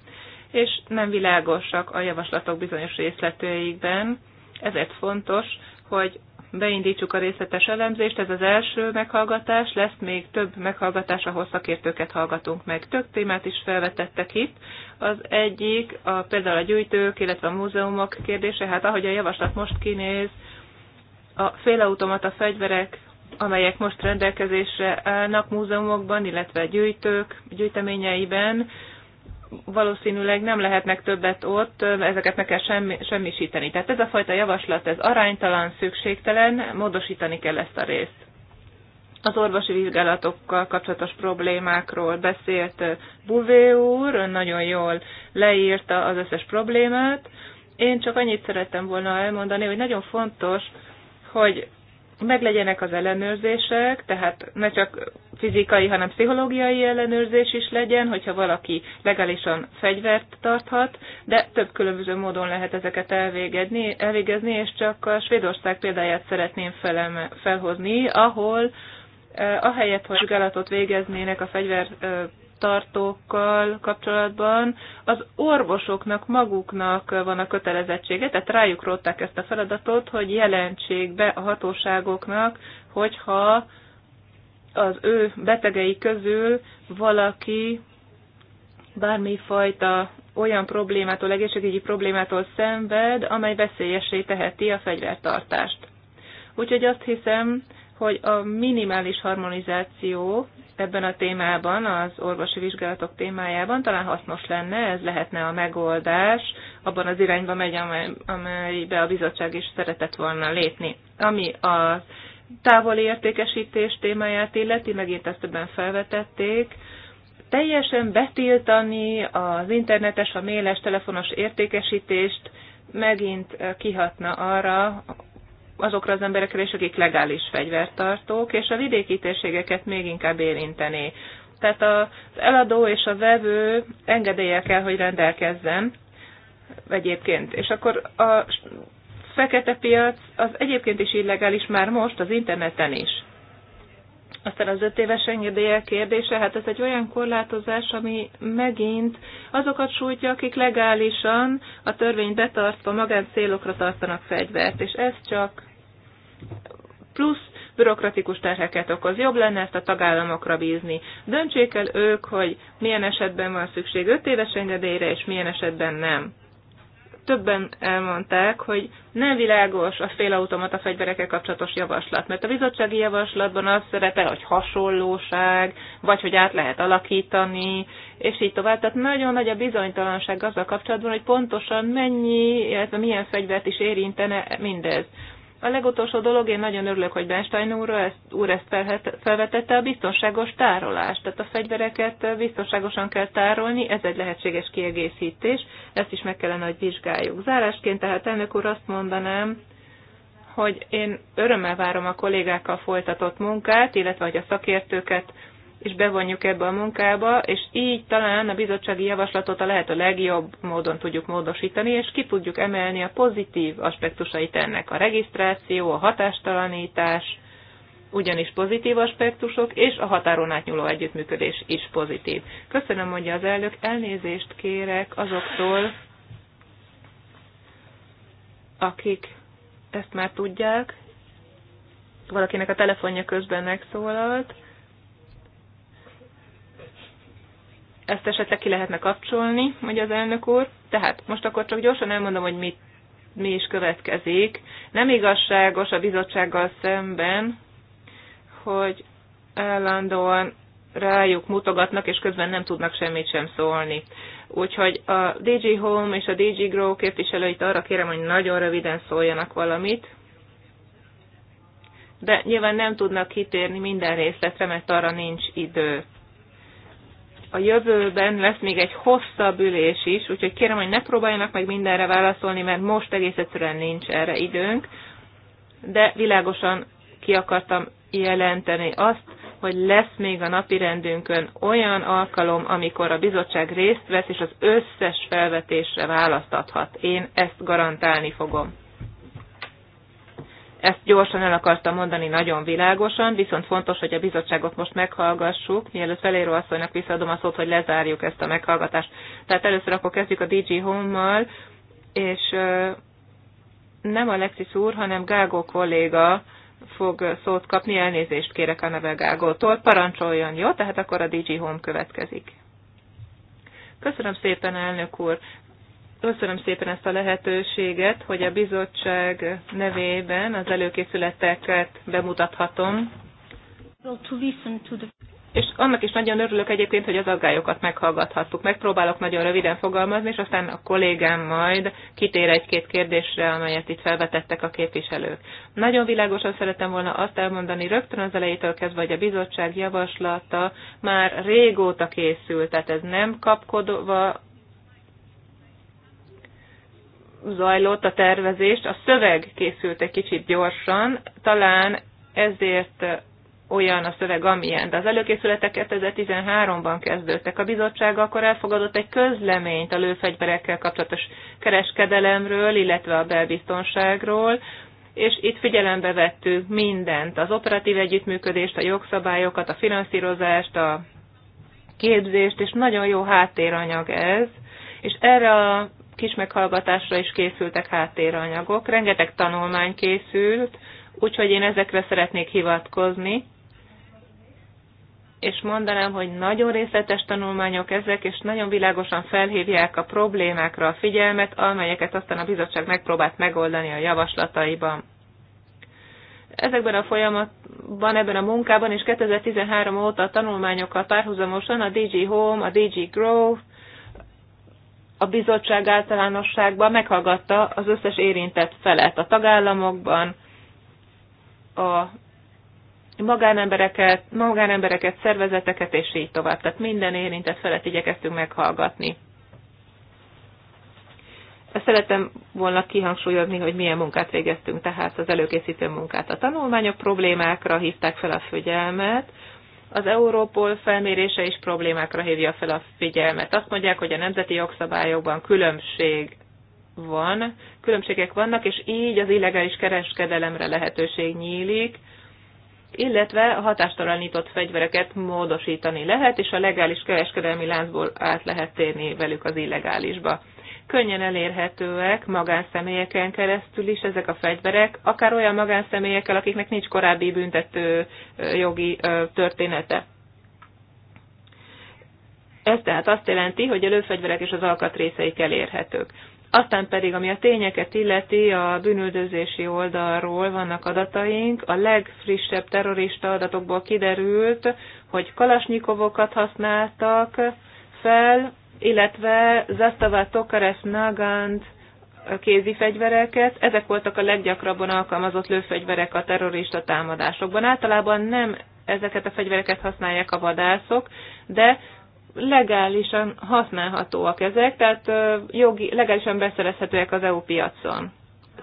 és nem világosak a javaslatok bizonyos részleteikben. Ezért fontos, hogy beindítsuk a részletes elemzést, ez az első meghallgatás, lesz még több meghallgatás, ahol szakértőket hallgatunk meg. Több témát is felvetettek itt. Az egyik a, például a gyűjtők, illetve a múzeumok kérdése, hát ahogy a javaslat most kinéz, a félautomata fegyverek, amelyek most rendelkezésre állnak múzeumokban, illetve gyűjtők gyűjteményeiben, valószínűleg nem lehetnek többet ott, ezeket meg kell semmi, semmisíteni. Tehát ez a fajta javaslat, ez aránytalan, szükségtelen, módosítani kell ezt a részt. Az orvosi vizsgálatokkal kapcsolatos problémákról beszélt Buvé úr, ön nagyon jól leírta az összes problémát. Én csak annyit szerettem volna elmondani, hogy nagyon fontos, hogy meglegyenek az ellenőrzések, tehát ne csak fizikai, hanem pszichológiai ellenőrzés is legyen, hogyha valaki legálisan fegyvert tarthat, de több különböző módon lehet ezeket elvégezni, elvégezni és csak a Svédország példáját szeretném felem, felhozni, ahol eh, ahelyett, hogy vizsgálatot végeznének a fegyver eh, tartókkal kapcsolatban az orvosoknak maguknak van a kötelezettsége, tehát rájuk rótták ezt a feladatot, hogy jelentsék be a hatóságoknak, hogyha az ő betegei közül valaki bármifajta olyan problémától, egészségügyi problémától szenved, amely veszélyessé teheti a fegyvertartást. Úgyhogy azt hiszem, hogy a minimális harmonizáció ebben a témában, az orvosi vizsgálatok témájában talán hasznos lenne, ez lehetne a megoldás, abban az irányba megy, amely, amelybe a bizottság is szeretett volna lépni. Ami a távoli értékesítés témáját illeti, megint ezt ebben felvetették, teljesen betiltani az internetes, a méles, telefonos értékesítést megint kihatna arra, azokra az emberekre is, akik legális fegyvertartók, és a vidéki térségeket még inkább érinteni. Tehát az eladó és a vevő engedélye kell, hogy rendelkezzen egyébként. És akkor a fekete piac az egyébként is illegális már most az interneten is. Aztán az öt éves engedélye kérdése, hát ez egy olyan korlátozás, ami megint azokat sújtja, akik legálisan a törvény betartva magán célokra tartanak fegyvert, és ez csak plusz bürokratikus terheket okoz. Jobb lenne ezt a tagállamokra bízni. Döntsék el ők, hogy milyen esetben van szükség 5 éves engedélyre, és milyen esetben nem. Többen elmondták, hogy nem világos a félautomata fegyverekkel kapcsolatos javaslat, mert a bizottsági javaslatban az szerepel, hogy hasonlóság, vagy hogy át lehet alakítani, és így tovább. Tehát nagyon nagy a bizonytalanság azzal kapcsolatban, hogy pontosan mennyi, illetve milyen fegyvert is érintene mindez. A legutolsó dolog, én nagyon örülök, hogy Benstein úr ezt, úr ezt felvetette, a biztonságos tárolást, Tehát a fegyvereket biztonságosan kell tárolni, ez egy lehetséges kiegészítés, ezt is meg kellene, hogy vizsgáljuk. Zárásként tehát elnök úr azt mondanám, hogy én örömmel várom a kollégákkal folytatott munkát, illetve hogy a szakértőket és bevonjuk ebbe a munkába, és így talán a bizottsági javaslatot a lehető legjobb módon tudjuk módosítani, és ki tudjuk emelni a pozitív aspektusait ennek. A regisztráció, a hatástalanítás, ugyanis pozitív aspektusok, és a határon átnyúló együttműködés is pozitív. Köszönöm, mondja az elnök, elnézést kérek azoktól, akik ezt már tudják, valakinek a telefonja közben megszólalt, Ezt esetleg ki lehetne kapcsolni, mondja az elnök úr. Tehát most akkor csak gyorsan elmondom, hogy mit, mi is következik. Nem igazságos a bizottsággal szemben, hogy állandóan rájuk mutogatnak, és közben nem tudnak semmit sem szólni. Úgyhogy a DG Home és a DG Grow képviselőit arra kérem, hogy nagyon röviden szóljanak valamit, de nyilván nem tudnak kitérni minden részletre, mert arra nincs idő a jövőben lesz még egy hosszabb ülés is, úgyhogy kérem, hogy ne próbáljanak meg mindenre válaszolni, mert most egész egyszerűen nincs erre időnk, de világosan ki akartam jelenteni azt, hogy lesz még a napi rendünkön olyan alkalom, amikor a bizottság részt vesz, és az összes felvetésre választ adhat. Én ezt garantálni fogom. Ezt gyorsan el akartam mondani nagyon világosan, viszont fontos, hogy a bizottságot most meghallgassuk, mielőtt Feléró asszonynak visszaadom a szót, hogy lezárjuk ezt a meghallgatást. Tehát először akkor kezdjük a DG Home-mal, és nem Alexis úr, hanem Gágó kolléga fog szót kapni, elnézést kérek a neve Gágótól, parancsoljon, jó? Tehát akkor a DG Home következik. Köszönöm szépen, elnök úr. Köszönöm szépen ezt a lehetőséget, hogy a bizottság nevében az előkészületeket bemutathatom. És annak is nagyon örülök egyébként, hogy az aggályokat meghallgathattuk. Megpróbálok nagyon röviden fogalmazni, és aztán a kollégám majd kitér egy-két kérdésre, amelyet itt felvetettek a képviselők. Nagyon világosan szeretem volna azt elmondani rögtön az elejétől kezdve, hogy a bizottság javaslata már régóta készült, tehát ez nem kapkodva zajlott a tervezést, a szöveg készült egy kicsit gyorsan, talán ezért olyan a szöveg, amilyen. De az előkészületek 2013-ban kezdődtek. A bizottság akkor elfogadott egy közleményt a lőfegyverekkel kapcsolatos kereskedelemről, illetve a belbiztonságról, és itt figyelembe vettük mindent, az operatív együttműködést, a jogszabályokat, a finanszírozást, a képzést, és nagyon jó háttéranyag ez, és erre a kis meghallgatásra is készültek háttéranyagok, rengeteg tanulmány készült, úgyhogy én ezekre szeretnék hivatkozni, és mondanám, hogy nagyon részletes tanulmányok ezek, és nagyon világosan felhívják a problémákra a figyelmet, amelyeket aztán a bizottság megpróbált megoldani a javaslataiban. Ezekben a folyamatban, ebben a munkában, és 2013 óta a tanulmányokkal párhuzamosan a DG Home, a DG Growth, a bizottság általánosságban meghallgatta az összes érintett felet a tagállamokban, a magánembereket, magánembereket, szervezeteket és így tovább. Tehát minden érintett felet igyekeztünk meghallgatni. Ezt szeretem volna kihangsúlyozni, hogy milyen munkát végeztünk, tehát az előkészítő munkát. A tanulmányok problémákra hívták fel a figyelmet, az Európol felmérése is problémákra hívja fel a figyelmet. Azt mondják, hogy a nemzeti jogszabályokban különbség van, különbségek vannak, és így az illegális kereskedelemre lehetőség nyílik, illetve a hatástalanított fegyvereket módosítani lehet, és a legális kereskedelmi láncból át lehet térni velük az illegálisba könnyen elérhetőek magánszemélyeken keresztül is ezek a fegyverek, akár olyan magánszemélyekkel, akiknek nincs korábbi büntető jogi története. Ez tehát azt jelenti, hogy a lőfegyverek és az alkatrészeik elérhetők. Aztán pedig, ami a tényeket illeti, a bűnöldözési oldalról vannak adataink. A legfrissebb terrorista adatokból kiderült, hogy kalasnyikovokat használtak fel, illetve Zastava Tokares, Nagant, kézi fegyvereket. Ezek voltak a leggyakrabban alkalmazott lőfegyverek a terrorista támadásokban. Általában nem ezeket a fegyvereket használják a vadászok, de legálisan használhatóak ezek, tehát jogi, legálisan beszerezhetőek az EU piacon.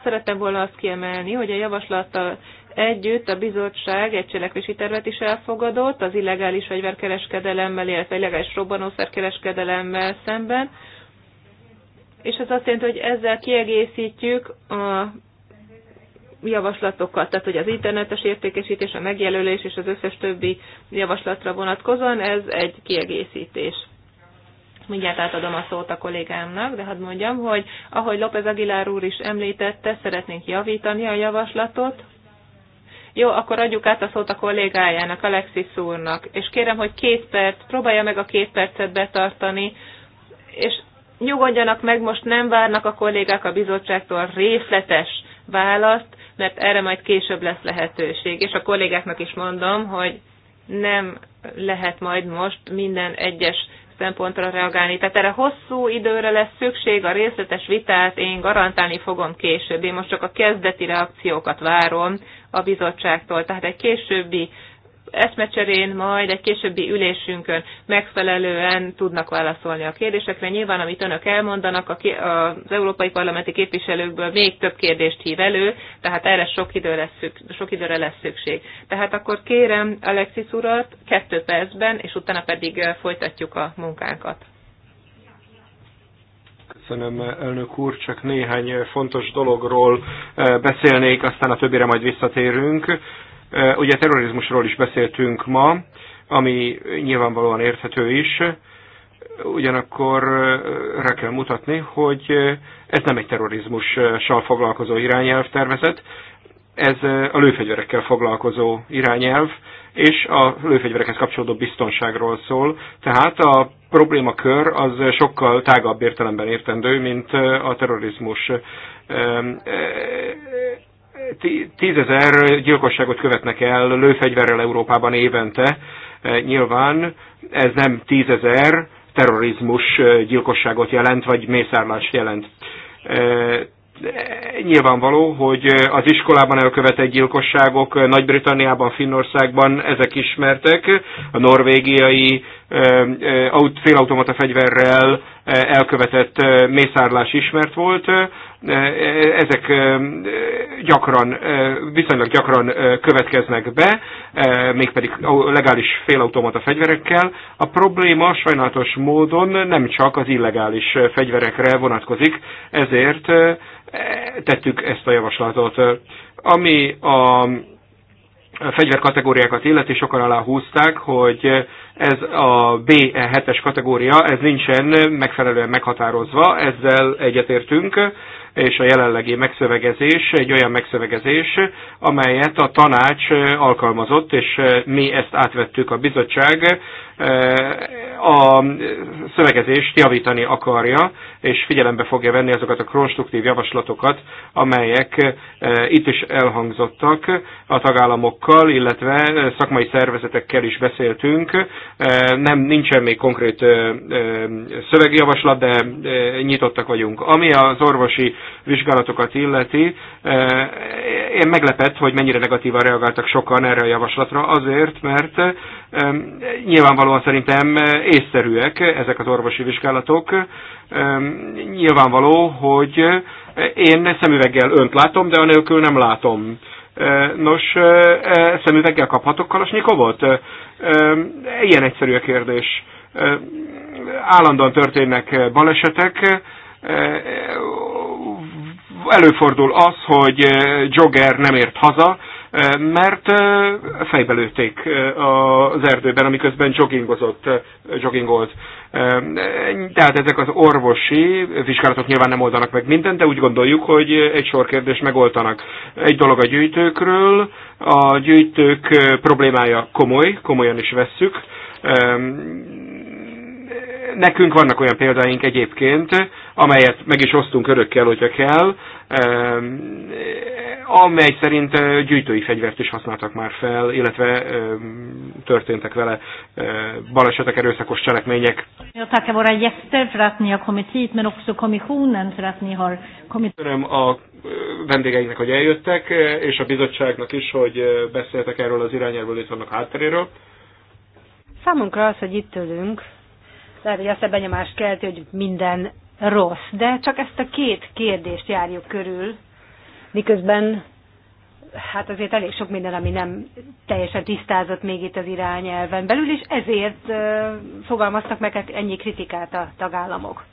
Szerettem volna azt kiemelni, hogy a javaslattal Együtt a bizottság egy cselekvési tervet is elfogadott az illegális fegyverkereskedelemmel, illetve illegális robbanószerkereskedelemmel szemben, és ez azt jelenti, hogy ezzel kiegészítjük a javaslatokat, tehát hogy az internetes értékesítés, a megjelölés és az összes többi javaslatra vonatkozóan, ez egy kiegészítés. Mindjárt átadom a szót a kollégámnak, de hadd mondjam, hogy ahogy López Aguilar úr is említette, szeretnénk javítani a javaslatot, jó, akkor adjuk át a szót a kollégájának, Alexis úrnak, és kérem, hogy két perc, próbálja meg a két percet betartani, és nyugodjanak meg, most nem várnak a kollégák a bizottságtól részletes választ, mert erre majd később lesz lehetőség. És a kollégáknak is mondom, hogy nem lehet majd most minden egyes szempontra reagálni. Tehát erre hosszú időre lesz szükség, a részletes vitát én garantálni fogom később. Én most csak a kezdeti reakciókat várom a bizottságtól. Tehát egy későbbi eszmecserén, majd egy későbbi ülésünkön megfelelően tudnak válaszolni a kérdésekre. Nyilván, amit önök elmondanak, az európai parlamenti képviselőkből még több kérdést hív elő, tehát erre sok, idő lesz szükség, sok időre lesz szükség. Tehát akkor kérem Alexis urat kettő percben, és utána pedig eh, folytatjuk a munkánkat. Köszönöm, elnök úr. Csak néhány fontos dologról eh, beszélnék, aztán a többire majd visszatérünk. Eh, ugye terrorizmusról is beszéltünk ma, ami nyilvánvalóan érthető is. Ugyanakkor eh, rá kell mutatni, hogy ez nem egy terrorizmussal foglalkozó irányelv tervezet, ez a lőfegyverekkel foglalkozó irányelv, és a lőfegyverekhez kapcsolódó biztonságról szól. Tehát a problémakör az sokkal tágabb értelemben értendő, mint a terrorizmus. Tízezer gyilkosságot követnek el lőfegyverrel Európában évente. Nyilván ez nem tízezer terrorizmus gyilkosságot jelent, vagy mészárlást jelent nyilvánvaló, hogy az iskolában elkövetett gyilkosságok Nagy-Britanniában, Finnországban ezek ismertek, a norvégiai félautomata fegyverrel elkövetett mészárlás ismert volt. Ezek gyakran, viszonylag gyakran következnek be, mégpedig legális félautomata fegyverekkel. A probléma sajnálatos módon nem csak az illegális fegyverekre vonatkozik, ezért tettük ezt a javaslatot. Ami a fegyverkategóriákat illeti, sokan alá húzták, hogy ez a B7-es e kategória, ez nincsen megfelelően meghatározva, ezzel egyetértünk és a jelenlegi megszövegezés egy olyan megszövegezés, amelyet a tanács alkalmazott, és mi ezt átvettük a bizottság, a szövegezést javítani akarja, és figyelembe fogja venni azokat a konstruktív javaslatokat, amelyek itt is elhangzottak a tagállamokkal, illetve szakmai szervezetekkel is beszéltünk. Nem, nincsen még konkrét szövegjavaslat, de nyitottak vagyunk. Ami az orvosi vizsgálatokat illeti. Én meglepett, hogy mennyire negatívan reagáltak sokan erre a javaslatra, azért, mert nyilvánvalóan szerintem észszerűek ezek az orvosi vizsgálatok. Nyilvánvaló, hogy én szemüveggel önt látom, de anélkül nem látom. Nos, e, szemüveggel kaphatok Kalasnyikovot? Ilyen egyszerű a kérdés. Állandóan történnek balesetek, előfordul az, hogy eh, jogger nem ért haza, eh, mert eh, fejbe lőtték az erdőben, amiközben joggingozott, joggingolt. Tehát ezek az orvosi vizsgálatok nyilván nem oldanak meg mindent, de úgy gondoljuk, hogy egy sor kérdést megoldanak. Egy dolog a gyűjtőkről, a gyűjtők problémája komoly, komolyan is vesszük Nekünk vannak olyan példáink egyébként, amelyet meg is osztunk örökkel, hogyha kell, ehm, amely szerint eh, gyűjtői fegyvert is használtak már fel, illetve ehm, történtek vele eh, balesetek, erőszakos cselekmények. Köszönöm a eh, vendégeinknek, hogy eljöttek, és a bizottságnak is, hogy beszéltek erről az irányelvről, és annak hátteréről. Számunkra az, hogy itt ülünk, lehet, hogy azt a benyomást kelti, hogy minden rossz, de csak ezt a két kérdést járjuk körül, miközben hát azért elég sok minden, ami nem teljesen tisztázott még itt az irányelven belül, és ezért fogalmaztak meg hát ennyi kritikát a tagállamok.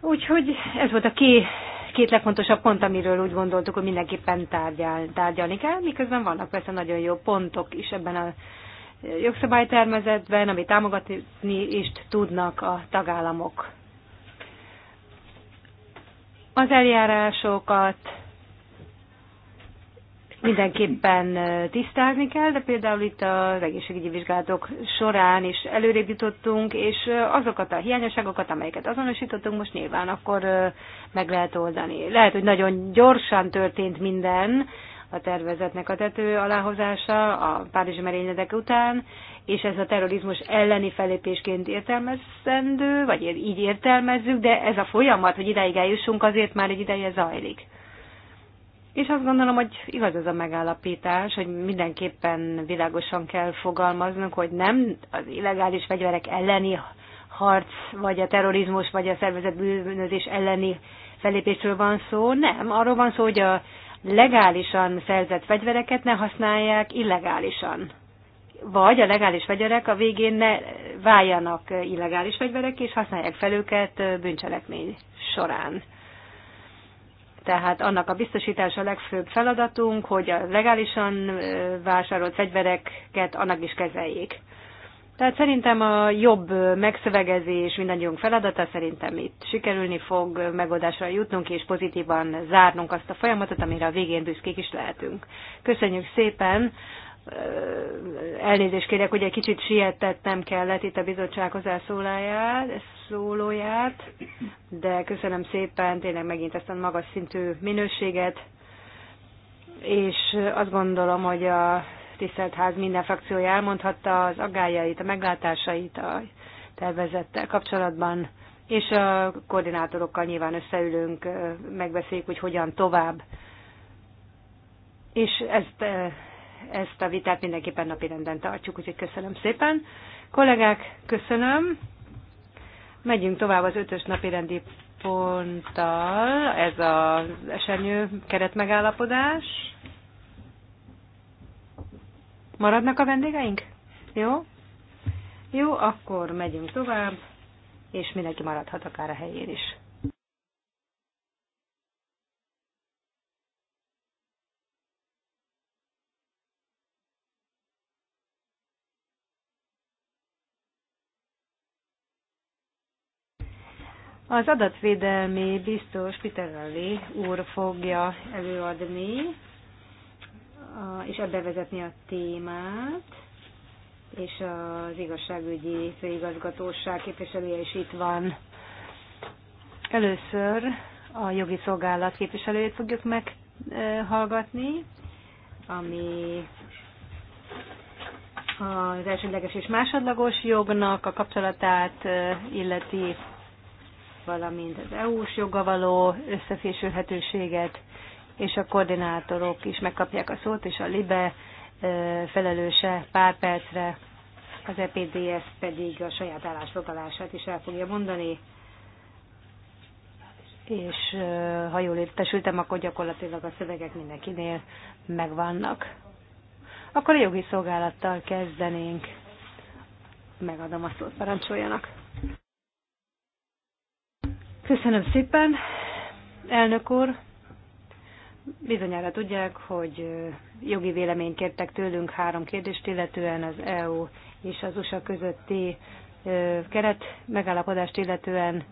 Úgyhogy ez volt a ké, két legfontosabb pont, amiről úgy gondoltuk, hogy mindenképpen tárgyal, tárgyalni kell, miközben vannak persze nagyon jó pontok is ebben a jogszabálytermezetben, ami támogatni is tudnak a tagállamok. Az eljárásokat mindenképpen tisztázni kell, de például itt az egészségügyi vizsgálatok során is előrébb jutottunk, és azokat a hiányosságokat, amelyeket azonosítottunk, most nyilván akkor meg lehet oldani. Lehet, hogy nagyon gyorsan történt minden, a tervezetnek a tető aláhozása a párizsi merényletek után, és ez a terrorizmus elleni felépésként értelmezendő, vagy így értelmezzük, de ez a folyamat, hogy idáig eljussunk, azért már egy ideje zajlik. És azt gondolom, hogy igaz az a megállapítás, hogy mindenképpen világosan kell fogalmaznunk, hogy nem az illegális fegyverek elleni harc, vagy a terrorizmus, vagy a szervezett bűnözés elleni felépésről van szó, nem. Arról van szó, hogy a legálisan szerzett fegyvereket ne használják illegálisan. Vagy a legális fegyverek a végén ne váljanak illegális fegyverek, és használják fel őket bűncselekmény során. Tehát annak a biztosítása a legfőbb feladatunk, hogy a legálisan vásárolt fegyvereket annak is kezeljék. Tehát szerintem a jobb megszövegezés mindannyiunk feladata, szerintem itt sikerülni fog megoldásra jutnunk, és pozitívan zárnunk azt a folyamatot, amire a végén büszkék is lehetünk. Köszönjük szépen! Elnézést kérek, hogy egy kicsit sietettem kellett itt a bizottsághoz hozzászólóját, szólóját, de köszönöm szépen tényleg megint ezt a magas szintű minőséget, és azt gondolom, hogy a tisztelt ház minden frakciója elmondhatta az aggájait, a meglátásait a tervezettel kapcsolatban, és a koordinátorokkal nyilván összeülünk, megbeszéljük, hogy hogyan tovább. És ezt, ezt a vitát mindenképpen napirenden tartjuk, úgyhogy köszönöm szépen. Kollégák, köszönöm. Megyünk tovább az ötös napirendi ponttal, ez az esenyő keretmegállapodás. Maradnak a vendégeink? Jó? Jó, akkor megyünk tovább, és mindenki maradhat akár a helyén is. Az adatvédelmi biztos Peter Ali úr fogja előadni és ebbe vezetni a témát, és az igazságügyi főigazgatóság képviselője is itt van. Először a jogi szolgálat képviselőjét fogjuk meghallgatni, ami az elsődleges és másodlagos jognak a kapcsolatát illeti, valamint az EU-s joggal való összefésülhetőséget, és a koordinátorok is megkapják a szót, és a LIBE felelőse pár percre, az EPDS pedig a saját állásfoglalását is el fogja mondani, és ha jól értesültem, akkor gyakorlatilag a szövegek mindenkinél megvannak. Akkor a jogi szolgálattal kezdenénk. Megadom a szót, parancsoljanak. Köszönöm szépen, elnök úr. Bizonyára tudják, hogy jogi véleményt kértek tőlünk három kérdést, illetően az EU és az USA közötti keret megállapodást illetően,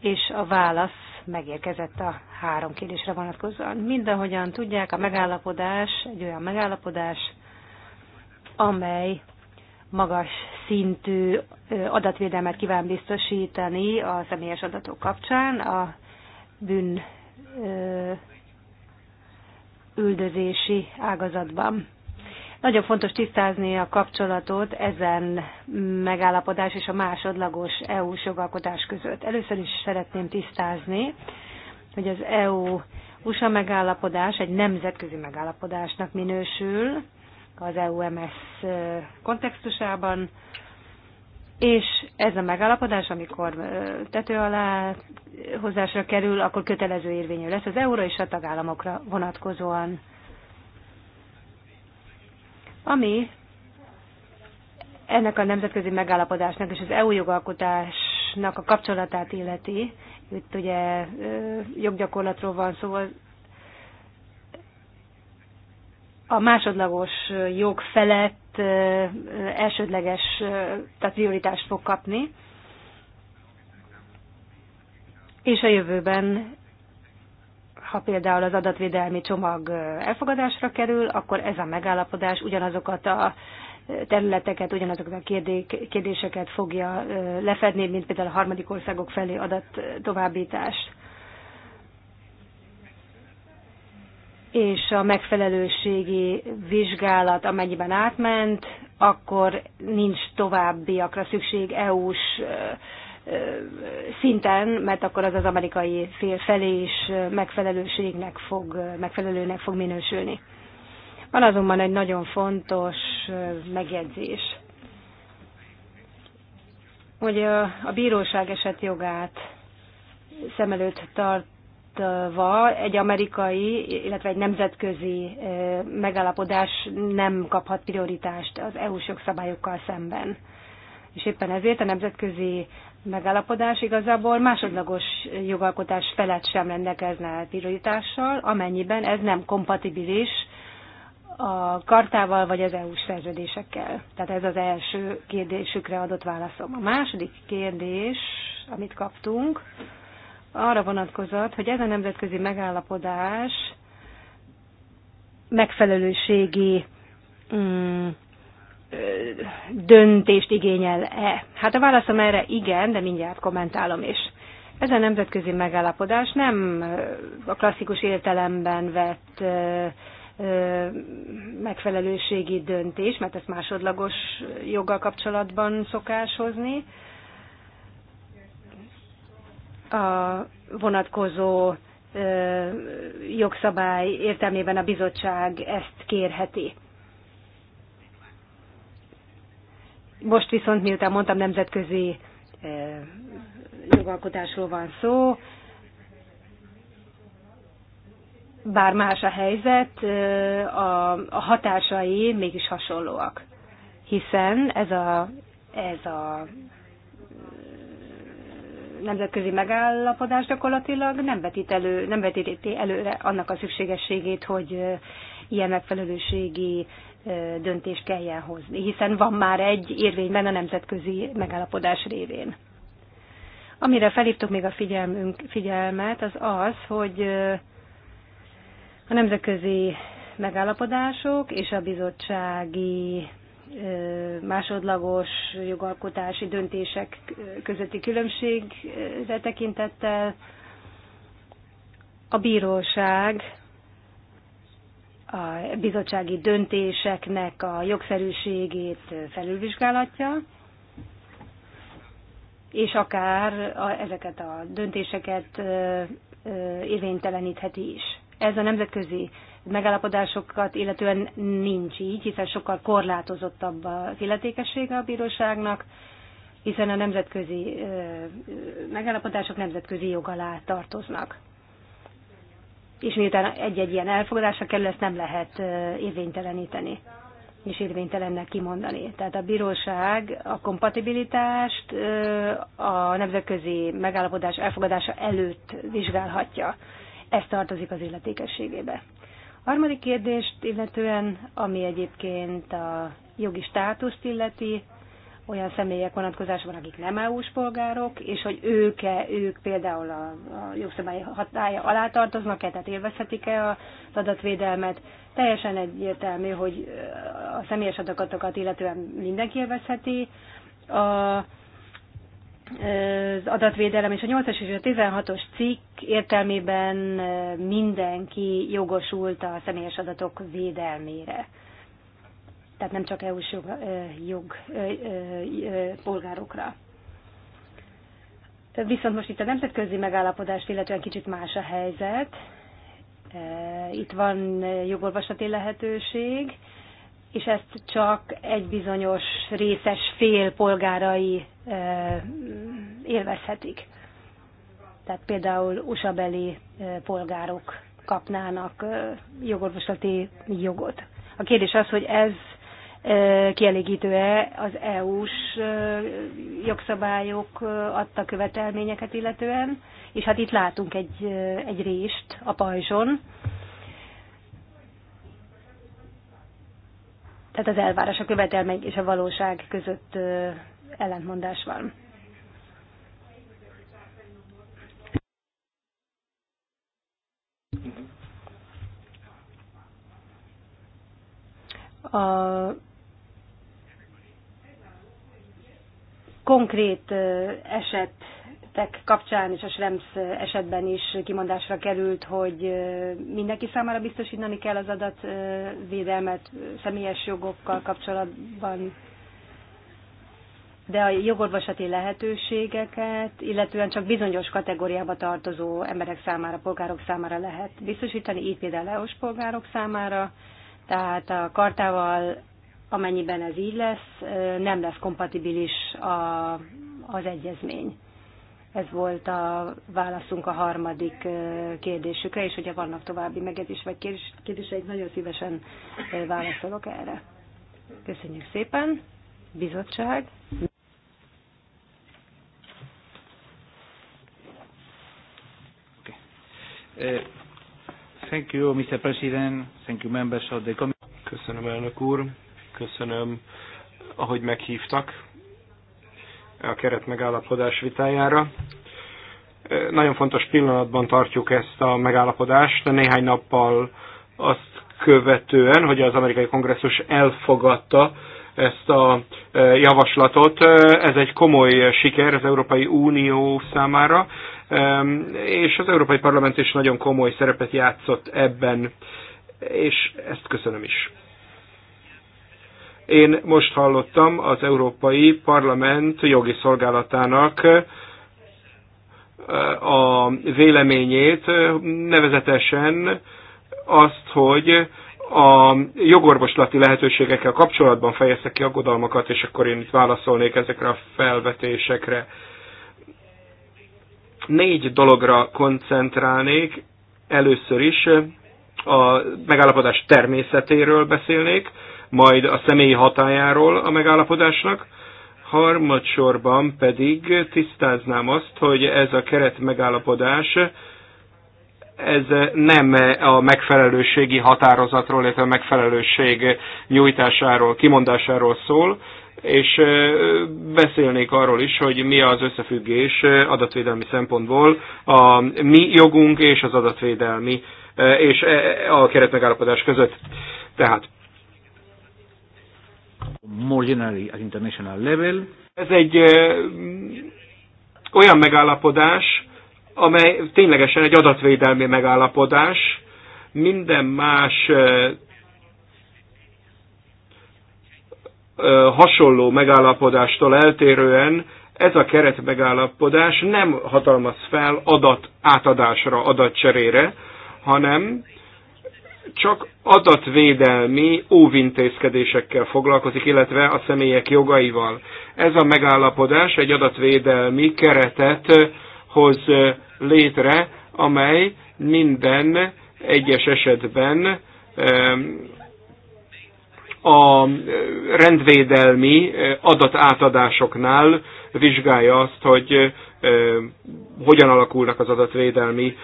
és a válasz megérkezett a három kérdésre vonatkozóan. Mindahogyan tudják, a megállapodás egy olyan megállapodás, amely magas szintű adatvédelmet kíván biztosítani a személyes adatok kapcsán, a bűn üldözési ágazatban. Nagyon fontos tisztázni a kapcsolatot ezen megállapodás és a másodlagos EU-s jogalkotás között. Először is szeretném tisztázni, hogy az EU-USA megállapodás egy nemzetközi megállapodásnak minősül az EU-MS eh, kontextusában, és ez a megállapodás, amikor tető alá hozásra kerül, akkor kötelező érvényű lesz az euró és a tagállamokra vonatkozóan. Ami ennek a nemzetközi megállapodásnak és az EU jogalkotásnak a kapcsolatát illeti, itt ugye joggyakorlatról van szó, a másodlagos jog felett elsődleges, tehát prioritást fog kapni, és a jövőben ha például az adatvédelmi csomag elfogadásra kerül, akkor ez a megállapodás ugyanazokat a területeket, ugyanazokat a kérdéseket fogja lefedni, mint például a harmadik országok felé adat továbbítást. és a megfelelőségi vizsgálat amennyiben átment, akkor nincs továbbiakra szükség EU-s szinten, mert akkor az az amerikai fél felé is megfelelőségnek fog, megfelelőnek fog minősülni. Van azonban egy nagyon fontos megjegyzés, hogy a, bíróság eset jogát szem előtt tart, fenntartva egy amerikai, illetve egy nemzetközi megállapodás nem kaphat prioritást az EU-s jogszabályokkal szemben. És éppen ezért a nemzetközi megállapodás igazából másodlagos jogalkotás felett sem rendelkezne prioritással, amennyiben ez nem kompatibilis a kartával vagy az EU-s szerződésekkel. Tehát ez az első kérdésükre adott válaszom. A második kérdés, amit kaptunk, arra vonatkozott, hogy ez a nemzetközi megállapodás megfelelőségi mm, döntést igényel-e? Hát a válaszom erre igen, de mindjárt kommentálom is. Ez a nemzetközi megállapodás nem a klasszikus értelemben vett megfelelőségi döntés, mert ezt másodlagos joggal kapcsolatban szokás hozni, a vonatkozó jogszabály értelmében a bizottság ezt kérheti. Most viszont, miután mondtam, nemzetközi jogalkotásról van szó, bár más a helyzet, a, hatásai mégis hasonlóak, hiszen ez a, ez a nemzetközi megállapodás gyakorlatilag nem vetít elő, nem vetíti előre annak a szükségességét, hogy ilyen megfelelőségi döntést kelljen hozni, hiszen van már egy érvényben a nemzetközi megállapodás révén. Amire felhívtuk még a figyelmünk, figyelmet, az az, hogy a nemzetközi megállapodások és a bizottsági másodlagos jogalkotási döntések közötti különbségre tekintettel a bíróság a bizottsági döntéseknek a jogszerűségét felülvizsgálatja, és akár a, ezeket a döntéseket érvénytelenítheti is. Ez a nemzetközi megállapodásokat illetően nincs így, hiszen sokkal korlátozottabb az illetékessége a bíróságnak, hiszen a nemzetközi megállapodások nemzetközi jog alá tartoznak. És miután egy-egy ilyen elfogadásra kerül, ezt nem lehet érvényteleníteni és érvénytelennek kimondani. Tehát a bíróság a kompatibilitást a nemzetközi megállapodás elfogadása előtt vizsgálhatja. Ez tartozik az illetékességébe. Harmadik kérdést illetően, ami egyébként a jogi státuszt illeti, olyan személyek vonatkozásban, akik nem EU-s polgárok, és hogy ők-e, ők például a, a jogszabály hatája alá tartoznak-e, tehát élvezhetik-e az adatvédelmet. Teljesen egyértelmű, hogy a személyes adatokat illetően mindenki élvezheti. A az adatvédelem és a 8-as és a 16-os cikk értelmében mindenki jogosult a személyes adatok védelmére. Tehát nem csak EU-s jog, jog, polgárokra. Viszont most itt a nemzetközi megállapodást illetően kicsit más a helyzet. Itt van jogolvasati lehetőség, és ezt csak egy bizonyos részes fél polgárai élvezhetik. Tehát például usa polgárok kapnának jogorvoslati jogot. A kérdés az, hogy ez kielégítő-e az EU-s jogszabályok adta követelményeket illetően, és hát itt látunk egy, egy rést a pajzson. Tehát az elvárás, a követelmény és a valóság között ellentmondás van. a konkrét esetek kapcsán és a Schrems esetben is kimondásra került, hogy mindenki számára biztosítani kell az adatvédelmet személyes jogokkal kapcsolatban, de a jogorvosati lehetőségeket, illetően csak bizonyos kategóriába tartozó emberek számára, polgárok számára lehet biztosítani, így például EU-s polgárok számára, tehát a kartával, amennyiben ez így lesz, nem lesz kompatibilis a, az egyezmény. Ez volt a válaszunk a harmadik kérdésükre, és hogyha vannak további megjegyzés vagy kérdés, kérdéseik, nagyon szívesen válaszolok erre. Köszönjük szépen. Bizottság. Okay. Thank you, Mr. President. Thank you, members of the committee. Köszönöm, elnök úr. Köszönöm, ahogy meghívtak a keret megállapodás vitájára. Nagyon fontos pillanatban tartjuk ezt a megállapodást, néhány nappal azt követően, hogy az amerikai kongresszus elfogadta ezt a javaslatot. Ez egy komoly siker az Európai Unió számára, és az Európai Parlament is nagyon komoly szerepet játszott ebben, és ezt köszönöm is. Én most hallottam az Európai Parlament jogi szolgálatának eh, a véleményét, nevezetesen azt, hogy a jogorvoslati lehetőségekkel kapcsolatban fejezte ki aggodalmakat, és akkor én itt válaszolnék ezekre a felvetésekre. Négy dologra koncentrálnék. Először is a megállapodás természetéről beszélnék, majd a személyi hatájáról a megállapodásnak, harmadsorban pedig tisztáznám azt, hogy ez a keret megállapodás ez nem a megfelelőségi határozatról, illetve a megfelelőség nyújtásáról, kimondásáról szól, és beszélnék arról is, hogy mi az összefüggés adatvédelmi szempontból a mi jogunk és az adatvédelmi és a keretmegállapodás között. Tehát level. Ez egy olyan megállapodás, amely ténylegesen egy adatvédelmi megállapodás, minden más hasonló megállapodástól eltérően ez a keretmegállapodás nem hatalmaz fel adat átadásra, adatcserére, hanem csak adatvédelmi óvintézkedésekkel foglalkozik, illetve a személyek jogaival. Ez a megállapodás egy adatvédelmi keretet hoz létre, amely minden egyes esetben a rendvédelmi adatátadásoknál vizsgálja azt, hogy hogyan alakulnak az adatvédelmi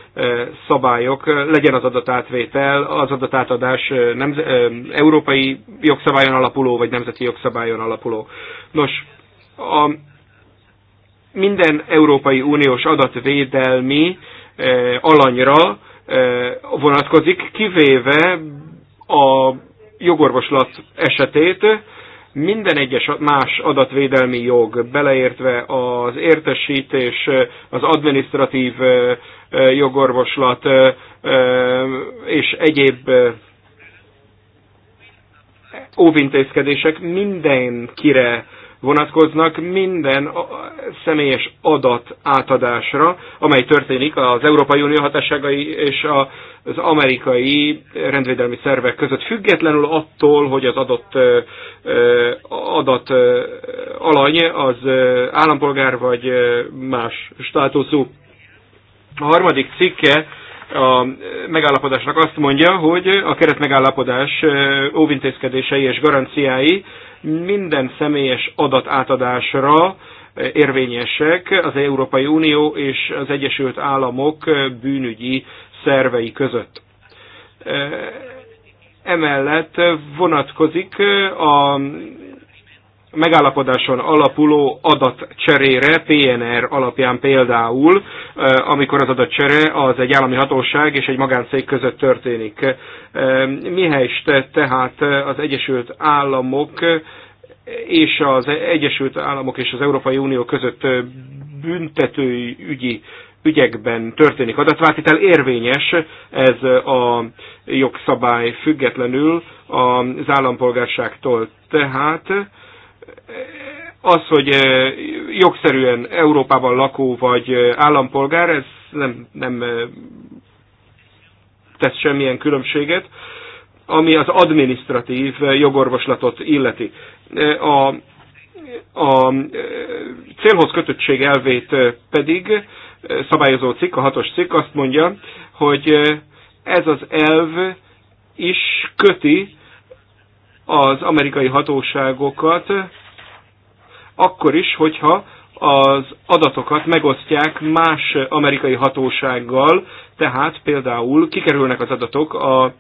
szabályok, legyen az adatátvétel, az adatátadás nem, európai jogszabályon alapuló, vagy nemzeti jogszabályon alapuló. Nos, a, minden Európai Uniós adatvédelmi alanyra vonatkozik, kivéve a jogorvoslat esetét, minden egyes más adatvédelmi jog, beleértve az értesítés, az administratív jogorvoslat és egyéb óvintézkedések mindenkire vonatkoznak minden személyes adat átadásra, amely történik az Európai Unió hatásságai és az amerikai rendvédelmi szervek között, függetlenül attól, hogy az adott adat alany az állampolgár vagy más státuszú. A harmadik cikke a megállapodásnak azt mondja, hogy a keretmegállapodás óvintézkedései és garanciái minden személyes adat átadásra eh, érvényesek az Európai Unió és az Egyesült Államok eh, bűnügyi szervei között. Eh, Emellett vonatkozik a megállapodáson alapuló adatcserére, PNR alapján például, amikor az adatcsere az egy állami hatóság és egy magáncég között történik. Mihelyst tehát az Egyesült Államok és az Egyesült Államok és az Európai Unió között büntetői ügyi ügyekben történik adatváltitel, érvényes ez a jogszabály függetlenül az állampolgárságtól. Tehát az, hogy jogszerűen Európában lakó vagy állampolgár, ez nem, nem tesz semmilyen különbséget, ami az administratív jogorvoslatot illeti. A, a célhoz kötöttség elvét pedig szabályozó cikk, a hatos cikk azt mondja, hogy ez az elv is köti az amerikai hatóságokat akkor is, hogyha az adatokat megosztják más amerikai hatósággal, tehát például kikerülnek az adatok a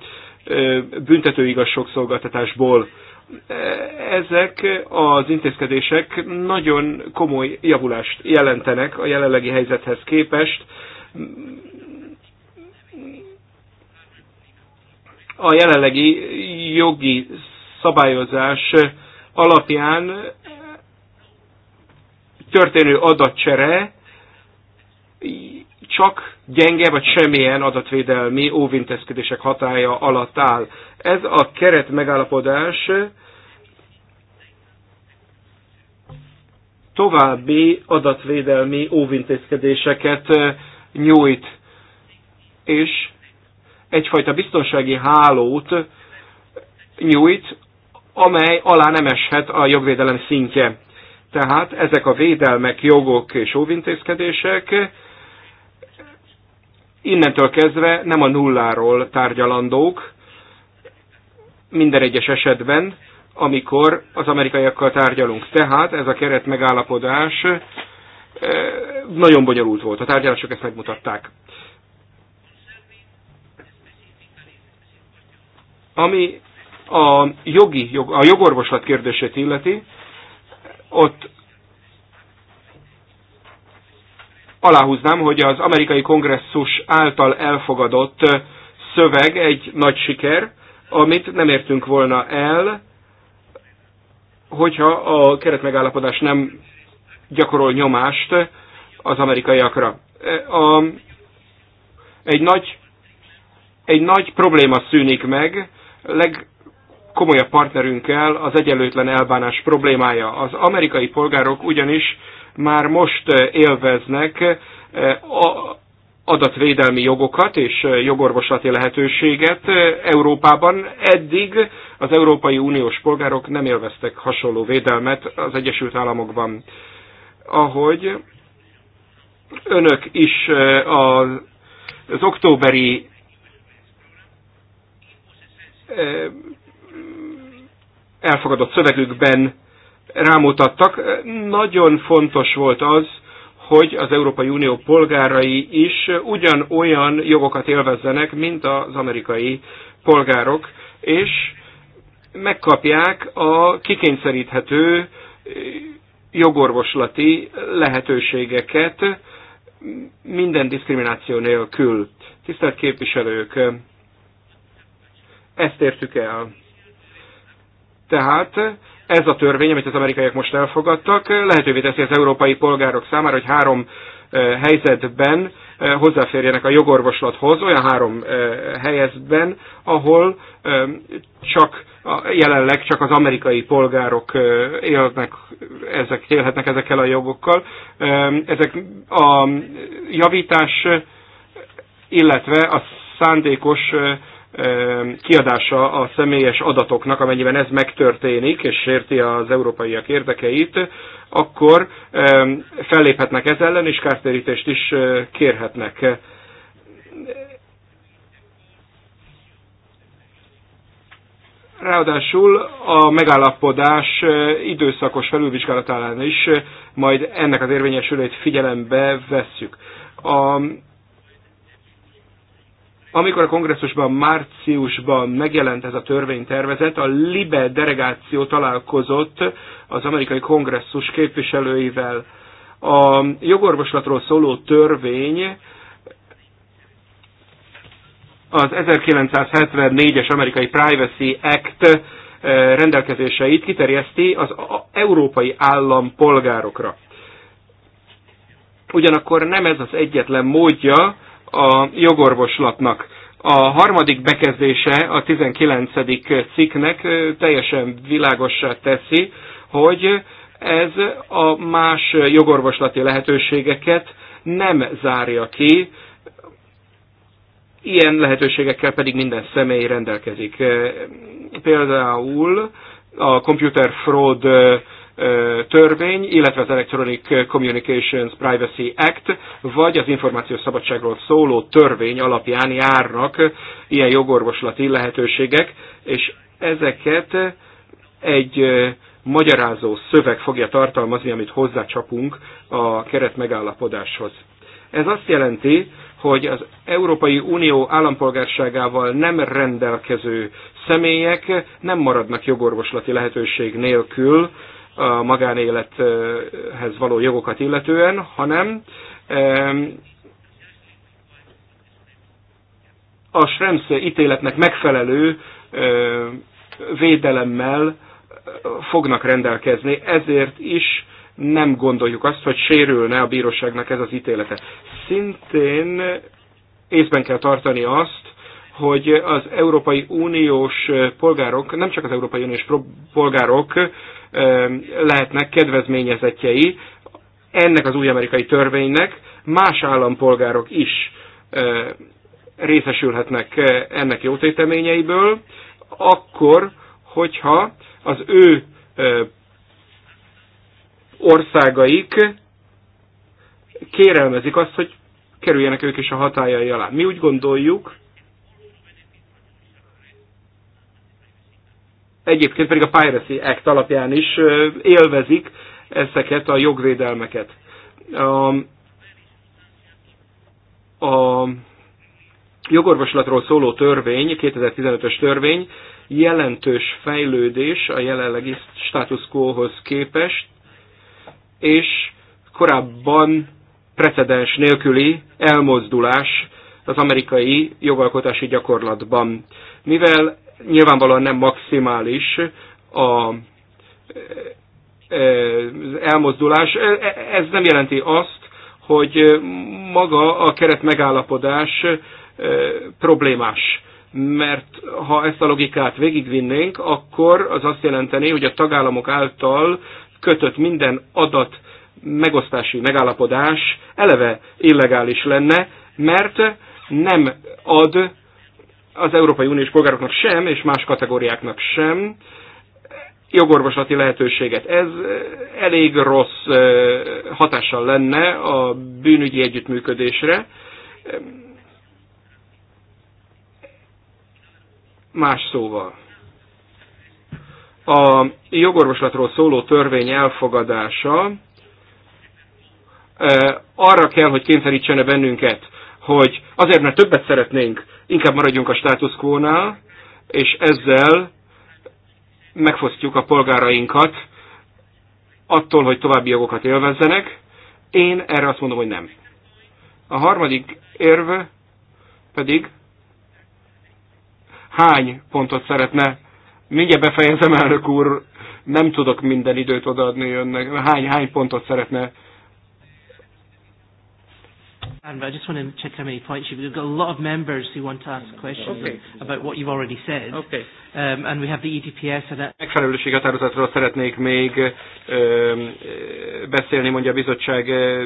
büntetőigazságszolgáltatásból. Ezek az intézkedések nagyon komoly javulást jelentenek a jelenlegi helyzethez képest. A jelenlegi jogi szabályozás alapján történő adatcsere csak gyenge vagy semmilyen adatvédelmi óvintézkedések hatája alatt áll. Ez a keret megállapodás további adatvédelmi óvintézkedéseket nyújt, és egyfajta biztonsági hálót nyújt, amely alá nem eshet a jogvédelem szintje. Tehát ezek a védelmek, jogok és óvintézkedések innentől kezdve nem a nulláról tárgyalandók minden egyes esetben, amikor az amerikaiakkal tárgyalunk. Tehát ez a keret megállapodás eh, nagyon bonyolult volt. A tárgyalások ezt megmutatták. Ami a jogi, a jogorvoslat kérdését illeti, ott aláhúznám, hogy az amerikai kongresszus által elfogadott szöveg egy nagy siker, amit nem értünk volna el, hogyha a keretmegállapodás nem gyakorol nyomást az amerikaiakra. A, egy, nagy, egy nagy probléma szűnik meg, leg, komolyabb partnerünkkel az egyenlőtlen elbánás problémája. Az amerikai polgárok ugyanis már most eh, élveznek eh, adatvédelmi jogokat és eh, jogorvoslati lehetőséget Európában. Eddig az Európai Uniós polgárok nem élveztek hasonló védelmet az Egyesült Államokban. Ahogy önök is az októberi elfogadott szövegükben rámutattak. Nagyon fontos volt az, hogy az Európai Unió polgárai is ugyanolyan jogokat élvezzenek, mint az amerikai polgárok, és megkapják a kikényszeríthető jogorvoslati lehetőségeket minden diszkrimináció nélkül. Tisztelt képviselők, ezt értük el. Tehát ez a törvény, amit az amerikaiak most elfogadtak, lehetővé teszi az európai polgárok számára, hogy három eh, helyzetben eh, hozzáférjenek a jogorvoslathoz, olyan három eh, helyzetben, ahol csak jelenleg csak az amerikai polgárok élnek, ezek, élhetnek ezekkel a jogokkal. Ezek a javítás, illetve a szándékos kiadása a személyes adatoknak, amennyiben ez megtörténik, és sérti az európaiak érdekeit, akkor felléphetnek ez ellen, és kártérítést is kérhetnek. Ráadásul a megállapodás időszakos felülvizsgálatánál is majd ennek az érvényesülét figyelembe vesszük. A amikor a kongresszusban márciusban megjelent ez a törvénytervezet, a LIBE delegáció találkozott az amerikai kongresszus képviselőivel. A jogorvoslatról szóló törvény az 1974-es amerikai Privacy Act eh, rendelkezéseit kiterjeszti az európai állampolgárokra. Ugyanakkor nem ez az egyetlen módja a jogorvoslatnak. A harmadik bekezdése a 19. cikknek teljesen világossá teszi, hogy ez a más jogorvoslati lehetőségeket nem zárja ki, ilyen lehetőségekkel pedig minden személy rendelkezik. Például a computer fraud törvény, illetve az Electronic Communications Privacy Act, vagy az információs szabadságról szóló törvény alapján járnak ilyen jogorvoslati lehetőségek, és ezeket egy magyarázó szöveg fogja tartalmazni, amit hozzácsapunk a keret megállapodáshoz. Ez azt jelenti, hogy az Európai Unió állampolgárságával nem rendelkező személyek nem maradnak jogorvoslati lehetőség nélkül a magánélethez való jogokat illetően, hanem a Schrems ítéletnek megfelelő védelemmel fognak rendelkezni, ezért is nem gondoljuk azt, hogy sérülne a bíróságnak ez az ítélete. Szintén észben kell tartani azt, hogy az Európai Uniós eh, polgárok, nem csak az Európai Uniós polgárok eh, lehetnek kedvezményezetjei ennek az új amerikai törvénynek, más állampolgárok is eh, részesülhetnek ennek jótéteményeiből, akkor, hogyha az ő országaik kérelmezik azt, hogy kerüljenek ők is a hatájai alá. Mi úgy gondoljuk, egyébként pedig a Piracy Act alapján is élvezik ezeket a jogvédelmeket. A, a jogorvoslatról szóló törvény, 2015-ös törvény jelentős fejlődés a jelenlegi status quo-hoz képest, és korábban precedens nélküli elmozdulás az amerikai jogalkotási gyakorlatban. Mivel nyilvánvalóan nem maximális a e, e, elmozdulás. E, ez nem jelenti azt, hogy maga a keret megállapodás problémás. Mert ha ezt a logikát végigvinnénk, akkor az azt jelenteni, hogy a tagállamok által kötött minden adat megosztási megállapodás eleve illegális lenne, mert nem ad az Európai Uniós polgároknak sem, és más kategóriáknak sem jogorvoslati lehetőséget. Ez elég rossz hatással lenne a bűnügyi együttműködésre. Más szóval. A jogorvoslatról szóló törvény elfogadása arra kell, hogy kényszerítsene bennünket, hogy azért, mert többet szeretnénk inkább maradjunk a status quo-nál, és ezzel megfosztjuk a polgárainkat attól, hogy további jogokat élvezzenek. Én erre azt mondom, hogy nem. A harmadik érv pedig hány pontot szeretne. Mindjárt befejezem, elnök úr, nem tudok minden időt odaadni önnek. Hány, hány pontot szeretne Andrew, I just want to check how many points you've We've got a lot of members who want to ask questions okay. about what you've already said. Okay. Um, and we have the EDPS. And that... Megfelelőség határozatról szeretnék még um, beszélni, mondja a bizottság uh,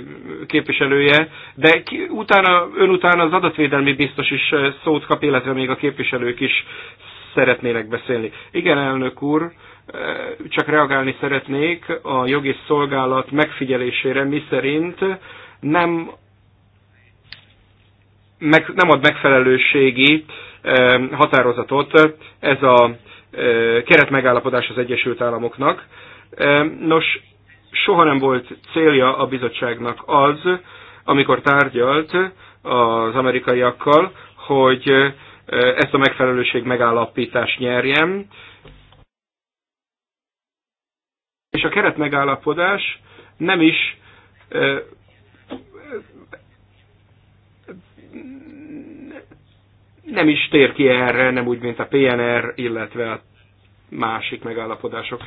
képviselője, de ki, utána, ön utána az adatvédelmi biztos is uh, szót kap, illetve még a képviselők is szeretnének beszélni. Igen, elnök úr, uh, csak reagálni szeretnék a jogi szolgálat megfigyelésére, miszerint nem meg, nem ad megfelelőségi határozatot ez a keretmegállapodás az Egyesült Államoknak. Nos, soha nem volt célja a bizottságnak az, amikor tárgyalt az amerikaiakkal, hogy ezt a megfelelőség megállapítást nyerjem. És a keretmegállapodás nem is nem is tér ki erre, nem úgy, mint a PNR, illetve a másik megállapodások.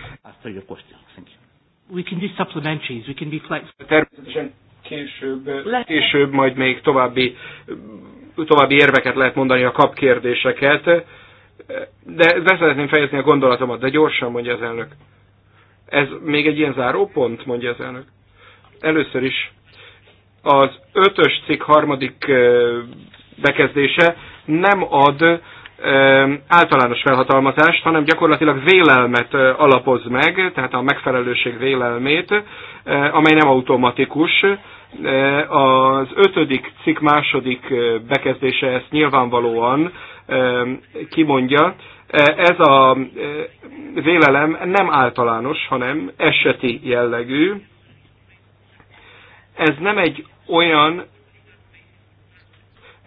We can do supplementaries, we can be flexible. Természetesen később, később majd még további, további érveket lehet mondani a kapkérdéseket, de be szeretném fejezni a gondolatomat, de gyorsan mondja az elnök. Ez még egy ilyen pont, mondja az elnök. Először is az ötös cikk harmadik eh, bekezdése nem ad általános felhatalmazást, hanem gyakorlatilag vélelmet alapoz meg, tehát a megfelelőség vélelmét, amely nem automatikus. Az ötödik cikk második bekezdése ezt nyilvánvalóan kimondja. Ez a vélelem nem általános, hanem eseti jellegű. Ez nem egy olyan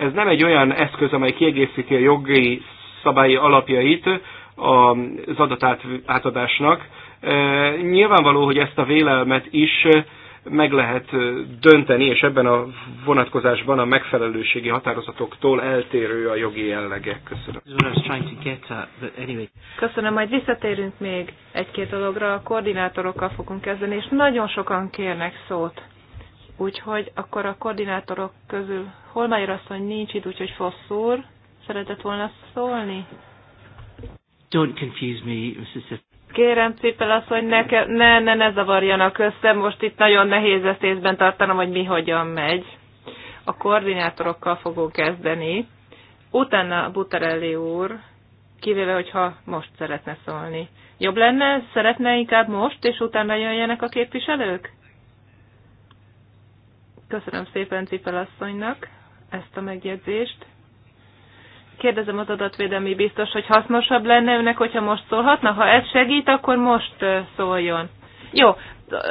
ez nem egy olyan eszköz, amely kiegészíti a jogi szabályi alapjait az adatátadásnak. E, nyilvánvaló, hogy ezt a vélelmet is meg lehet dönteni, és ebben a vonatkozásban a megfelelőségi határozatoktól eltérő a jogi jellege. Köszönöm. Köszönöm, majd visszatérünk még egy-két dologra, a koordinátorokkal fogunk kezdeni, és nagyon sokan kérnek szót. Úgyhogy akkor a koordinátorok közül Holmai asszony nincs itt, úgyhogy Fosszúr szeretett volna szólni. Don't confuse me, Mrs. Kérem, Cipel azt, hogy ne, ne, ne, ne zavarjanak össze, most itt nagyon nehéz ezt észben tartanom, hogy mi hogyan megy. A koordinátorokkal fogok kezdeni. Utána Butarelli úr, kivéve, hogyha most szeretne szólni. Jobb lenne, szeretne inkább most, és utána jöjjenek a képviselők? Köszönöm szépen Cipelasszonynak ezt a megjegyzést. Kérdezem az adatvédelmi biztos, hogy hasznosabb lenne önnek, hogyha most szólhatna. Ha ez segít, akkor most szóljon. Jó,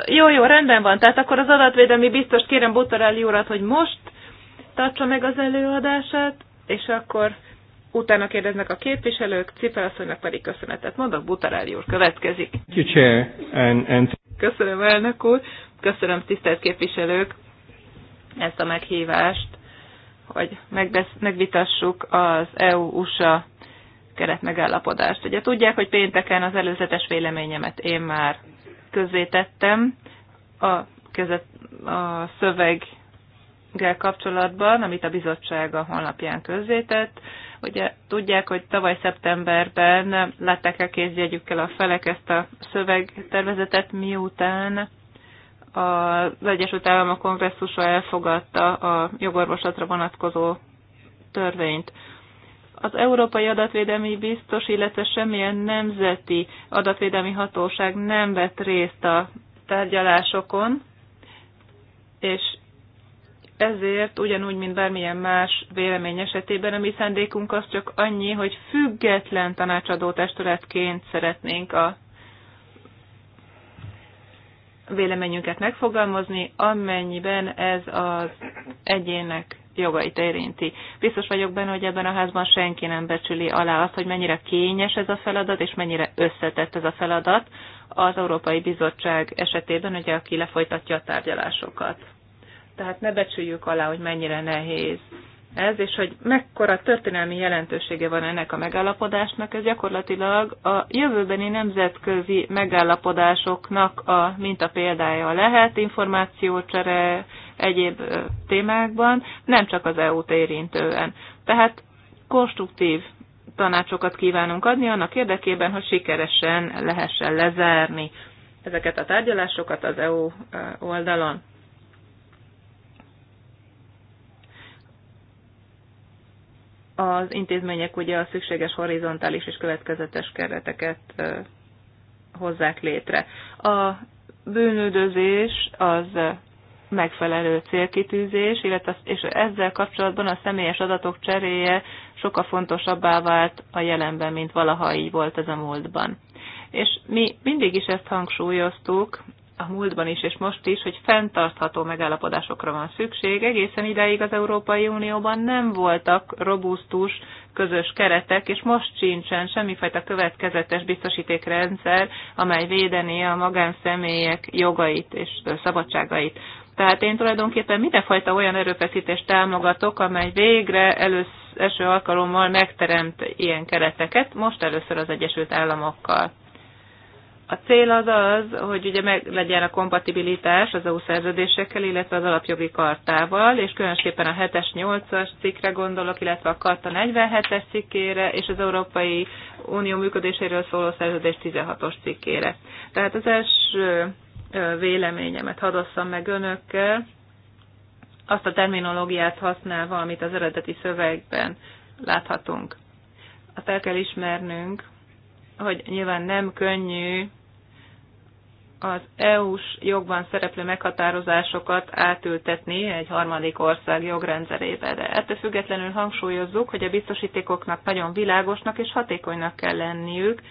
jó, jó, rendben van. Tehát akkor az adatvédelmi biztos kérem Butarelli urat, hogy most tartsa meg az előadását, és akkor utána kérdeznek a képviselők, Cipelasszonynak pedig köszönetet mondok, Butarelli úr következik. Köszönöm, elnök úr, köszönöm, tisztelt képviselők, ezt a meghívást, hogy megbesz- megvitassuk az EU-USA keretmegállapodást. Ugye tudják, hogy pénteken az előzetes véleményemet én már közzétettem a, között, a szöveggel kapcsolatban, amit a bizottság a honlapján közzétett. Ugye tudják, hogy tavaly szeptemberben látták el kézjegyükkel a felek ezt a szövegtervezetet, miután az Egyesült Államok kongresszusa elfogadta a jogorvoslatra vonatkozó törvényt. Az Európai Adatvédelmi Biztos, illetve semmilyen nemzeti adatvédelmi hatóság nem vett részt a tárgyalásokon, és ezért ugyanúgy, mint bármilyen más vélemény esetében a mi szándékunk az csak annyi, hogy független tanácsadó testületként szeretnénk a véleményünket megfogalmazni, amennyiben ez az egyének jogait érinti. Biztos vagyok benne, hogy ebben a házban senki nem becsüli alá azt, hogy mennyire kényes ez a feladat, és mennyire összetett ez a feladat az Európai Bizottság esetében, ugye, aki lefolytatja a tárgyalásokat. Tehát ne becsüljük alá, hogy mennyire nehéz ez, és hogy mekkora történelmi jelentősége van ennek a megállapodásnak, ez gyakorlatilag a jövőbeni nemzetközi megállapodásoknak a mintapéldája lehet, információcsere egyéb témákban, nem csak az EU-t érintően. Tehát konstruktív tanácsokat kívánunk adni annak érdekében, hogy sikeresen lehessen lezárni ezeket a tárgyalásokat az EU oldalon. az intézmények ugye a szükséges horizontális és következetes kereteket hozzák létre. A bűnöldözés az megfelelő célkitűzés, illetve és ezzel kapcsolatban a személyes adatok cseréje sokkal fontosabbá vált a jelenben, mint valaha így volt ez a múltban. És mi mindig is ezt hangsúlyoztuk, a múltban is és most is, hogy fenntartható megállapodásokra van szükség. Egészen ideig az Európai Unióban nem voltak robusztus közös keretek, és most sincsen semmifajta következetes biztosítékrendszer, amely védené a magánszemélyek jogait és szabadságait. Tehát én tulajdonképpen mindenfajta olyan erőfeszítést támogatok, amely végre először első alkalommal megteremt ilyen kereteket, most először az Egyesült Államokkal. A cél az az, hogy ugye meg legyen a kompatibilitás az EU szerződésekkel, illetve az alapjogi kartával, és különösképpen a 7-es, 8-as cikkre gondolok, illetve a karta 47-es cikkére, és az Európai Unió működéséről szóló szerződés 16-os cikkére. Tehát az első véleményemet hadosszam meg önökkel, azt a terminológiát használva, amit az eredeti szövegben láthatunk. Azt el kell ismernünk, hogy nyilván nem könnyű az EU-s jogban szereplő meghatározásokat átültetni egy harmadik ország jogrendszerébe, de ettől függetlenül hangsúlyozzuk, hogy a biztosítékoknak nagyon világosnak és hatékonynak kell lenniük,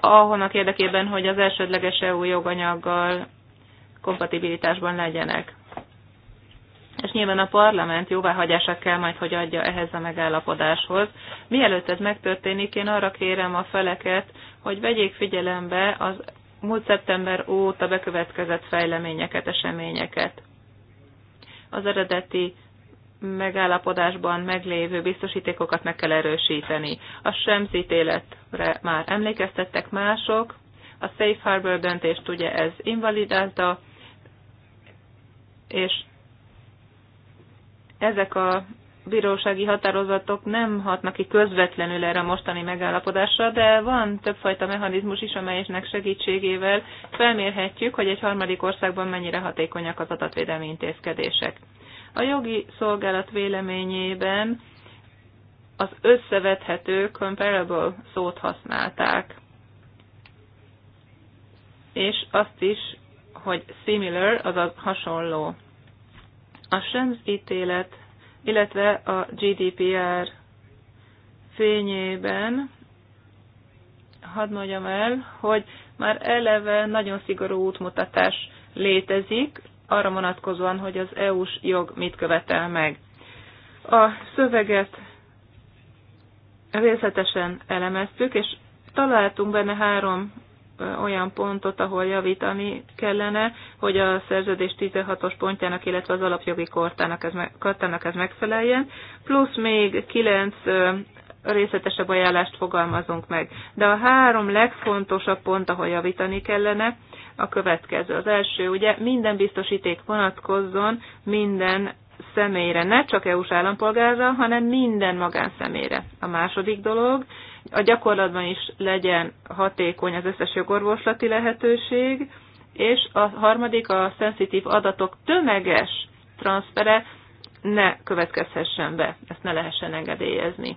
ahonnak érdekében, hogy az elsődleges EU joganyaggal kompatibilitásban legyenek és nyilván a parlament jóváhagyása kell majd, hogy adja ehhez a megállapodáshoz. Mielőtt ez megtörténik, én arra kérem a feleket, hogy vegyék figyelembe az múlt szeptember óta bekövetkezett fejleményeket, eseményeket. Az eredeti megállapodásban meglévő biztosítékokat meg kell erősíteni. A semzítéletre már emlékeztettek mások, a Safe Harbor döntést ugye ez invalidálta, és ezek a bírósági határozatok nem hatnak ki közvetlenül erre a mostani megállapodásra, de van többfajta mechanizmus is, amelynek segítségével felmérhetjük, hogy egy harmadik országban mennyire hatékonyak az adatvédelmi intézkedések. A jogi szolgálat véleményében az összevethető comparable szót használták, és azt is, hogy similar, azaz hasonló. A Schrems ítélet, illetve a GDPR fényében hadd mondjam el, hogy már eleve nagyon szigorú útmutatás létezik, arra vonatkozóan, hogy az EU-s jog mit követel meg. A szöveget részletesen elemeztük, és találtunk benne három olyan pontot, ahol javítani kellene, hogy a szerződés 16-os pontjának, illetve az alapjogi kortának ez, kartának ez megfeleljen, plusz még 9 részletesebb ajánlást fogalmazunk meg. De a három legfontosabb pont, ahol javítani kellene, a következő. Az első, ugye minden biztosíték vonatkozzon minden személyre, ne csak EU-s állampolgárra, hanem minden magánszemélyre. A második dolog, a gyakorlatban is legyen hatékony az összes jogorvoslati lehetőség, és a harmadik a szenzitív adatok tömeges transfere ne következhessen be, ezt ne lehessen engedélyezni.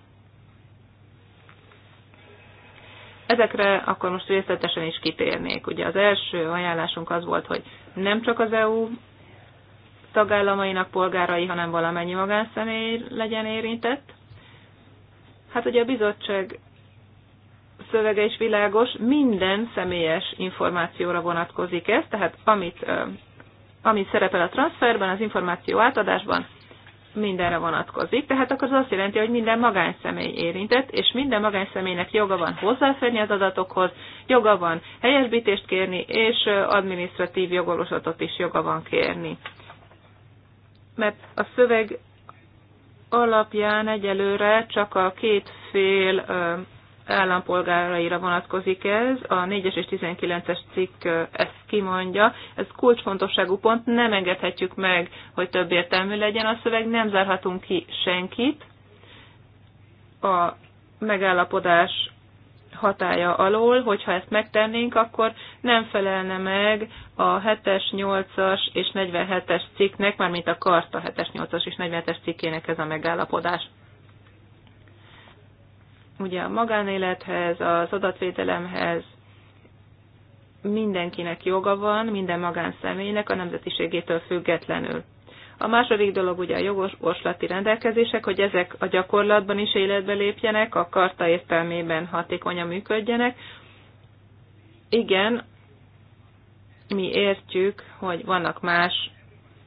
Ezekre akkor most részletesen is kitérnék. Ugye az első ajánlásunk az volt, hogy nem csak az EU tagállamainak polgárai, hanem valamennyi magánszemély legyen érintett. Hát ugye a bizottság szövege is világos, minden személyes információra vonatkozik ez, tehát amit, ami szerepel a transferben, az információ átadásban, mindenre vonatkozik, tehát akkor az azt jelenti, hogy minden magánszemély érintett, és minden magánszemélynek joga van hozzáférni az adatokhoz, joga van helyesbítést kérni, és administratív jogorvoslatot is joga van kérni. Mert a szöveg alapján egyelőre csak a két fél állampolgáraira vonatkozik ez, a 4-es és 19-es cikk ezt kimondja. Ez kulcsfontosságú pont, nem engedhetjük meg, hogy több értelmű legyen a szöveg, nem zárhatunk ki senkit a megállapodás hatája alól, hogyha ezt megtennénk, akkor nem felelne meg a 7-es, 8-as és 47-es cikknek, mármint a karta 7-es, 8-as és 47-es cikkének ez a megállapodás ugye a magánélethez, az adatvédelemhez mindenkinek joga van, minden magánszemélynek a nemzetiségétől függetlenül. A második dolog ugye a jogoslati rendelkezések, hogy ezek a gyakorlatban is életbe lépjenek, a karta értelmében hatékonyan működjenek. Igen, mi értjük, hogy vannak más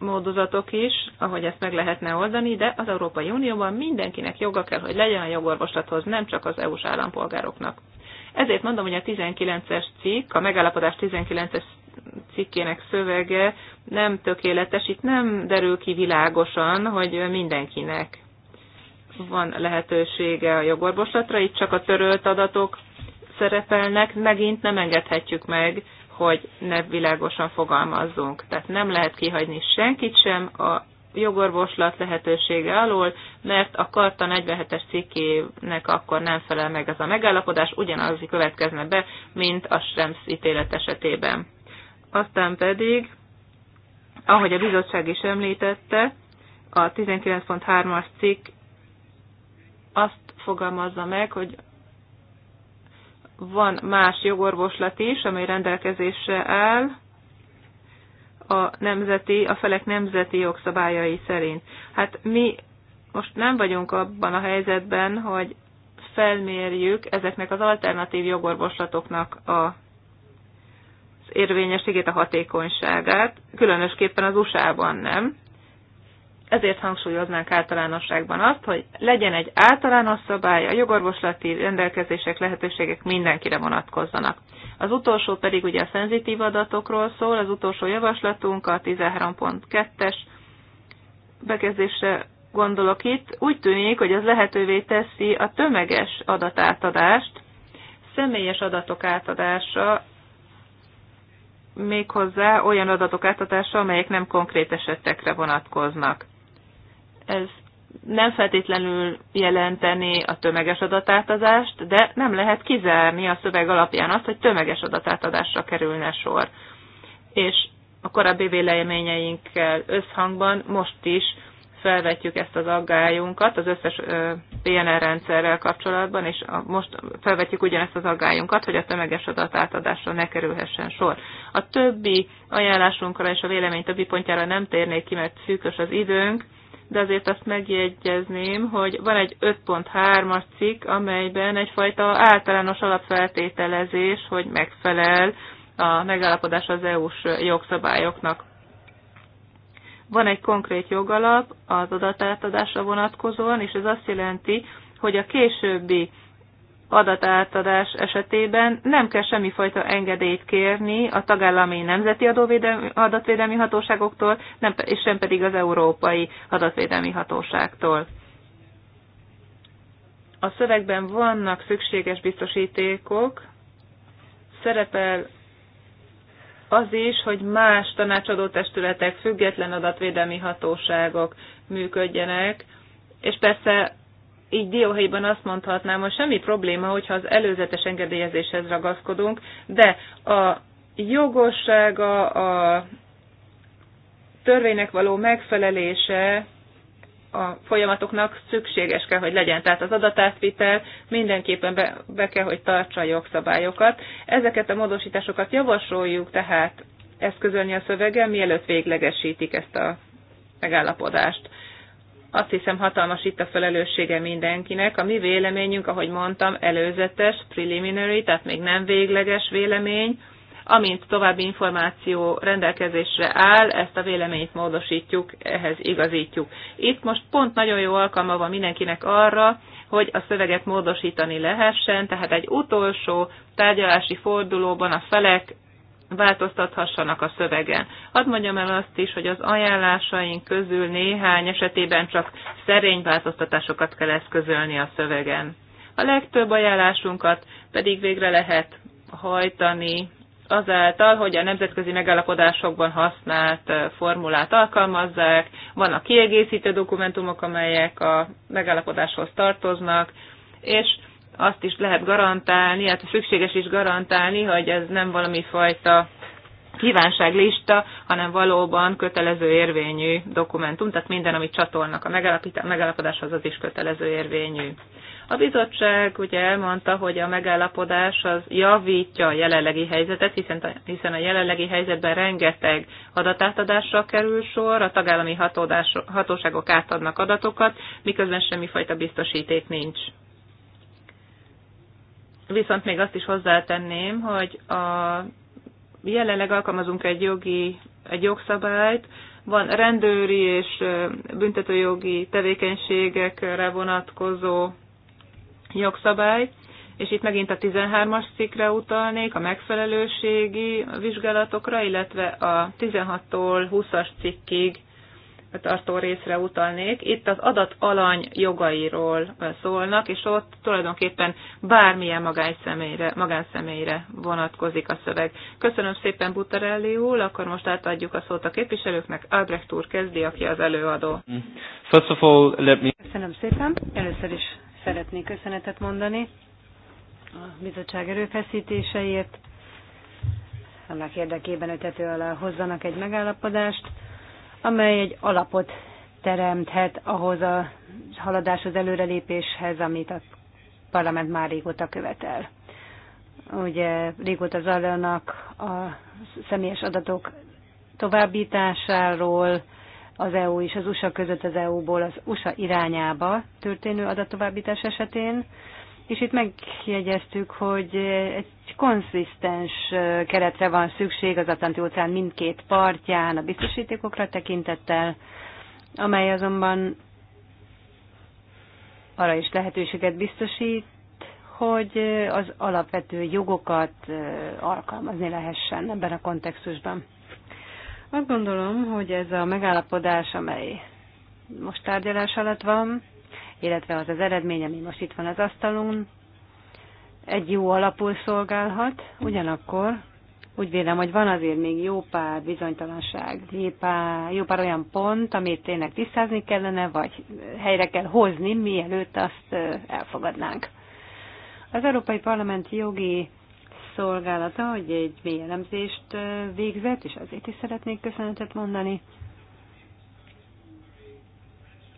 módozatok is, ahogy ezt meg lehetne oldani, de az Európai Unióban mindenkinek joga kell, hogy legyen a jogorvoslathoz, nem csak az EU-s állampolgároknak. Ezért mondom, hogy a 19-es cikk, a megállapodás 19-es cikkének szövege nem tökéletes, itt nem derül ki világosan, hogy mindenkinek van lehetősége a jogorvoslatra, itt csak a törölt adatok szerepelnek, megint nem engedhetjük meg, hogy ne világosan fogalmazzunk. Tehát nem lehet kihagyni senkit sem a jogorvoslat lehetősége alól, mert a Karta 47-es cikkének akkor nem felel meg ez a megállapodás, ugyanaz következne be, mint a Schrems ítélet esetében. Aztán pedig, ahogy a bizottság is említette, a 19.3-as cikk azt fogalmazza meg, hogy van más jogorvoslat is, amely rendelkezésre áll a, nemzeti, a felek nemzeti jogszabályai szerint. Hát mi most nem vagyunk abban a helyzetben, hogy felmérjük ezeknek az alternatív jogorvoslatoknak a érvényességét, a hatékonyságát, különösképpen az USA-ban nem ezért hangsúlyoznánk általánosságban azt, hogy legyen egy általános szabály, a jogorvoslati rendelkezések, lehetőségek mindenkire vonatkozzanak. Az utolsó pedig ugye a szenzitív adatokról szól, az utolsó javaslatunk a 13.2-es bekezdésre gondolok itt. Úgy tűnik, hogy az lehetővé teszi a tömeges adatátadást, személyes adatok átadása, méghozzá olyan adatok átadása, amelyek nem konkrét esetekre vonatkoznak. Ez nem feltétlenül jelenteni a tömeges adatátadást, de nem lehet kizárni a szöveg alapján azt, hogy tömeges adatátadásra kerülne sor. És a korábbi véleményeinkkel összhangban most is felvetjük ezt az aggályunkat az összes PNR rendszerrel kapcsolatban, és most felvetjük ugyanezt az aggályunkat, hogy a tömeges adatátadásra ne kerülhessen sor. A többi ajánlásunkra és a vélemény többi pontjára nem térnék ki, mert szűkös az időnk, de azért azt megjegyezném, hogy van egy 5.3-as cikk, amelyben egyfajta általános alapfeltételezés, hogy megfelel a megállapodás az EU-s jogszabályoknak. Van egy konkrét jogalap az adatátadásra vonatkozóan, és ez azt jelenti, hogy a későbbi adatátadás esetében nem kell semmifajta engedélyt kérni a tagállami nemzeti adóvédelmi, adatvédelmi hatóságoktól, nem, és sem pedig az európai adatvédelmi hatóságtól. A szövegben vannak szükséges biztosítékok, szerepel az is, hogy más tanácsadó testületek, független adatvédelmi hatóságok működjenek, és persze így dióhelyben azt mondhatnám, hogy semmi probléma, hogyha az előzetes engedélyezéshez ragaszkodunk, de a jogossága, a törvénynek való megfelelése a folyamatoknak szükséges kell, hogy legyen. Tehát az adatátvitel mindenképpen be, be kell, hogy tartsa a jogszabályokat. Ezeket a módosításokat javasoljuk tehát eszközölni a szöveggel, mielőtt véglegesítik ezt a megállapodást. Azt hiszem hatalmas itt a felelőssége mindenkinek. A mi véleményünk, ahogy mondtam, előzetes, preliminary, tehát még nem végleges vélemény. Amint további információ rendelkezésre áll, ezt a véleményt módosítjuk, ehhez igazítjuk. Itt most pont nagyon jó alkalma van mindenkinek arra, hogy a szöveget módosítani lehessen, tehát egy utolsó tárgyalási fordulóban a felek változtathassanak a szövegen. Hadd mondjam el azt is, hogy az ajánlásaink közül néhány esetében csak szerény változtatásokat kell eszközölni a szövegen. A legtöbb ajánlásunkat pedig végre lehet hajtani azáltal, hogy a nemzetközi megállapodásokban használt eh, formulát alkalmazzák, vannak kiegészítő dokumentumok, amelyek a megállapodáshoz tartoznak, és azt is lehet garantálni, hát szükséges is garantálni, hogy ez nem valami fajta kívánságlista, hanem valóban kötelező érvényű dokumentum, tehát minden, amit csatolnak a megállapodáshoz, az is kötelező érvényű. A bizottság ugye elmondta, hogy a megállapodás az javítja a jelenlegi helyzetet, hiszen, hiszen a jelenlegi helyzetben rengeteg adatátadásra kerül sor, a tagállami hatódás, hatóságok átadnak adatokat, miközben semmifajta biztosíték nincs. Viszont még azt is hozzátenném, hogy a, jelenleg alkalmazunk egy jogi, egy jogszabályt, van rendőri és büntetőjogi tevékenységekre vonatkozó jogszabály, és itt megint a 13-as cikkre utalnék, a megfelelőségi vizsgálatokra, illetve a 16-tól 20-as cikkig tartó részre utalnék. Itt az adat alany jogairól szólnak, és ott tulajdonképpen bármilyen magánszemélyre, magánszemélyre vonatkozik a szöveg. Köszönöm szépen Butarelli úr, akkor most átadjuk a szót a képviselőknek. Albrecht úr kezdi, aki az előadó. First of all, let me... Köszönöm szépen. Először is szeretnék köszönetet mondani a bizottság erőfeszítéseért, annak érdekében, ötető alá hozzanak egy megállapodást amely egy alapot teremthet ahhoz a haladáshoz, előrelépéshez, amit a parlament már régóta követel. Ugye régóta zajlanak a személyes adatok továbbításáról, az EU és az USA között az EU-ból az USA irányába történő adattovábbítás esetén, és itt megjegyeztük, hogy egy konszisztens eh, keretre van szükség az Atlanti óceán mindkét partján a biztosítékokra tekintettel, amely azonban arra is lehetőséget biztosít, hogy eh, az alapvető jogokat eh, alkalmazni lehessen ebben a kontextusban. Azt gondolom, hogy ez a megállapodás, amely most tárgyalás alatt van, illetve az az eredmény, ami most itt van az asztalon, egy jó alapul szolgálhat, ugyanakkor úgy vélem, hogy van azért még jó pár bizonytalanság, jó pár, jó pár olyan pont, amit tényleg tisztázni kellene, vagy helyre kell hozni, mielőtt azt elfogadnánk. Az Európai Parlament jogi szolgálata, hogy egy mély elemzést végzett, és azért is szeretnék köszönetet mondani.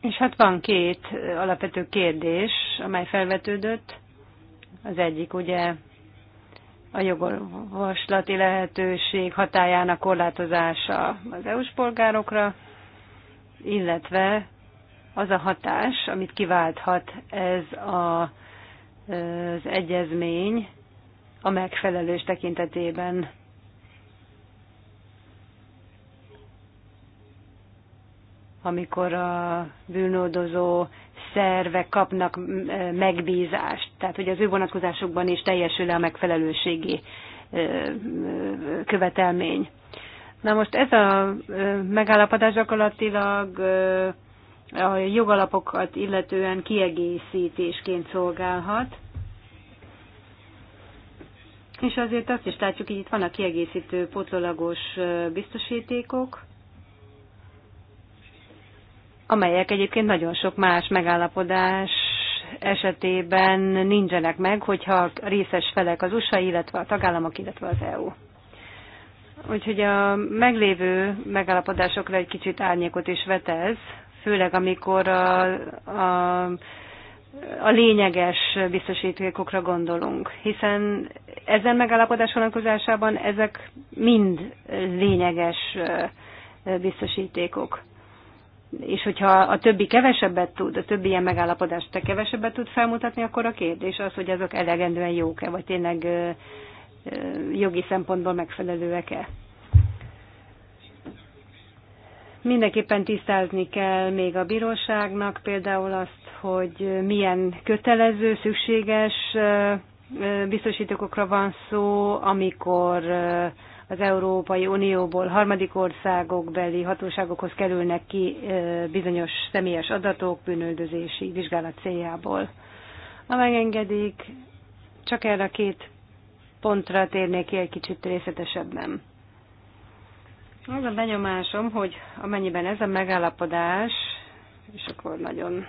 És hát van két alapvető kérdés, amely felvetődött. Az egyik ugye a jogorvoslati lehetőség hatájának korlátozása az EU-s polgárokra, illetve az a hatás, amit kiválthat ez a, az egyezmény a megfelelős tekintetében amikor a bűnöldöző szervek kapnak e, megbízást, tehát hogy az ő vonatkozásokban is teljesül a megfelelőségi e, e, követelmény. Na most ez a megállapodás gyakorlatilag a jogalapokat illetően kiegészítésként szolgálhat. És azért azt is látjuk, hogy itt vannak kiegészítő potlolagos biztosítékok, amelyek egyébként nagyon sok más megállapodás esetében nincsenek meg, hogyha részes felek az USA, illetve a tagállamok, illetve az EU. Úgyhogy a meglévő megállapodásokra egy kicsit árnyékot is vetez, főleg amikor a, a, a lényeges biztosítékokra gondolunk, hiszen ezen megállapodás vonatkozásában ezek mind lényeges biztosítékok és hogyha a többi kevesebbet tud, a többi ilyen megállapodást te kevesebbet tud felmutatni, akkor a kérdés az, hogy azok elegendően jók-e, vagy tényleg jogi szempontból megfelelőek-e. Mindenképpen tisztázni kell még a bíróságnak például azt, hogy milyen kötelező, szükséges biztosítókokra van szó, amikor az Európai Unióból harmadik országok beli hatóságokhoz kerülnek ki bizonyos személyes adatok bűnöldözési vizsgálat céljából. Ha megengedik, csak erre a két pontra térnék ki egy kicsit részletesebben. Az a benyomásom, hogy amennyiben ez a megállapodás, és akkor nagyon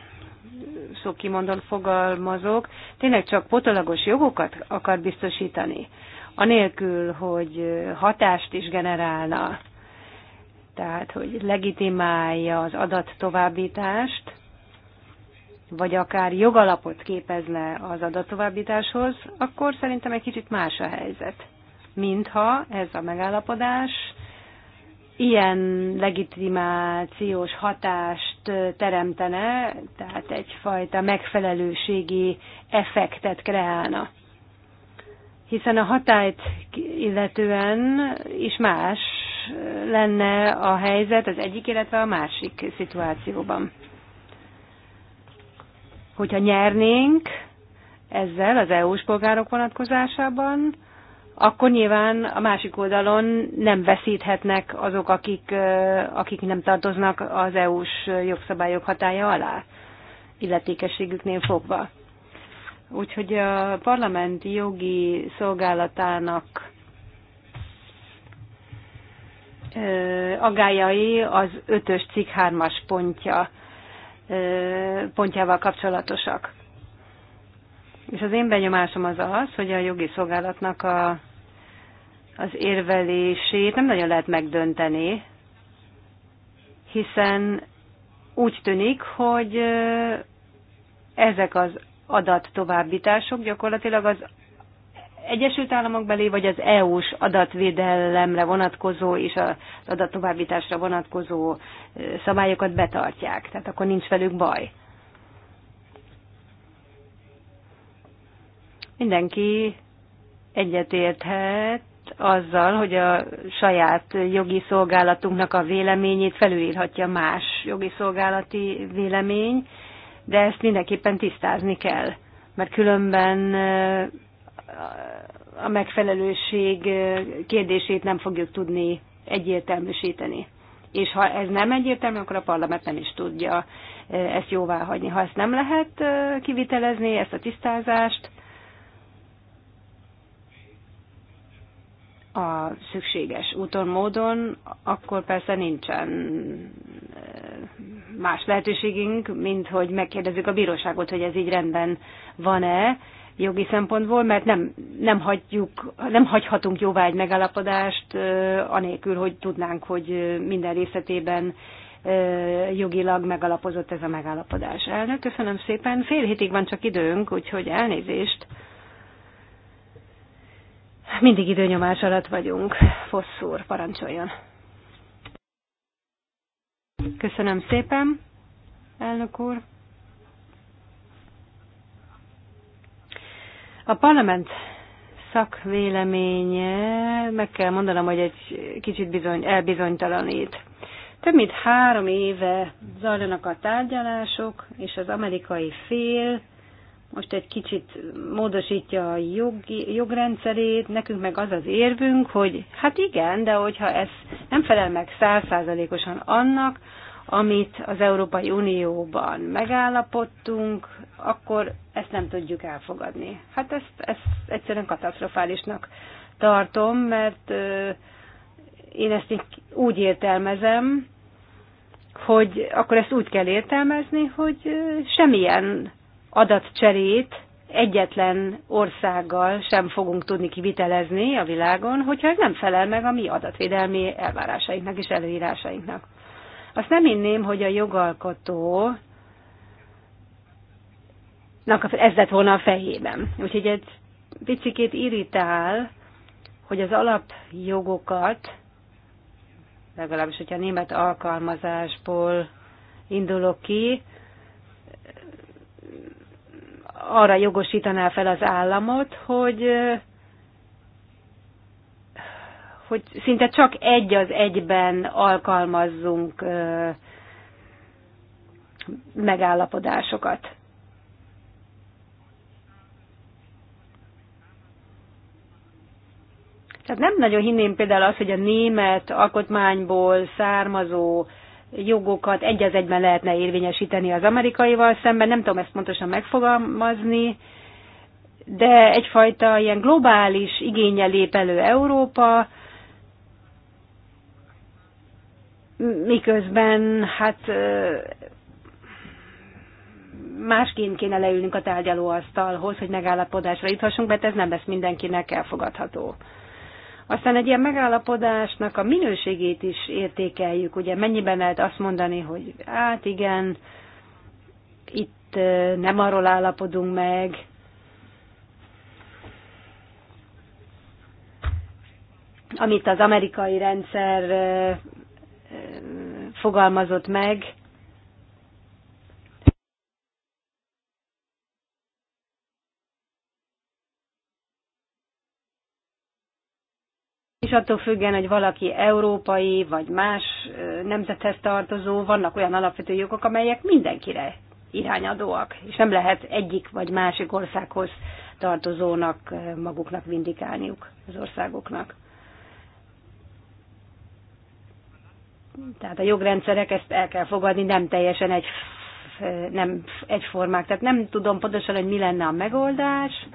szókimondon fogalmazok, tényleg csak potolagos jogokat akar biztosítani, anélkül, hogy hatást is generálna, tehát hogy legitimálja az adat továbbítást, vagy akár jogalapot képezne az adat továbbításhoz, akkor szerintem egy kicsit más a helyzet, mintha ez a megállapodás ilyen legitimációs hatást teremtene, tehát egyfajta megfelelőségi effektet kreálna hiszen a hatályt illetően is más lenne a helyzet az egyik, illetve a másik szituációban. Hogyha nyernénk ezzel az EU-s polgárok vonatkozásában, akkor nyilván a másik oldalon nem veszíthetnek azok, akik, akik nem tartoznak az EU-s jogszabályok hatája alá, illetékességüknél fogva. Úgyhogy a parlamenti jogi szolgálatának agályai az ötös cikk hármas pontja, pontjával kapcsolatosak. És az én benyomásom az az, hogy a jogi szolgálatnak a, az érvelését nem nagyon lehet megdönteni, hiszen úgy tűnik, hogy ezek az adattovábbítások gyakorlatilag az Egyesült Államok belé, vagy az EU-s adatvédelemre vonatkozó és az adattovábbításra vonatkozó szabályokat betartják. Tehát akkor nincs velük baj. Mindenki egyetérthet azzal, hogy a saját jogi szolgálatunknak a véleményét felülírhatja más jogi szolgálati vélemény, de ezt mindenképpen tisztázni kell, mert különben a megfelelőség kérdését nem fogjuk tudni egyértelműsíteni. És ha ez nem egyértelmű, akkor a parlament nem is tudja ezt jóvá hagyni. Ha ezt nem lehet kivitelezni, ezt a tisztázást, a szükséges úton, módon, akkor persze nincsen más lehetőségünk, mint hogy megkérdezzük a bíróságot, hogy ez így rendben van-e jogi szempontból, mert nem, nem, hagyjuk, nem hagyhatunk jóvá egy megállapodást, anélkül, hogy tudnánk, hogy minden részletében jogilag megalapozott ez a megállapodás. Elnök, köszönöm szépen. Fél hétig van csak időnk, úgyhogy elnézést. Mindig időnyomás alatt vagyunk. Fosszúr, parancsoljon. Köszönöm szépen, elnök úr. A parlament szakvéleménye, meg kell mondanom, hogy egy kicsit bizony, elbizonytalanít. Több mint három éve zajlanak a tárgyalások, és az amerikai fél most egy kicsit módosítja a jogi, jogrendszerét, nekünk meg az az érvünk, hogy hát igen, de hogyha ez nem felel meg százszázalékosan annak, amit az Európai Unióban megállapodtunk, akkor ezt nem tudjuk elfogadni. Hát ezt, ezt egyszerűen katasztrofálisnak tartom, mert én ezt úgy értelmezem, hogy akkor ezt úgy kell értelmezni, hogy semmilyen adatcserét egyetlen országgal sem fogunk tudni kivitelezni a világon, hogyha ez nem felel meg a mi adatvédelmi elvárásainknak és előírásainknak. Azt nem inném, hogy a jogalkotó ez lett volna a fejében. Úgyhogy egy picikét irritál, hogy az alapjogokat, legalábbis hogyha a német alkalmazásból indulok ki, arra jogosítaná fel az államot, hogy hogy szinte csak egy az egyben alkalmazzunk megállapodásokat. Tehát nem nagyon hinném például azt, hogy a német alkotmányból származó jogokat egy az egyben lehetne érvényesíteni az amerikaival szemben, nem tudom ezt pontosan megfogalmazni, de egyfajta ilyen globális igénye lép elő Európa, miközben hát másként kéne leülnünk a tárgyalóasztalhoz, hogy megállapodásra juthassunk, mert ez nem lesz mindenkinek elfogadható. Aztán egy ilyen megállapodásnak a minőségét is értékeljük, ugye mennyiben lehet azt mondani, hogy hát igen, itt nem arról állapodunk meg, amit az amerikai rendszer fogalmazott meg, attól függően, hogy valaki európai vagy más nemzethez tartozó, vannak olyan alapvető jogok, amelyek mindenkire irányadóak, és nem lehet egyik vagy másik országhoz tartozónak maguknak vindikálniuk az országoknak. Tehát a jogrendszerek ezt el kell fogadni, nem teljesen egy, nem egyformák. Tehát nem tudom pontosan, hogy mi lenne a megoldás,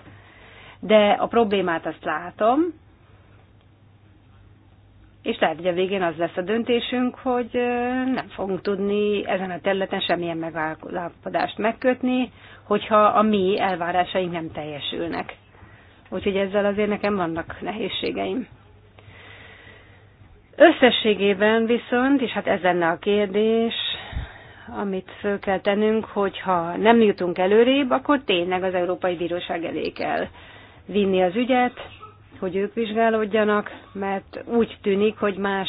de a problémát azt látom, és lehet, hogy a végén az lesz a döntésünk, hogy nem fogunk tudni ezen a területen semmilyen megállapodást megkötni, hogyha a mi elvárásaink nem teljesülnek. Úgyhogy ezzel azért nekem vannak nehézségeim. Összességében viszont, és hát ez lenne a kérdés, amit föl kell tennünk, hogyha nem jutunk előrébb, akkor tényleg az Európai Bíróság elé kell vinni az ügyet, hogy ők vizsgálódjanak, mert úgy tűnik, hogy más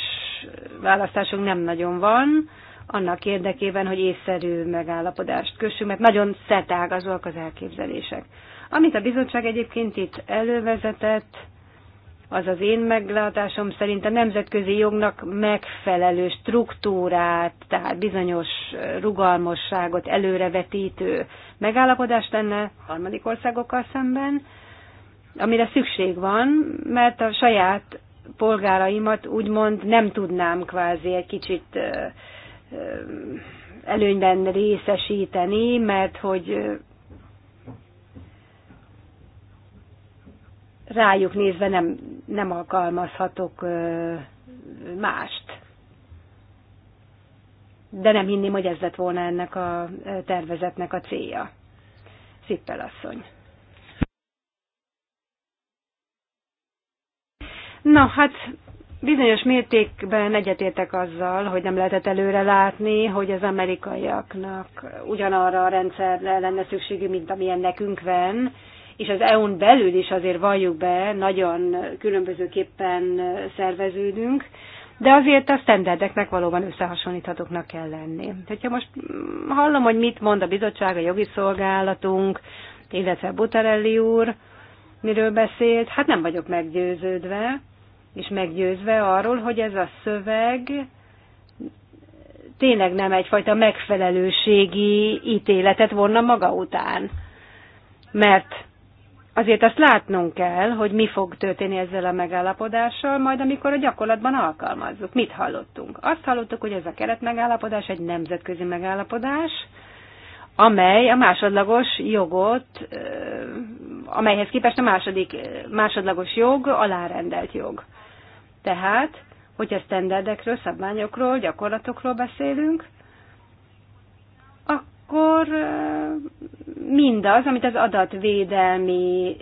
választásunk nem nagyon van, annak érdekében, hogy észszerű megállapodást kössünk, mert nagyon szetágazóak az elképzelések. Amit a bizottság egyébként itt elővezetett, az az én meglátásom szerint a nemzetközi jognak megfelelő struktúrát, tehát bizonyos rugalmasságot előrevetítő megállapodást lenne harmadik országokkal szemben, amire szükség van, mert a saját polgáraimat úgymond nem tudnám kvázi egy kicsit előnyben részesíteni, mert hogy rájuk nézve nem, nem alkalmazhatok mást. De nem hinném, hogy ez lett volna ennek a tervezetnek a célja. Szippel asszony. Na, hát bizonyos mértékben egyetértek azzal, hogy nem lehetett előre látni, hogy az amerikaiaknak ugyanarra a rendszerre lenne szükségük, mint amilyen nekünk van, és az EU-n belül is azért valljuk be, nagyon különbözőképpen szerveződünk, de azért a standardeknek valóban összehasonlíthatóknak kell lenni. Hogyha most hallom, hogy mit mond a bizottság, a jogi szolgálatunk, illetve Butarelli úr, miről beszélt, hát nem vagyok meggyőződve, és meggyőzve arról, hogy ez a szöveg tényleg nem egyfajta megfelelőségi ítéletet vonna maga után. Mert azért azt látnunk kell, hogy mi fog történni ezzel a megállapodással, majd amikor a gyakorlatban alkalmazzuk. Mit hallottunk? Azt hallottuk, hogy ez a keretmegállapodás egy nemzetközi megállapodás, amely a másodlagos jogot, amelyhez képest a második, másodlagos jog alárendelt jog. Tehát, hogyha standardekről, szabványokról, gyakorlatokról beszélünk, akkor mindaz, amit az adatvédelmi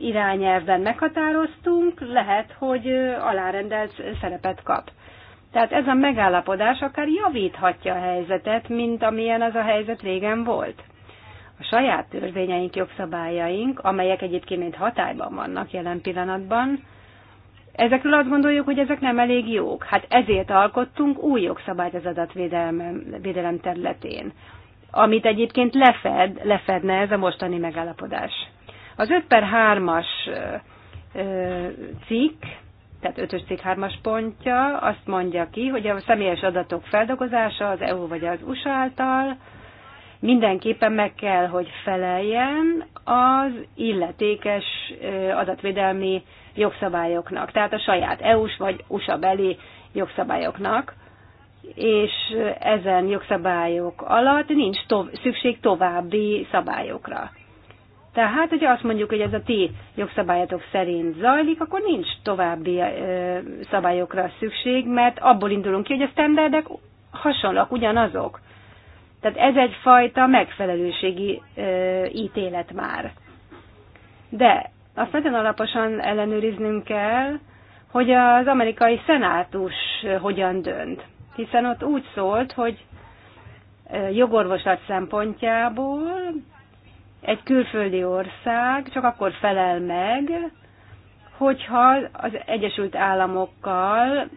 irányelvben meghatároztunk, lehet, hogy alárendelt szerepet kap. Tehát ez a megállapodás akár javíthatja a helyzetet, mint amilyen az a helyzet régen volt. A saját törvényeink, jogszabályaink, amelyek egyébként hatályban vannak jelen pillanatban, Ezekről azt gondoljuk, hogy ezek nem elég jók. Hát ezért alkottunk új jogszabályt az adatvédelem területén, amit egyébként lefed, lefedne ez a mostani megállapodás. Az 5 per 3-as cikk, tehát 5-ös cikk 3-as pontja azt mondja ki, hogy a személyes adatok feldolgozása az EU vagy az USA által mindenképpen meg kell, hogy feleljen az illetékes adatvédelmi jogszabályoknak, tehát a saját EU-s vagy USA beli jogszabályoknak, és ezen jogszabályok alatt nincs tov- szükség további szabályokra. Tehát, hogy azt mondjuk, hogy ez a ti jogszabályatok szerint zajlik, akkor nincs további ö, szabályokra szükség, mert abból indulunk ki, hogy a standardek hasonlóak, ugyanazok. Tehát ez egyfajta megfelelőségi ö, ítélet már. De azt nagyon alaposan ellenőriznünk kell, hogy az amerikai szenátus hogyan dönt. Hiszen ott úgy szólt, hogy jogorvoslat szempontjából egy külföldi ország csak akkor felel meg, hogyha az Egyesült Államokkal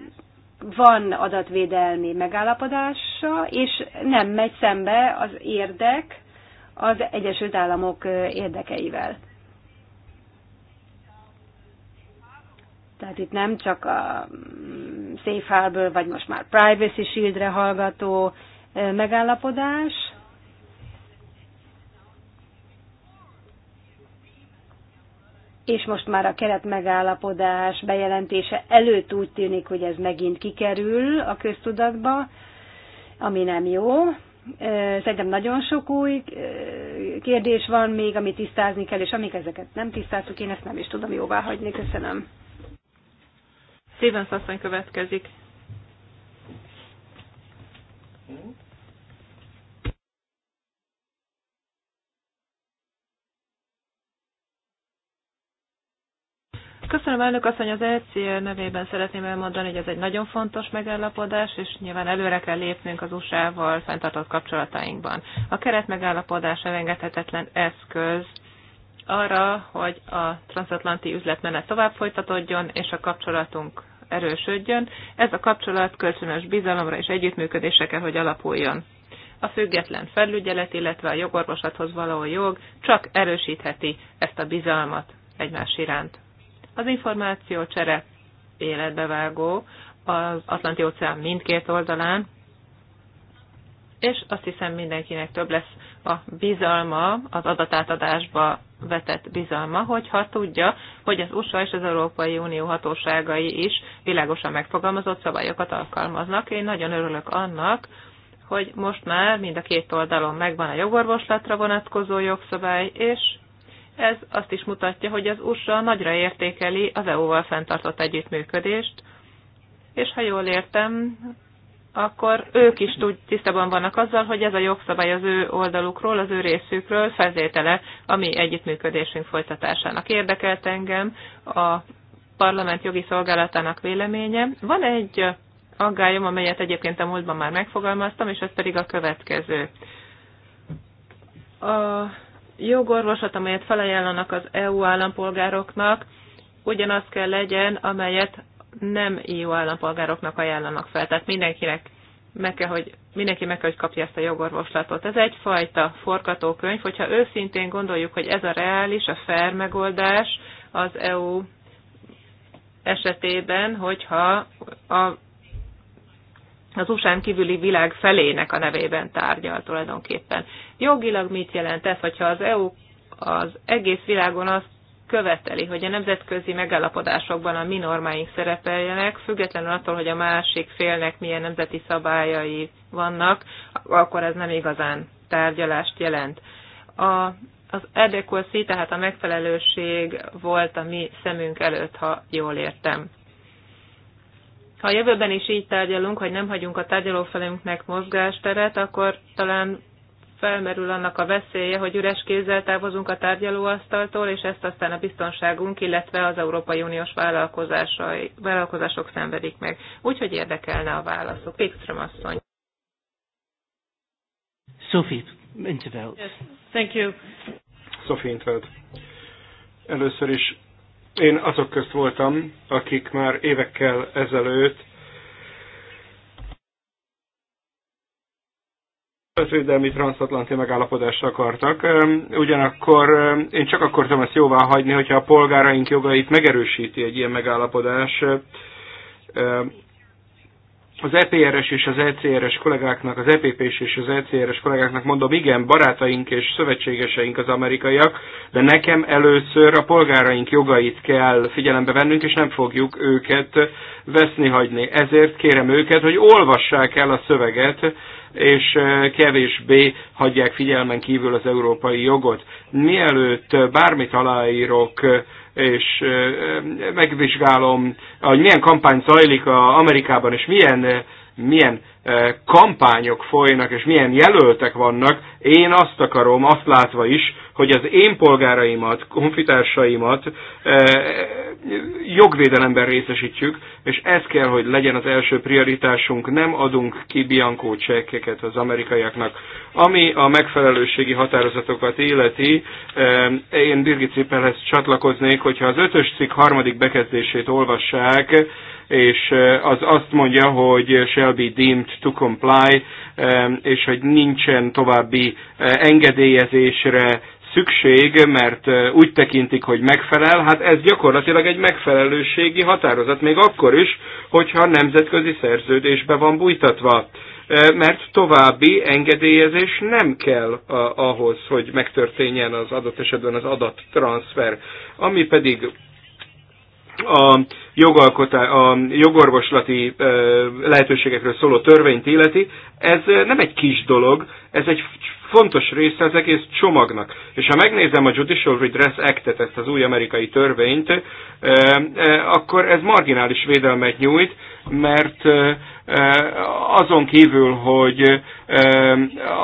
van adatvédelmi megállapodása, és nem megy szembe az érdek az Egyesült Államok érdekeivel. Tehát itt nem csak a mm, Safe Harbor, vagy most már Privacy Shieldre hallgató megállapodás, és most már a keret megállapodás bejelentése előtt úgy tűnik, hogy ez megint kikerül a köztudatba, ami nem jó. Szerintem nagyon sok új kérdés van még, amit tisztázni kell, és amik ezeket nem tisztáztuk, én ezt nem is tudom jóvá hagyni. Köszönöm. Stevens asszony következik. Köszönöm, elnök asszony, az ECR nevében szeretném elmondani, hogy ez egy nagyon fontos megállapodás, és nyilván előre kell lépnünk az USA-val fenntartott kapcsolatainkban. A keret megállapodás elengedhetetlen eszköz arra, hogy a transatlanti üzletmenet tovább folytatódjon, és a kapcsolatunk erősödjön. Ez a kapcsolat kölcsönös bizalomra és együttműködésre kell, hogy alapuljon. A független felügyelet, illetve a jogorvosathoz való jog csak erősítheti ezt a bizalmat egymás iránt. Az információ csere életbevágó az Atlanti óceán mindkét oldalán, és azt hiszem mindenkinek több lesz a bizalma, az adatátadásba vetett bizalma, hogyha tudja, hogy az USA és az Európai Unió hatóságai is világosan megfogalmazott szabályokat alkalmaznak. Én nagyon örülök annak, hogy most már mind a két oldalon megvan a jogorvoslatra vonatkozó jogszabály, és ez azt is mutatja, hogy az USA nagyra értékeli az EU-val fenntartott együttműködést, és ha jól értem, akkor ők is tud, tisztában vannak azzal, hogy ez a jogszabály az ő oldalukról, az ő részükről feltétele a mi együttműködésünk folytatásának. Érdekelt engem a parlament jogi szolgálatának véleménye. Van egy aggályom, amelyet egyébként a múltban már megfogalmaztam, és ez pedig a következő. A jogorvosat, amelyet felajánlanak az EU állampolgároknak, ugyanaz kell legyen, amelyet nem EU állampolgároknak ajánlanak fel. Tehát mindenkinek meg kell, hogy mindenki meg kell, hogy kapja ezt a jogorvoslatot. Ez egyfajta forgatókönyv, hogyha őszintén gondoljuk, hogy ez a reális, a fair megoldás az EU esetében, hogyha a, az usa kívüli világ felének a nevében tárgyal tulajdonképpen. Jogilag mit jelent ez, hogyha az EU az egész világon azt követeli, hogy a nemzetközi megállapodásokban a mi normáink szerepeljenek, függetlenül attól, hogy a másik félnek milyen nemzeti szabályai vannak, akkor ez nem igazán tárgyalást jelent. A, az adequacy, tehát a megfelelőség volt a mi szemünk előtt, ha jól értem. Ha a jövőben is így tárgyalunk, hogy nem hagyunk a tárgyalófelünknek mozgásteret, akkor talán felmerül annak a veszélye, hogy üres kézzel távozunk a tárgyalóasztaltól, és ezt aztán a biztonságunk, illetve az Európai Uniós vállalkozások szenvedik meg. Úgyhogy érdekelne a válaszok. Wikström asszony. Sophie Intervelt. Yes, thank you. Sophie Intervelt. Először is én azok közt voltam, akik már évekkel ezelőtt közvédelmi transatlanti megállapodást akartak. Ugyanakkor én csak akkor tudom ezt jóvá hagyni, hogyha a polgáraink jogait megerősíti egy ilyen megállapodás. Az EPRS és az ECRS kollégáknak, az epp és az ECRS kollégáknak mondom, igen, barátaink és szövetségeseink az amerikaiak, de nekem először a polgáraink jogait kell figyelembe vennünk, és nem fogjuk őket veszni hagyni. Ezért kérem őket, hogy olvassák el a szöveget, és eh, kevésbé hagyják figyelmen kívül az európai jogot. Mielőtt bármit aláírok, eh, és eh, megvizsgálom, hogy milyen kampány zajlik a Amerikában, és milyen, milyen kampányok folynak, és milyen jelöltek vannak, én azt akarom, azt látva is, hogy az én polgáraimat, konfitársaimat eh, jogvédelemben részesítjük, és ez kell, hogy legyen az első prioritásunk, nem adunk ki biankó csekkeket az amerikaiaknak. Ami a megfelelőségi határozatokat illeti, eh, én Birgit Cipelhez csatlakoznék, hogyha az ötös cikk harmadik bekezdését olvassák, és eh, az azt mondja, hogy shall be deemed to comply, és hogy nincsen további engedélyezésre szükség, mert úgy tekintik, hogy megfelel, hát ez gyakorlatilag egy megfelelőségi határozat, még akkor is, hogyha nemzetközi szerződésbe van bújtatva. Mert további engedélyezés nem kell ahhoz, hogy megtörténjen az adott esetben az adattranszfer. Ami pedig a a jogorvoslati lehetőségekről szóló törvényt illeti, ez nem egy kis dolog, ez egy fontos része az egész csomagnak. És ha megnézem a Judicial Redress Act-et, ezt az új amerikai törvényt, akkor ez marginális védelmet nyújt, mert azon kívül, hogy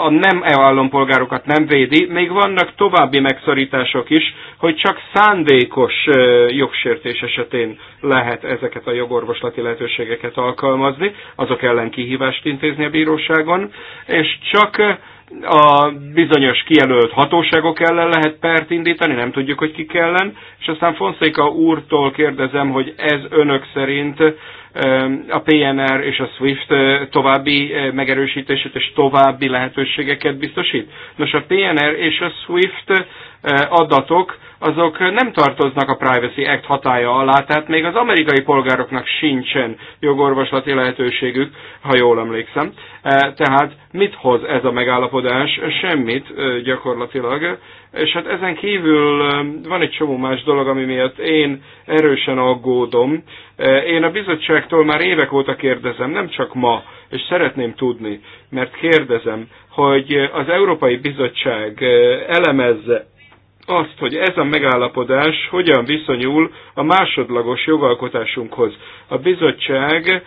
a nem EU állampolgárokat nem védi, még vannak további megszorítások is, hogy csak szándékos jogsértés esetén le lehet ezeket a jogorvoslati lehetőségeket alkalmazni, azok ellen kihívást intézni a bíróságon, és csak a bizonyos kijelölt hatóságok ellen lehet pert indítani, nem tudjuk, hogy ki ellen, és aztán Fonszéka úrtól kérdezem, hogy ez önök szerint a PNR és a SWIFT eh, további eh, megerősítését és további lehetőségeket biztosít? Nos, a PNR és a SWIFT adatok, azok nem tartoznak a Privacy Act hatája alá, tehát még az amerikai polgároknak sincsen jogorvoslati lehetőségük, ha jól emlékszem. Tehát mit hoz ez a megállapodás? Semmit gyakorlatilag. És hát ezen kívül van egy csomó más dolog, ami miatt én erősen aggódom. Én a bizottságtól már évek óta kérdezem, nem csak ma, és szeretném tudni, mert kérdezem, hogy az Európai Bizottság elemezze azt, hogy ez a megállapodás hogyan viszonyul a másodlagos jogalkotásunkhoz. A bizottság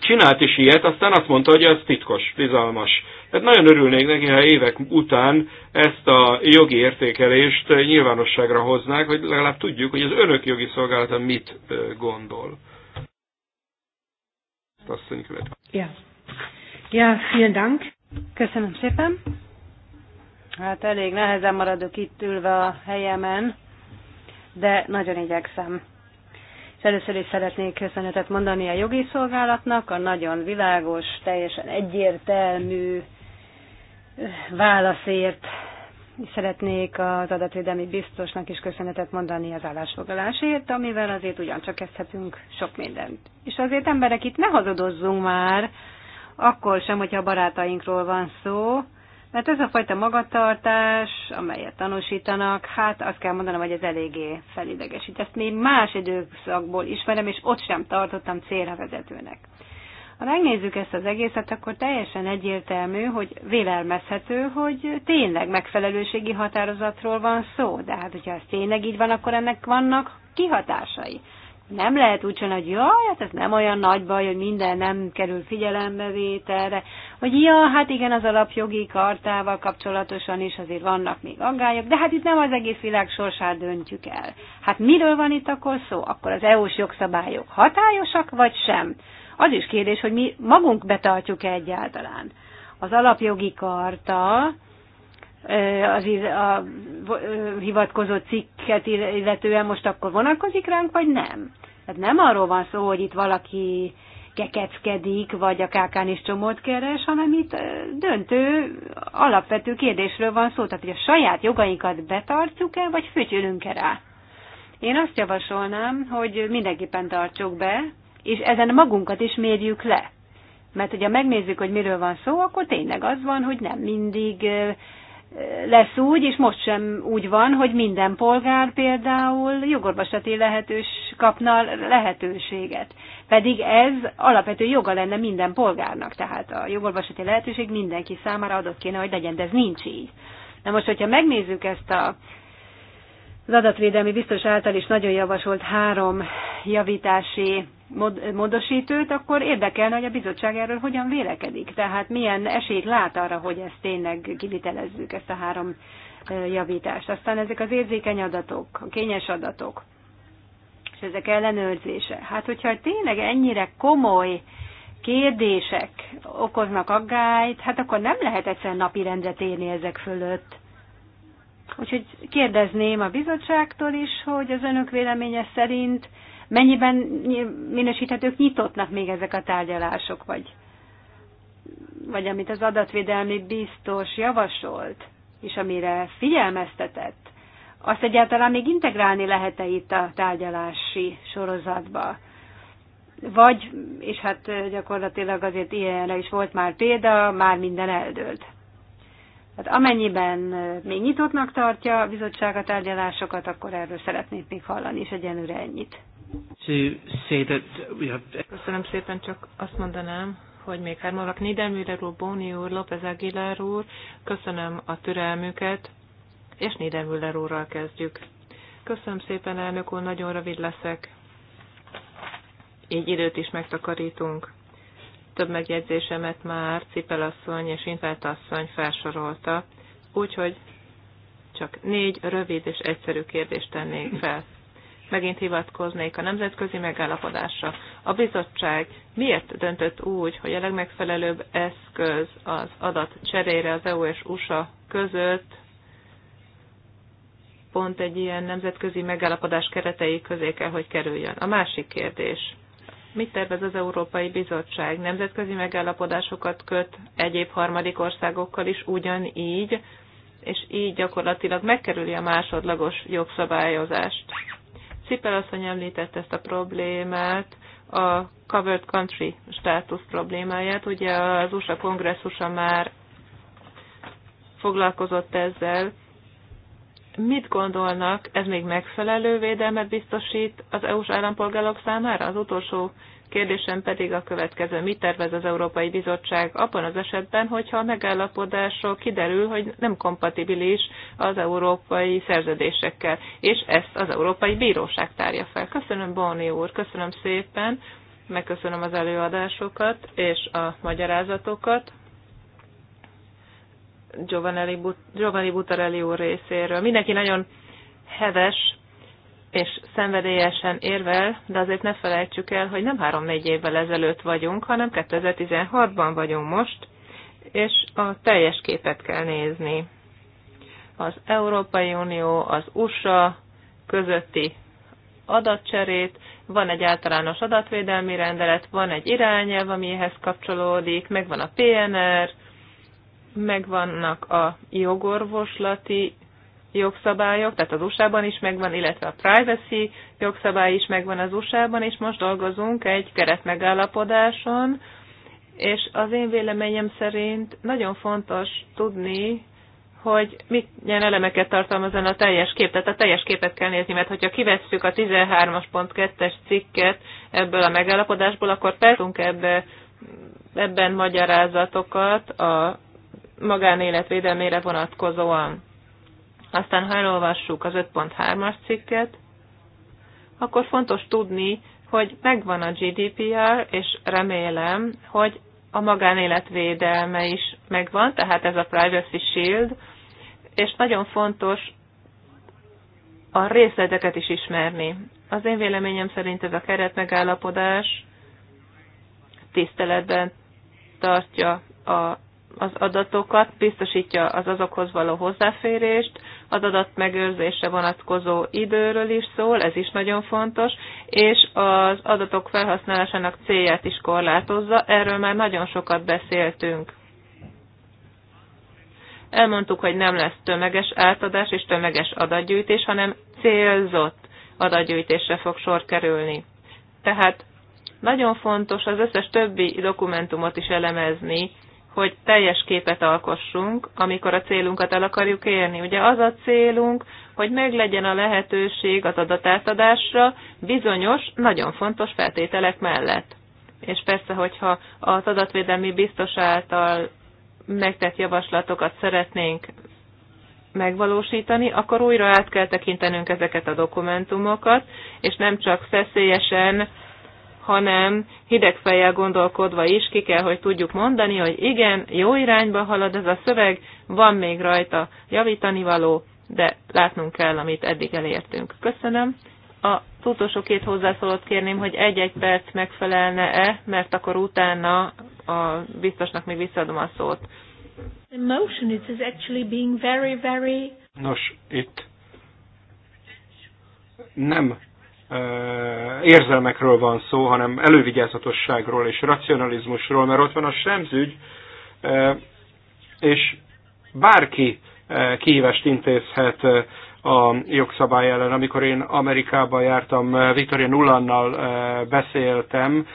csinált is ilyet, aztán azt mondta, hogy ez titkos, bizalmas. Tehát nagyon örülnék neki, ha évek után ezt a jogi értékelést nyilvánosságra hoznák, hogy legalább tudjuk, hogy az önök jogi szolgálata mit gondol. Asszony követ. Ja. ja, vielen Dank. Köszönöm szépen. Hát elég nehezen maradok itt ülve a helyemen, de nagyon igyekszem. És először is szeretnék köszönetet mondani a jogi szolgálatnak, a nagyon világos, teljesen egyértelmű válaszért. és Szeretnék az adatvédelmi biztosnak is köszönetet mondani az állásfoglalásért, amivel azért ugyancsak kezdhetünk sok mindent. És azért emberek itt ne hazadozzunk már, akkor sem, hogyha a barátainkról van szó, mert ez a fajta magatartás, amelyet tanúsítanak, hát azt kell mondanom, hogy ez eléggé felidegesít. Ezt még más időszakból ismerem, és ott sem tartottam célra vezetőnek. Ha megnézzük ezt az egészet, akkor teljesen egyértelmű, hogy vélelmezhető, hogy tényleg megfelelőségi határozatról van szó. De hát, hogyha ez tényleg így van, akkor ennek vannak kihatásai nem lehet úgy csinálni, hogy jaj, hát ez nem olyan nagy baj, hogy minden nem kerül figyelembevételre, hogy ja, hát igen, az alapjogi kartával kapcsolatosan is azért vannak még aggályok, de hát itt nem az egész világ sorsát döntjük el. Hát miről van itt akkor szó? Akkor az EU-s jogszabályok hatályosak, vagy sem? Az is kérdés, hogy mi magunk betartjuk -e egyáltalán. Az alapjogi karta az, a hivatkozó cikket illetően most akkor vonatkozik ránk, vagy nem? Tehát nem arról van szó, hogy itt valaki kekeckedik, vagy a kákán is csomót keres, hanem itt döntő, alapvető kérdésről van szó, tehát hogy a saját jogainkat betartjuk-e, vagy fütyülünk-e rá. Én azt javasolnám, hogy mindenképpen tartsuk be, és ezen magunkat is mérjük le. Mert hogyha megnézzük, hogy miről van szó, akkor tényleg az van, hogy nem mindig lesz úgy, és most sem úgy van, hogy minden polgár például jogorvosati lehetős, kapna lehetőséget. Pedig ez alapvető joga lenne minden polgárnak, tehát a jogorvosati lehetőség mindenki számára adott kéne, hogy legyen, de ez nincs így. Na most, hogyha megnézzük ezt a az adatvédelmi biztos által is nagyon javasolt három javítási módosítőt, akkor érdekelne, hogy a bizottság erről hogyan vélekedik. Tehát milyen esélyt lát arra, hogy ezt tényleg kivitelezzük, ezt a három javítást. Aztán ezek az érzékeny adatok, a kényes adatok, és ezek ellenőrzése. Hát, hogyha tényleg ennyire komoly kérdések okoznak aggályt, hát akkor nem lehet egyszer napi rendet ezek fölött Úgyhogy kérdezném a bizottságtól is, hogy az önök véleménye szerint mennyiben minősíthetők nyitottnak még ezek a tárgyalások, vagy, vagy amit az adatvédelmi biztos javasolt, és amire figyelmeztetett, azt egyáltalán még integrálni lehet-e itt a tárgyalási sorozatba? Vagy, és hát gyakorlatilag azért ilyenre is volt már példa, már minden eldőlt. Hát amennyiben még nyitottnak tartja a bizottság a tárgyalásokat, akkor erről szeretnék még hallani, és egyenlőre ennyit. Köszönöm szépen, csak azt mondanám, hogy még hármalak Niedermüller úr, Bóni úr, López Aguilar úr, köszönöm a türelmüket, és Niedermüller úrral kezdjük. Köszönöm szépen, elnök úr, nagyon rövid leszek. Így időt is megtakarítunk több megjegyzésemet már Cipelasszony és Infelt asszony felsorolta, úgyhogy csak négy rövid és egyszerű kérdést tennék fel. Megint hivatkoznék a nemzetközi megállapodásra. A bizottság miért döntött úgy, hogy a legmegfelelőbb eszköz az adat cserére az EU és USA között pont egy ilyen nemzetközi megállapodás keretei közé kell, hogy kerüljön? A másik kérdés Mit tervez az Európai Bizottság? Nemzetközi megállapodásokat köt egyéb harmadik országokkal is ugyanígy, és így gyakorlatilag megkerüli a másodlagos jogszabályozást. Cipel asszony említett ezt a problémát, a covered country státusz problémáját. Ugye az USA kongresszusa már foglalkozott ezzel, Mit gondolnak, ez még megfelelő védelmet biztosít az EU-s állampolgárok számára? Az utolsó kérdésem pedig a következő. Mit tervez az Európai Bizottság abban az esetben, hogyha a megállapodásról kiderül, hogy nem kompatibilis az európai szerződésekkel, és ezt az Európai Bíróság tárja fel? Köszönöm, Bóni úr, köszönöm szépen, megköszönöm az előadásokat és a magyarázatokat. Giovanni, Giovanni Butarelli úr részéről. Mindenki nagyon heves és szenvedélyesen érvel, de azért ne felejtsük el, hogy nem 3-4 évvel ezelőtt vagyunk, hanem 2016-ban vagyunk most, és a teljes képet kell nézni. Az Európai Unió, az USA közötti adatcserét, van egy általános adatvédelmi rendelet, van egy irányelv, amihez kapcsolódik, megvan a PNR, megvannak a jogorvoslati jogszabályok, tehát az USA-ban is megvan, illetve a privacy jogszabály is megvan az USA-ban, és most dolgozunk egy keretmegállapodáson, és az én véleményem szerint nagyon fontos tudni, hogy milyen elemeket tartalmazon a teljes kép. Tehát a teljes képet kell nézni, mert hogyha kivesszük a 13.2 es cikket ebből a megállapodásból, akkor persze ebbe, ebben magyarázatokat a magánélet védelmére vonatkozóan. Aztán, ha elolvassuk az 5.3-as cikket, akkor fontos tudni, hogy megvan a GDPR, és remélem, hogy a magánélet védelme is megvan, tehát ez a Privacy Shield, és nagyon fontos a részleteket is ismerni. Az én véleményem szerint ez a keretmegállapodás tiszteletben tartja a az adatokat, biztosítja az azokhoz való hozzáférést, az adat megőrzése vonatkozó időről is szól, ez is nagyon fontos, és az adatok felhasználásának célját is korlátozza, erről már nagyon sokat beszéltünk. Elmondtuk, hogy nem lesz tömeges átadás és tömeges adatgyűjtés, hanem célzott adatgyűjtésre fog sor kerülni. Tehát nagyon fontos az összes többi dokumentumot is elemezni, hogy teljes képet alkossunk, amikor a célunkat el akarjuk érni. Ugye az a célunk, hogy meglegyen a lehetőség az adatátadásra bizonyos, nagyon fontos feltételek mellett. És persze, hogyha az adatvédelmi biztos által megtett javaslatokat szeretnénk megvalósítani, akkor újra át kell tekintenünk ezeket a dokumentumokat, és nem csak feszélyesen hanem hideg fejjel gondolkodva is ki kell, hogy tudjuk mondani, hogy igen, jó irányba halad ez a szöveg, van még rajta javítani való, de látnunk kell, amit eddig elértünk. Köszönöm. A utolsó két hozzászólót kérném, hogy egy-egy perc megfelelne-e, mert akkor utána a biztosnak még visszaadom a szót. Nos, itt nem érzelmekről van szó, hanem elővigyázatosságról és racionalizmusról, mert ott van a semzügy, és bárki kihívást intézhet a jogszabály ellen. Amikor én Amerikában jártam, Victoria Nullannal beszéltem,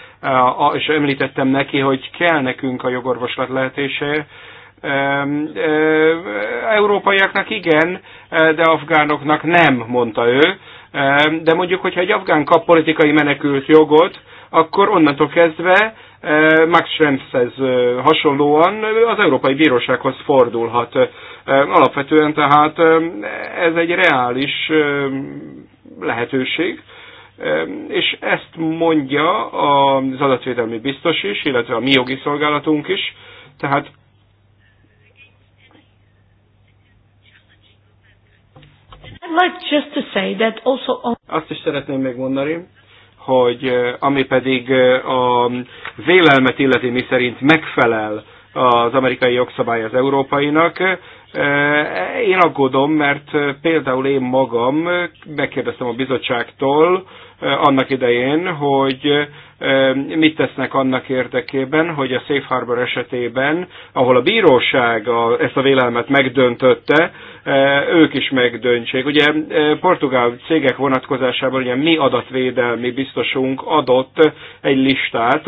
és említettem neki, hogy kell nekünk a jogorvoslat lehetése. Európaiaknak igen, de afgánoknak nem, mondta ő. De mondjuk, hogyha egy afgán kap politikai menekült jogot, akkor onnantól kezdve Max Schremshez hasonlóan az Európai Bírósághoz fordulhat. Alapvetően tehát ez egy reális lehetőség, és ezt mondja az adatvédelmi biztos is, illetve a mi jogi szolgálatunk is, tehát like just to say that also on... Azt is szeretném megmondani, hogy ami pedig a vélelmet illeti, mi szerint megfelel az amerikai jogszabály az európainak, én aggódom, mert például én magam megkérdeztem a bizottságtól annak idején, hogy mit tesznek annak érdekében, hogy a Safe Harbor esetében, ahol a bíróság a, ezt a vélelmet megdöntötte, ők is megdöntsék. Ugye portugál cégek vonatkozásában ugye mi adatvédelmi biztosunk adott egy listát,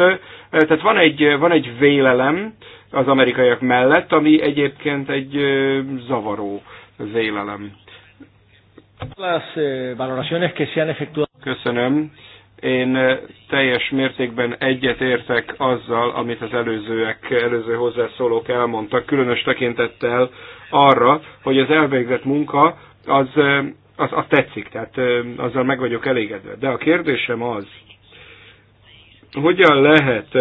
tehát van egy, van egy vélelem, az amerikaiak mellett, ami egyébként egy zavaró vélelem. Eh, Köszönöm. Én teljes mértékben egyetértek azzal, amit az előzőek, előző hozzászólók elmondtak, különös tekintettel arra, hogy az elvégzett munka az, az, az tetszik, tehát azzal meg vagyok elégedve. De a kérdésem az, hogyan lehet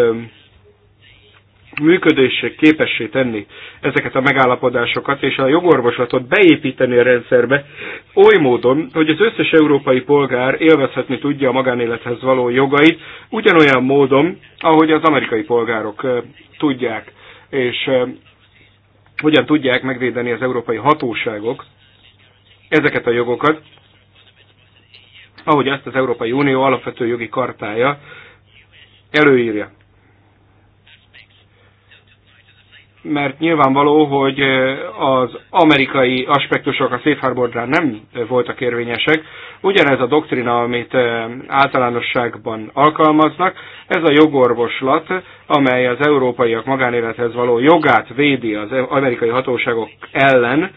működésre képessé tenni ezeket a megállapodásokat és a jogorvoslatot beépíteni a rendszerbe oly módon, hogy az összes európai polgár élvezhetni tudja a magánélethez való jogait ugyanolyan módon, ahogy az amerikai polgárok tudják, és hogyan tudják megvédeni az európai hatóságok ezeket a jogokat, ahogy ezt az Európai Unió alapvető jogi kartája előírja. mert nyilvánvaló, hogy az amerikai aspektusok a Safe harbor nem voltak érvényesek. Ugyanez a doktrina, amit általánosságban alkalmaznak, ez a jogorvoslat, amely az európaiak magánélethez való jogát védi az e- amerikai hatóságok ellen,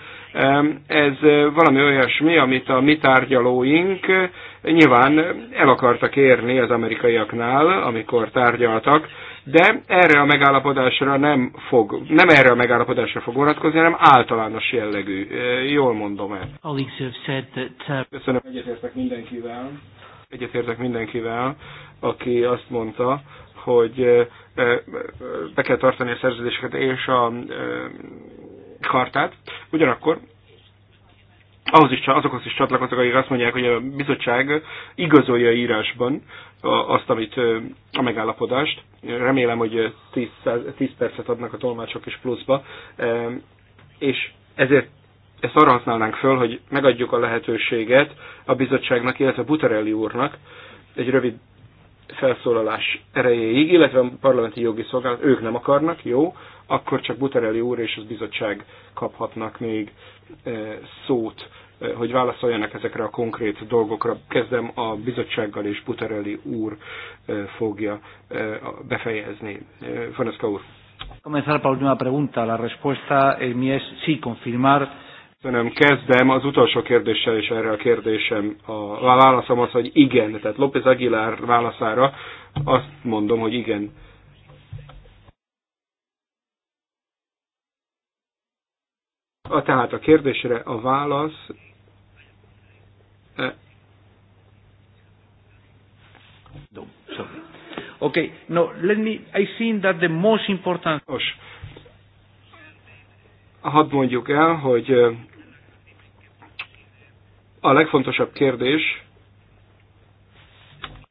ez valami olyasmi, amit a mi tárgyalóink nyilván el akartak érni az amerikaiaknál, amikor tárgyaltak, de erre a megállapodásra nem fog, nem erre a megállapodásra fog vonatkozni, hanem általános jellegű. Jól mondom el. Uh, Köszönöm, egyetértek mindenkivel. Egyetértek mindenkivel, aki azt mondta, hogy be kell tartani a szerződéseket és a kartát. Ugyanakkor ahhoz is, azokhoz is csatlakoztak, akik azt mondják, hogy a bizottság igazolja írásban azt, amit a megállapodást. Remélem, hogy 10, 10 percet adnak a tolmácsok is pluszba, és ezért ezt arra használnánk föl, hogy megadjuk a lehetőséget a bizottságnak, illetve Butarelli úrnak egy rövid felszólalás erejéig, illetve a parlamenti jogi szolgálat, ők nem akarnak, jó, akkor csak Buterelli úr és az bizottság kaphatnak még eh, szót, eh, hogy válaszoljanak ezekre a konkrét dolgokra. Kezdem a bizottsággal, és Buterelli úr eh, fogja befejezni. Faneszka úr. Comenzar por última pregunta. La respuesta mi es sí, confirmar. Nem kezdem az utolsó kérdéssel, és erre a kérdésem a válaszom az, hogy igen. Tehát López Aguilar válaszára azt mondom, hogy igen. A, tehát a kérdésre a válasz No, e, Okay, no, let me, I think that the most important... Os, hadd mondjuk el, hogy e, a legfontosabb kérdés...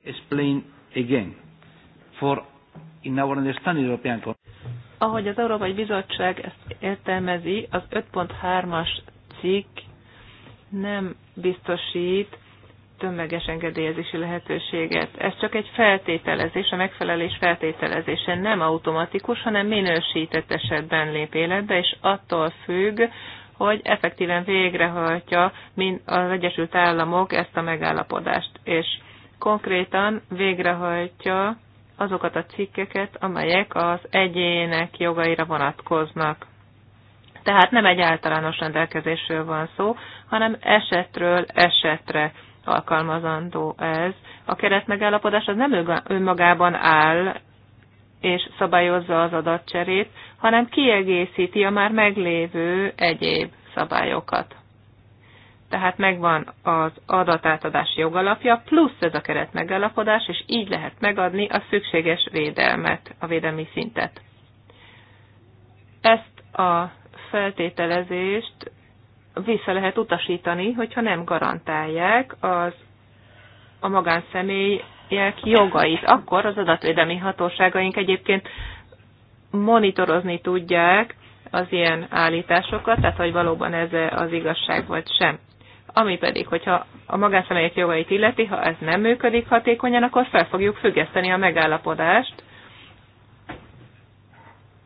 Explain again. For in our understanding European ahogy az Európai Bizottság ezt értelmezi, az 5.3-as cikk nem biztosít tömeges engedélyezési lehetőséget. Ez csak egy feltételezés, a megfelelés feltételezése nem automatikus, hanem minősített esetben lép életbe, és attól függ, hogy effektíven végrehajtja az Egyesült Államok ezt a megállapodást, és konkrétan végrehajtja azokat a cikkeket, amelyek az egyének jogaira vonatkoznak. Tehát nem egy általános rendelkezésről van szó, hanem esetről esetre alkalmazandó ez. A keretmegállapodás az nem önmagában áll és szabályozza az adatcserét, hanem kiegészíti a már meglévő egyéb szabályokat tehát megvan az adatátadási jogalapja, plusz ez a keret megállapodás, és így lehet megadni a szükséges védelmet, a védelmi szintet. Ezt a feltételezést vissza lehet utasítani, hogyha nem garantálják az a magánszemélyek jogait. Akkor az adatvédelmi hatóságaink egyébként monitorozni tudják az ilyen állításokat, tehát hogy valóban ez az igazság vagy sem ami pedig, hogyha a magánszemélyek jogait illeti, ha ez nem működik hatékonyan, akkor fel fogjuk függeszteni a megállapodást.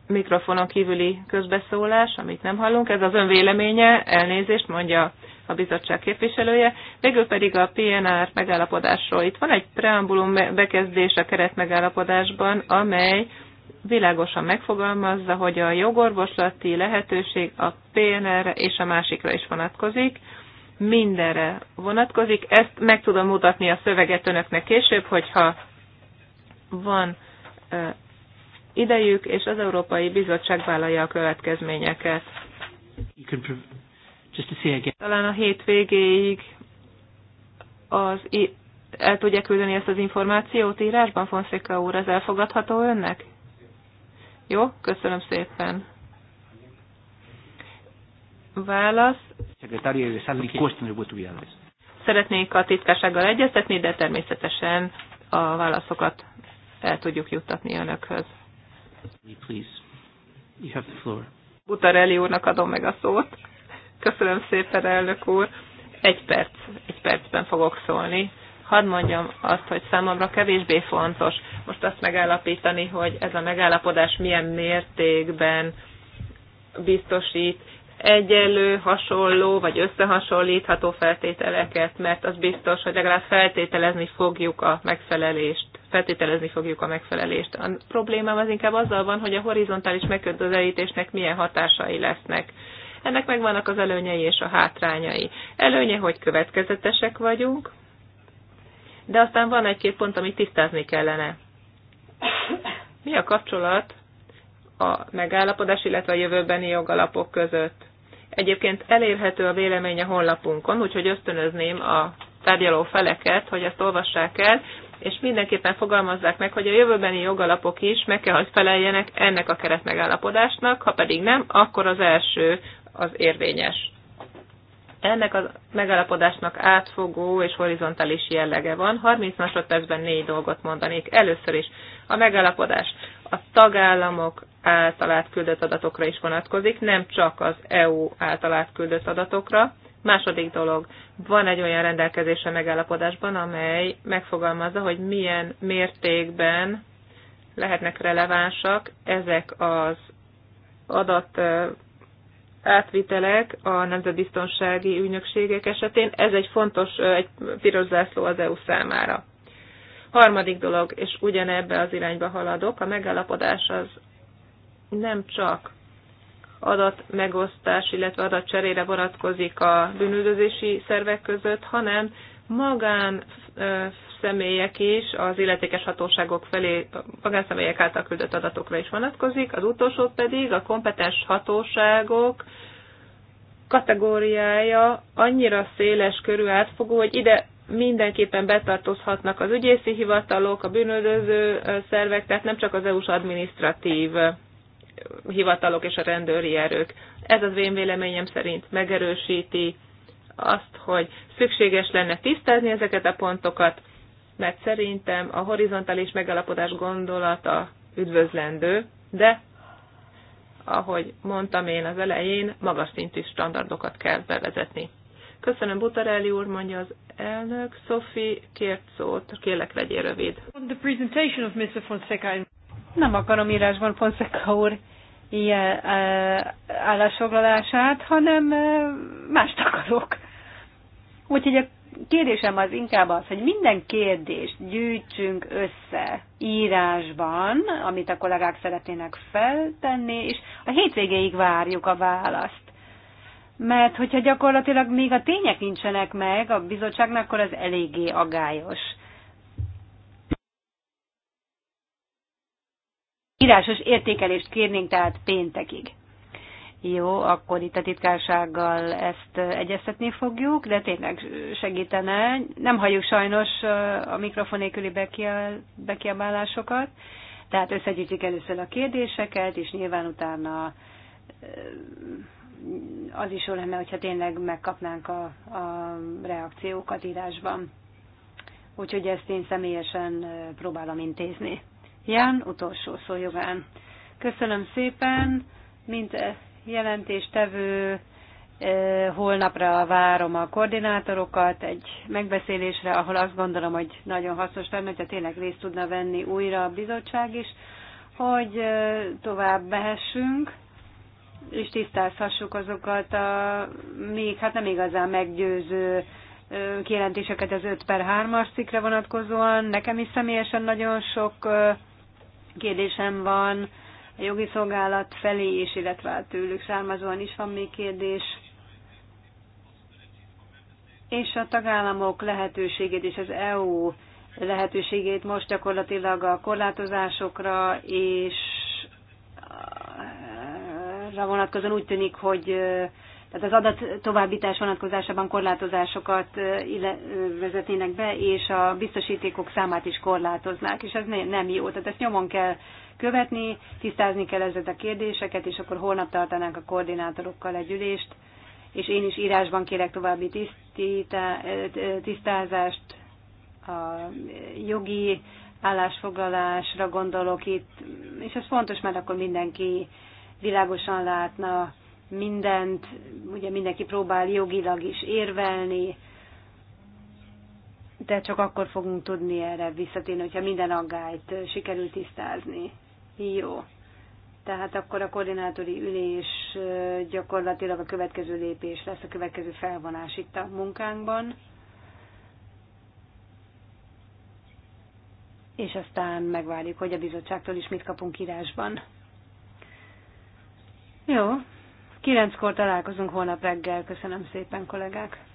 Mikrofonon kívüli közbeszólás, amit nem hallunk, ez az ön véleménye, elnézést mondja a bizottság képviselője. Végül pedig a PNR megállapodásról. Itt van egy preambulum bekezdés a keret megállapodásban, amely világosan megfogalmazza, hogy a jogorvoslati lehetőség a PNR-re és a másikra is vonatkozik mindenre vonatkozik. Ezt meg tudom mutatni a szöveget önöknek később, hogyha van idejük, és az Európai Bizottság vállalja a következményeket. Talán a hét végéig az el tudja küldeni ezt az információt írásban, Fonszeka úr, ez elfogadható önnek? Jó, köszönöm szépen. Válasz. Szeretnék a titkársággal egyeztetni, de természetesen a válaszokat el tudjuk juttatni önökhöz. Please. Butarelli úrnak adom meg a szót. Köszönöm szépen, elnök úr. Egy perc, egy percben fogok szólni. Hadd mondjam azt, hogy számomra kevésbé fontos most azt megállapítani, hogy ez a megállapodás milyen mértékben biztosít egyenlő, hasonló vagy összehasonlítható feltételeket, mert az biztos, hogy legalább feltételezni fogjuk a megfelelést. Feltételezni fogjuk a megfelelést. A problémám az inkább azzal van, hogy a horizontális megközelítésnek milyen hatásai lesznek. Ennek megvannak az előnyei és a hátrányai. Előnye, hogy következetesek vagyunk, de aztán van egy-két pont, amit tisztázni kellene. Mi a kapcsolat a megállapodás, illetve a jövőbeni jogalapok között. Egyébként elérhető a véleménye honlapunkon, úgyhogy ösztönözném a tárgyaló feleket, hogy ezt olvassák el, és mindenképpen fogalmazzák meg, hogy a jövőbeni jogalapok is meg kell, hogy feleljenek ennek a keretmegállapodásnak, ha pedig nem, akkor az első az érvényes. Ennek a megállapodásnak átfogó és horizontális jellege van. 30 másodpercben négy dolgot mondanék. Először is a megállapodás a tagállamok által átküldött adatokra is vonatkozik, nem csak az EU által átküldött adatokra. Második dolog, van egy olyan rendelkezés a megállapodásban, amely megfogalmazza, hogy milyen mértékben lehetnek relevánsak ezek az adat átvitelek a nemzetbiztonsági ügynökségek esetén. Ez egy fontos, egy piros zászló az EU számára. Harmadik dolog, és ugyanebbe az irányba haladok, a megállapodás az nem csak adatmegosztás, illetve adatcserére vonatkozik a bűnüldözési szervek között, hanem magán személyek is az illetékes hatóságok felé, magánszemélyek által küldött adatokra is vonatkozik, az utolsó pedig a kompetens hatóságok kategóriája annyira széles körű átfogó, hogy ide mindenképpen betartozhatnak az ügyészi hivatalok, a bűnöldöző szervek, tehát nem csak az EU-s adminisztratív hivatalok és a rendőri erők. Ez az én véleményem szerint megerősíti azt, hogy szükséges lenne tisztázni ezeket a pontokat, mert szerintem a horizontális megalapodás gondolata üdvözlendő, de ahogy mondtam én az elején, magas szintű standardokat kell bevezetni. Köszönöm Butarelli úr, mondja az elnök. Sophie kért szót, kérlek legyél rövid. the presentation of Mr. Fonseca. Nem akarom írásban Fonseca úr ilyen e, állásfoglalását, hanem e, mást akarok. Úgyhogy a kérdésem az inkább az, hogy minden kérdést gyűjtsünk össze írásban, amit a kollégák szeretnének feltenni, és a hétvégéig várjuk a választ. Mert hogyha gyakorlatilag még a tények nincsenek meg a bizottságnak, akkor az eléggé agályos. írásos értékelést kérnénk, tehát péntekig. Jó, akkor itt a titkársággal ezt egyeztetni fogjuk, de tényleg segítene. Nem halljuk sajnos a mikrofon nélküli bekiabálásokat, tehát összegyűjtik először a kérdéseket, és nyilván utána az is jó lenne, hogyha tényleg megkapnánk a, a reakciókat írásban. Úgyhogy ezt én személyesen próbálom intézni. Ján utolsó szó jogán. Köszönöm szépen, mint jelentéstevő eh, holnapra várom a koordinátorokat egy megbeszélésre, ahol azt gondolom, hogy nagyon hasznos lenne, hogyha tényleg részt tudna venni újra a bizottság is, hogy eh, tovább behessünk, és tisztázhassuk azokat a még, hát nem igazán meggyőző eh, kijelentéseket az 5 per 3-as cikkre vonatkozóan. Nekem is személyesen nagyon sok kérdésem van a jogi szolgálat felé is, illetve a hát tőlük származóan is van még kérdés. És a tagállamok lehetőségét és az EU lehetőségét most gyakorlatilag a korlátozásokra és rá vonatkozóan úgy tűnik, hogy tehát az adat továbbítás vonatkozásában korlátozásokat vezetnének be, és a biztosítékok számát is korlátoznák, és ez nem jó. Tehát ezt nyomon kell követni, tisztázni kell ezeket a kérdéseket, és akkor holnap tartanánk a koordinátorokkal egy ülést, és én is írásban kérek további tisztázást a jogi állásfoglalásra gondolok itt, és ez fontos, mert akkor mindenki világosan látna, mindent, ugye mindenki próbál jogilag is érvelni, de csak akkor fogunk tudni erre visszatérni, hogyha minden aggályt sikerül tisztázni. Jó. Tehát akkor a koordinátori ülés gyakorlatilag a következő lépés lesz, a következő felvonás itt a munkánkban. És aztán megvárjuk, hogy a bizottságtól is mit kapunk írásban. Jó, Kilenckor találkozunk holnap reggel. Köszönöm szépen, kollégák!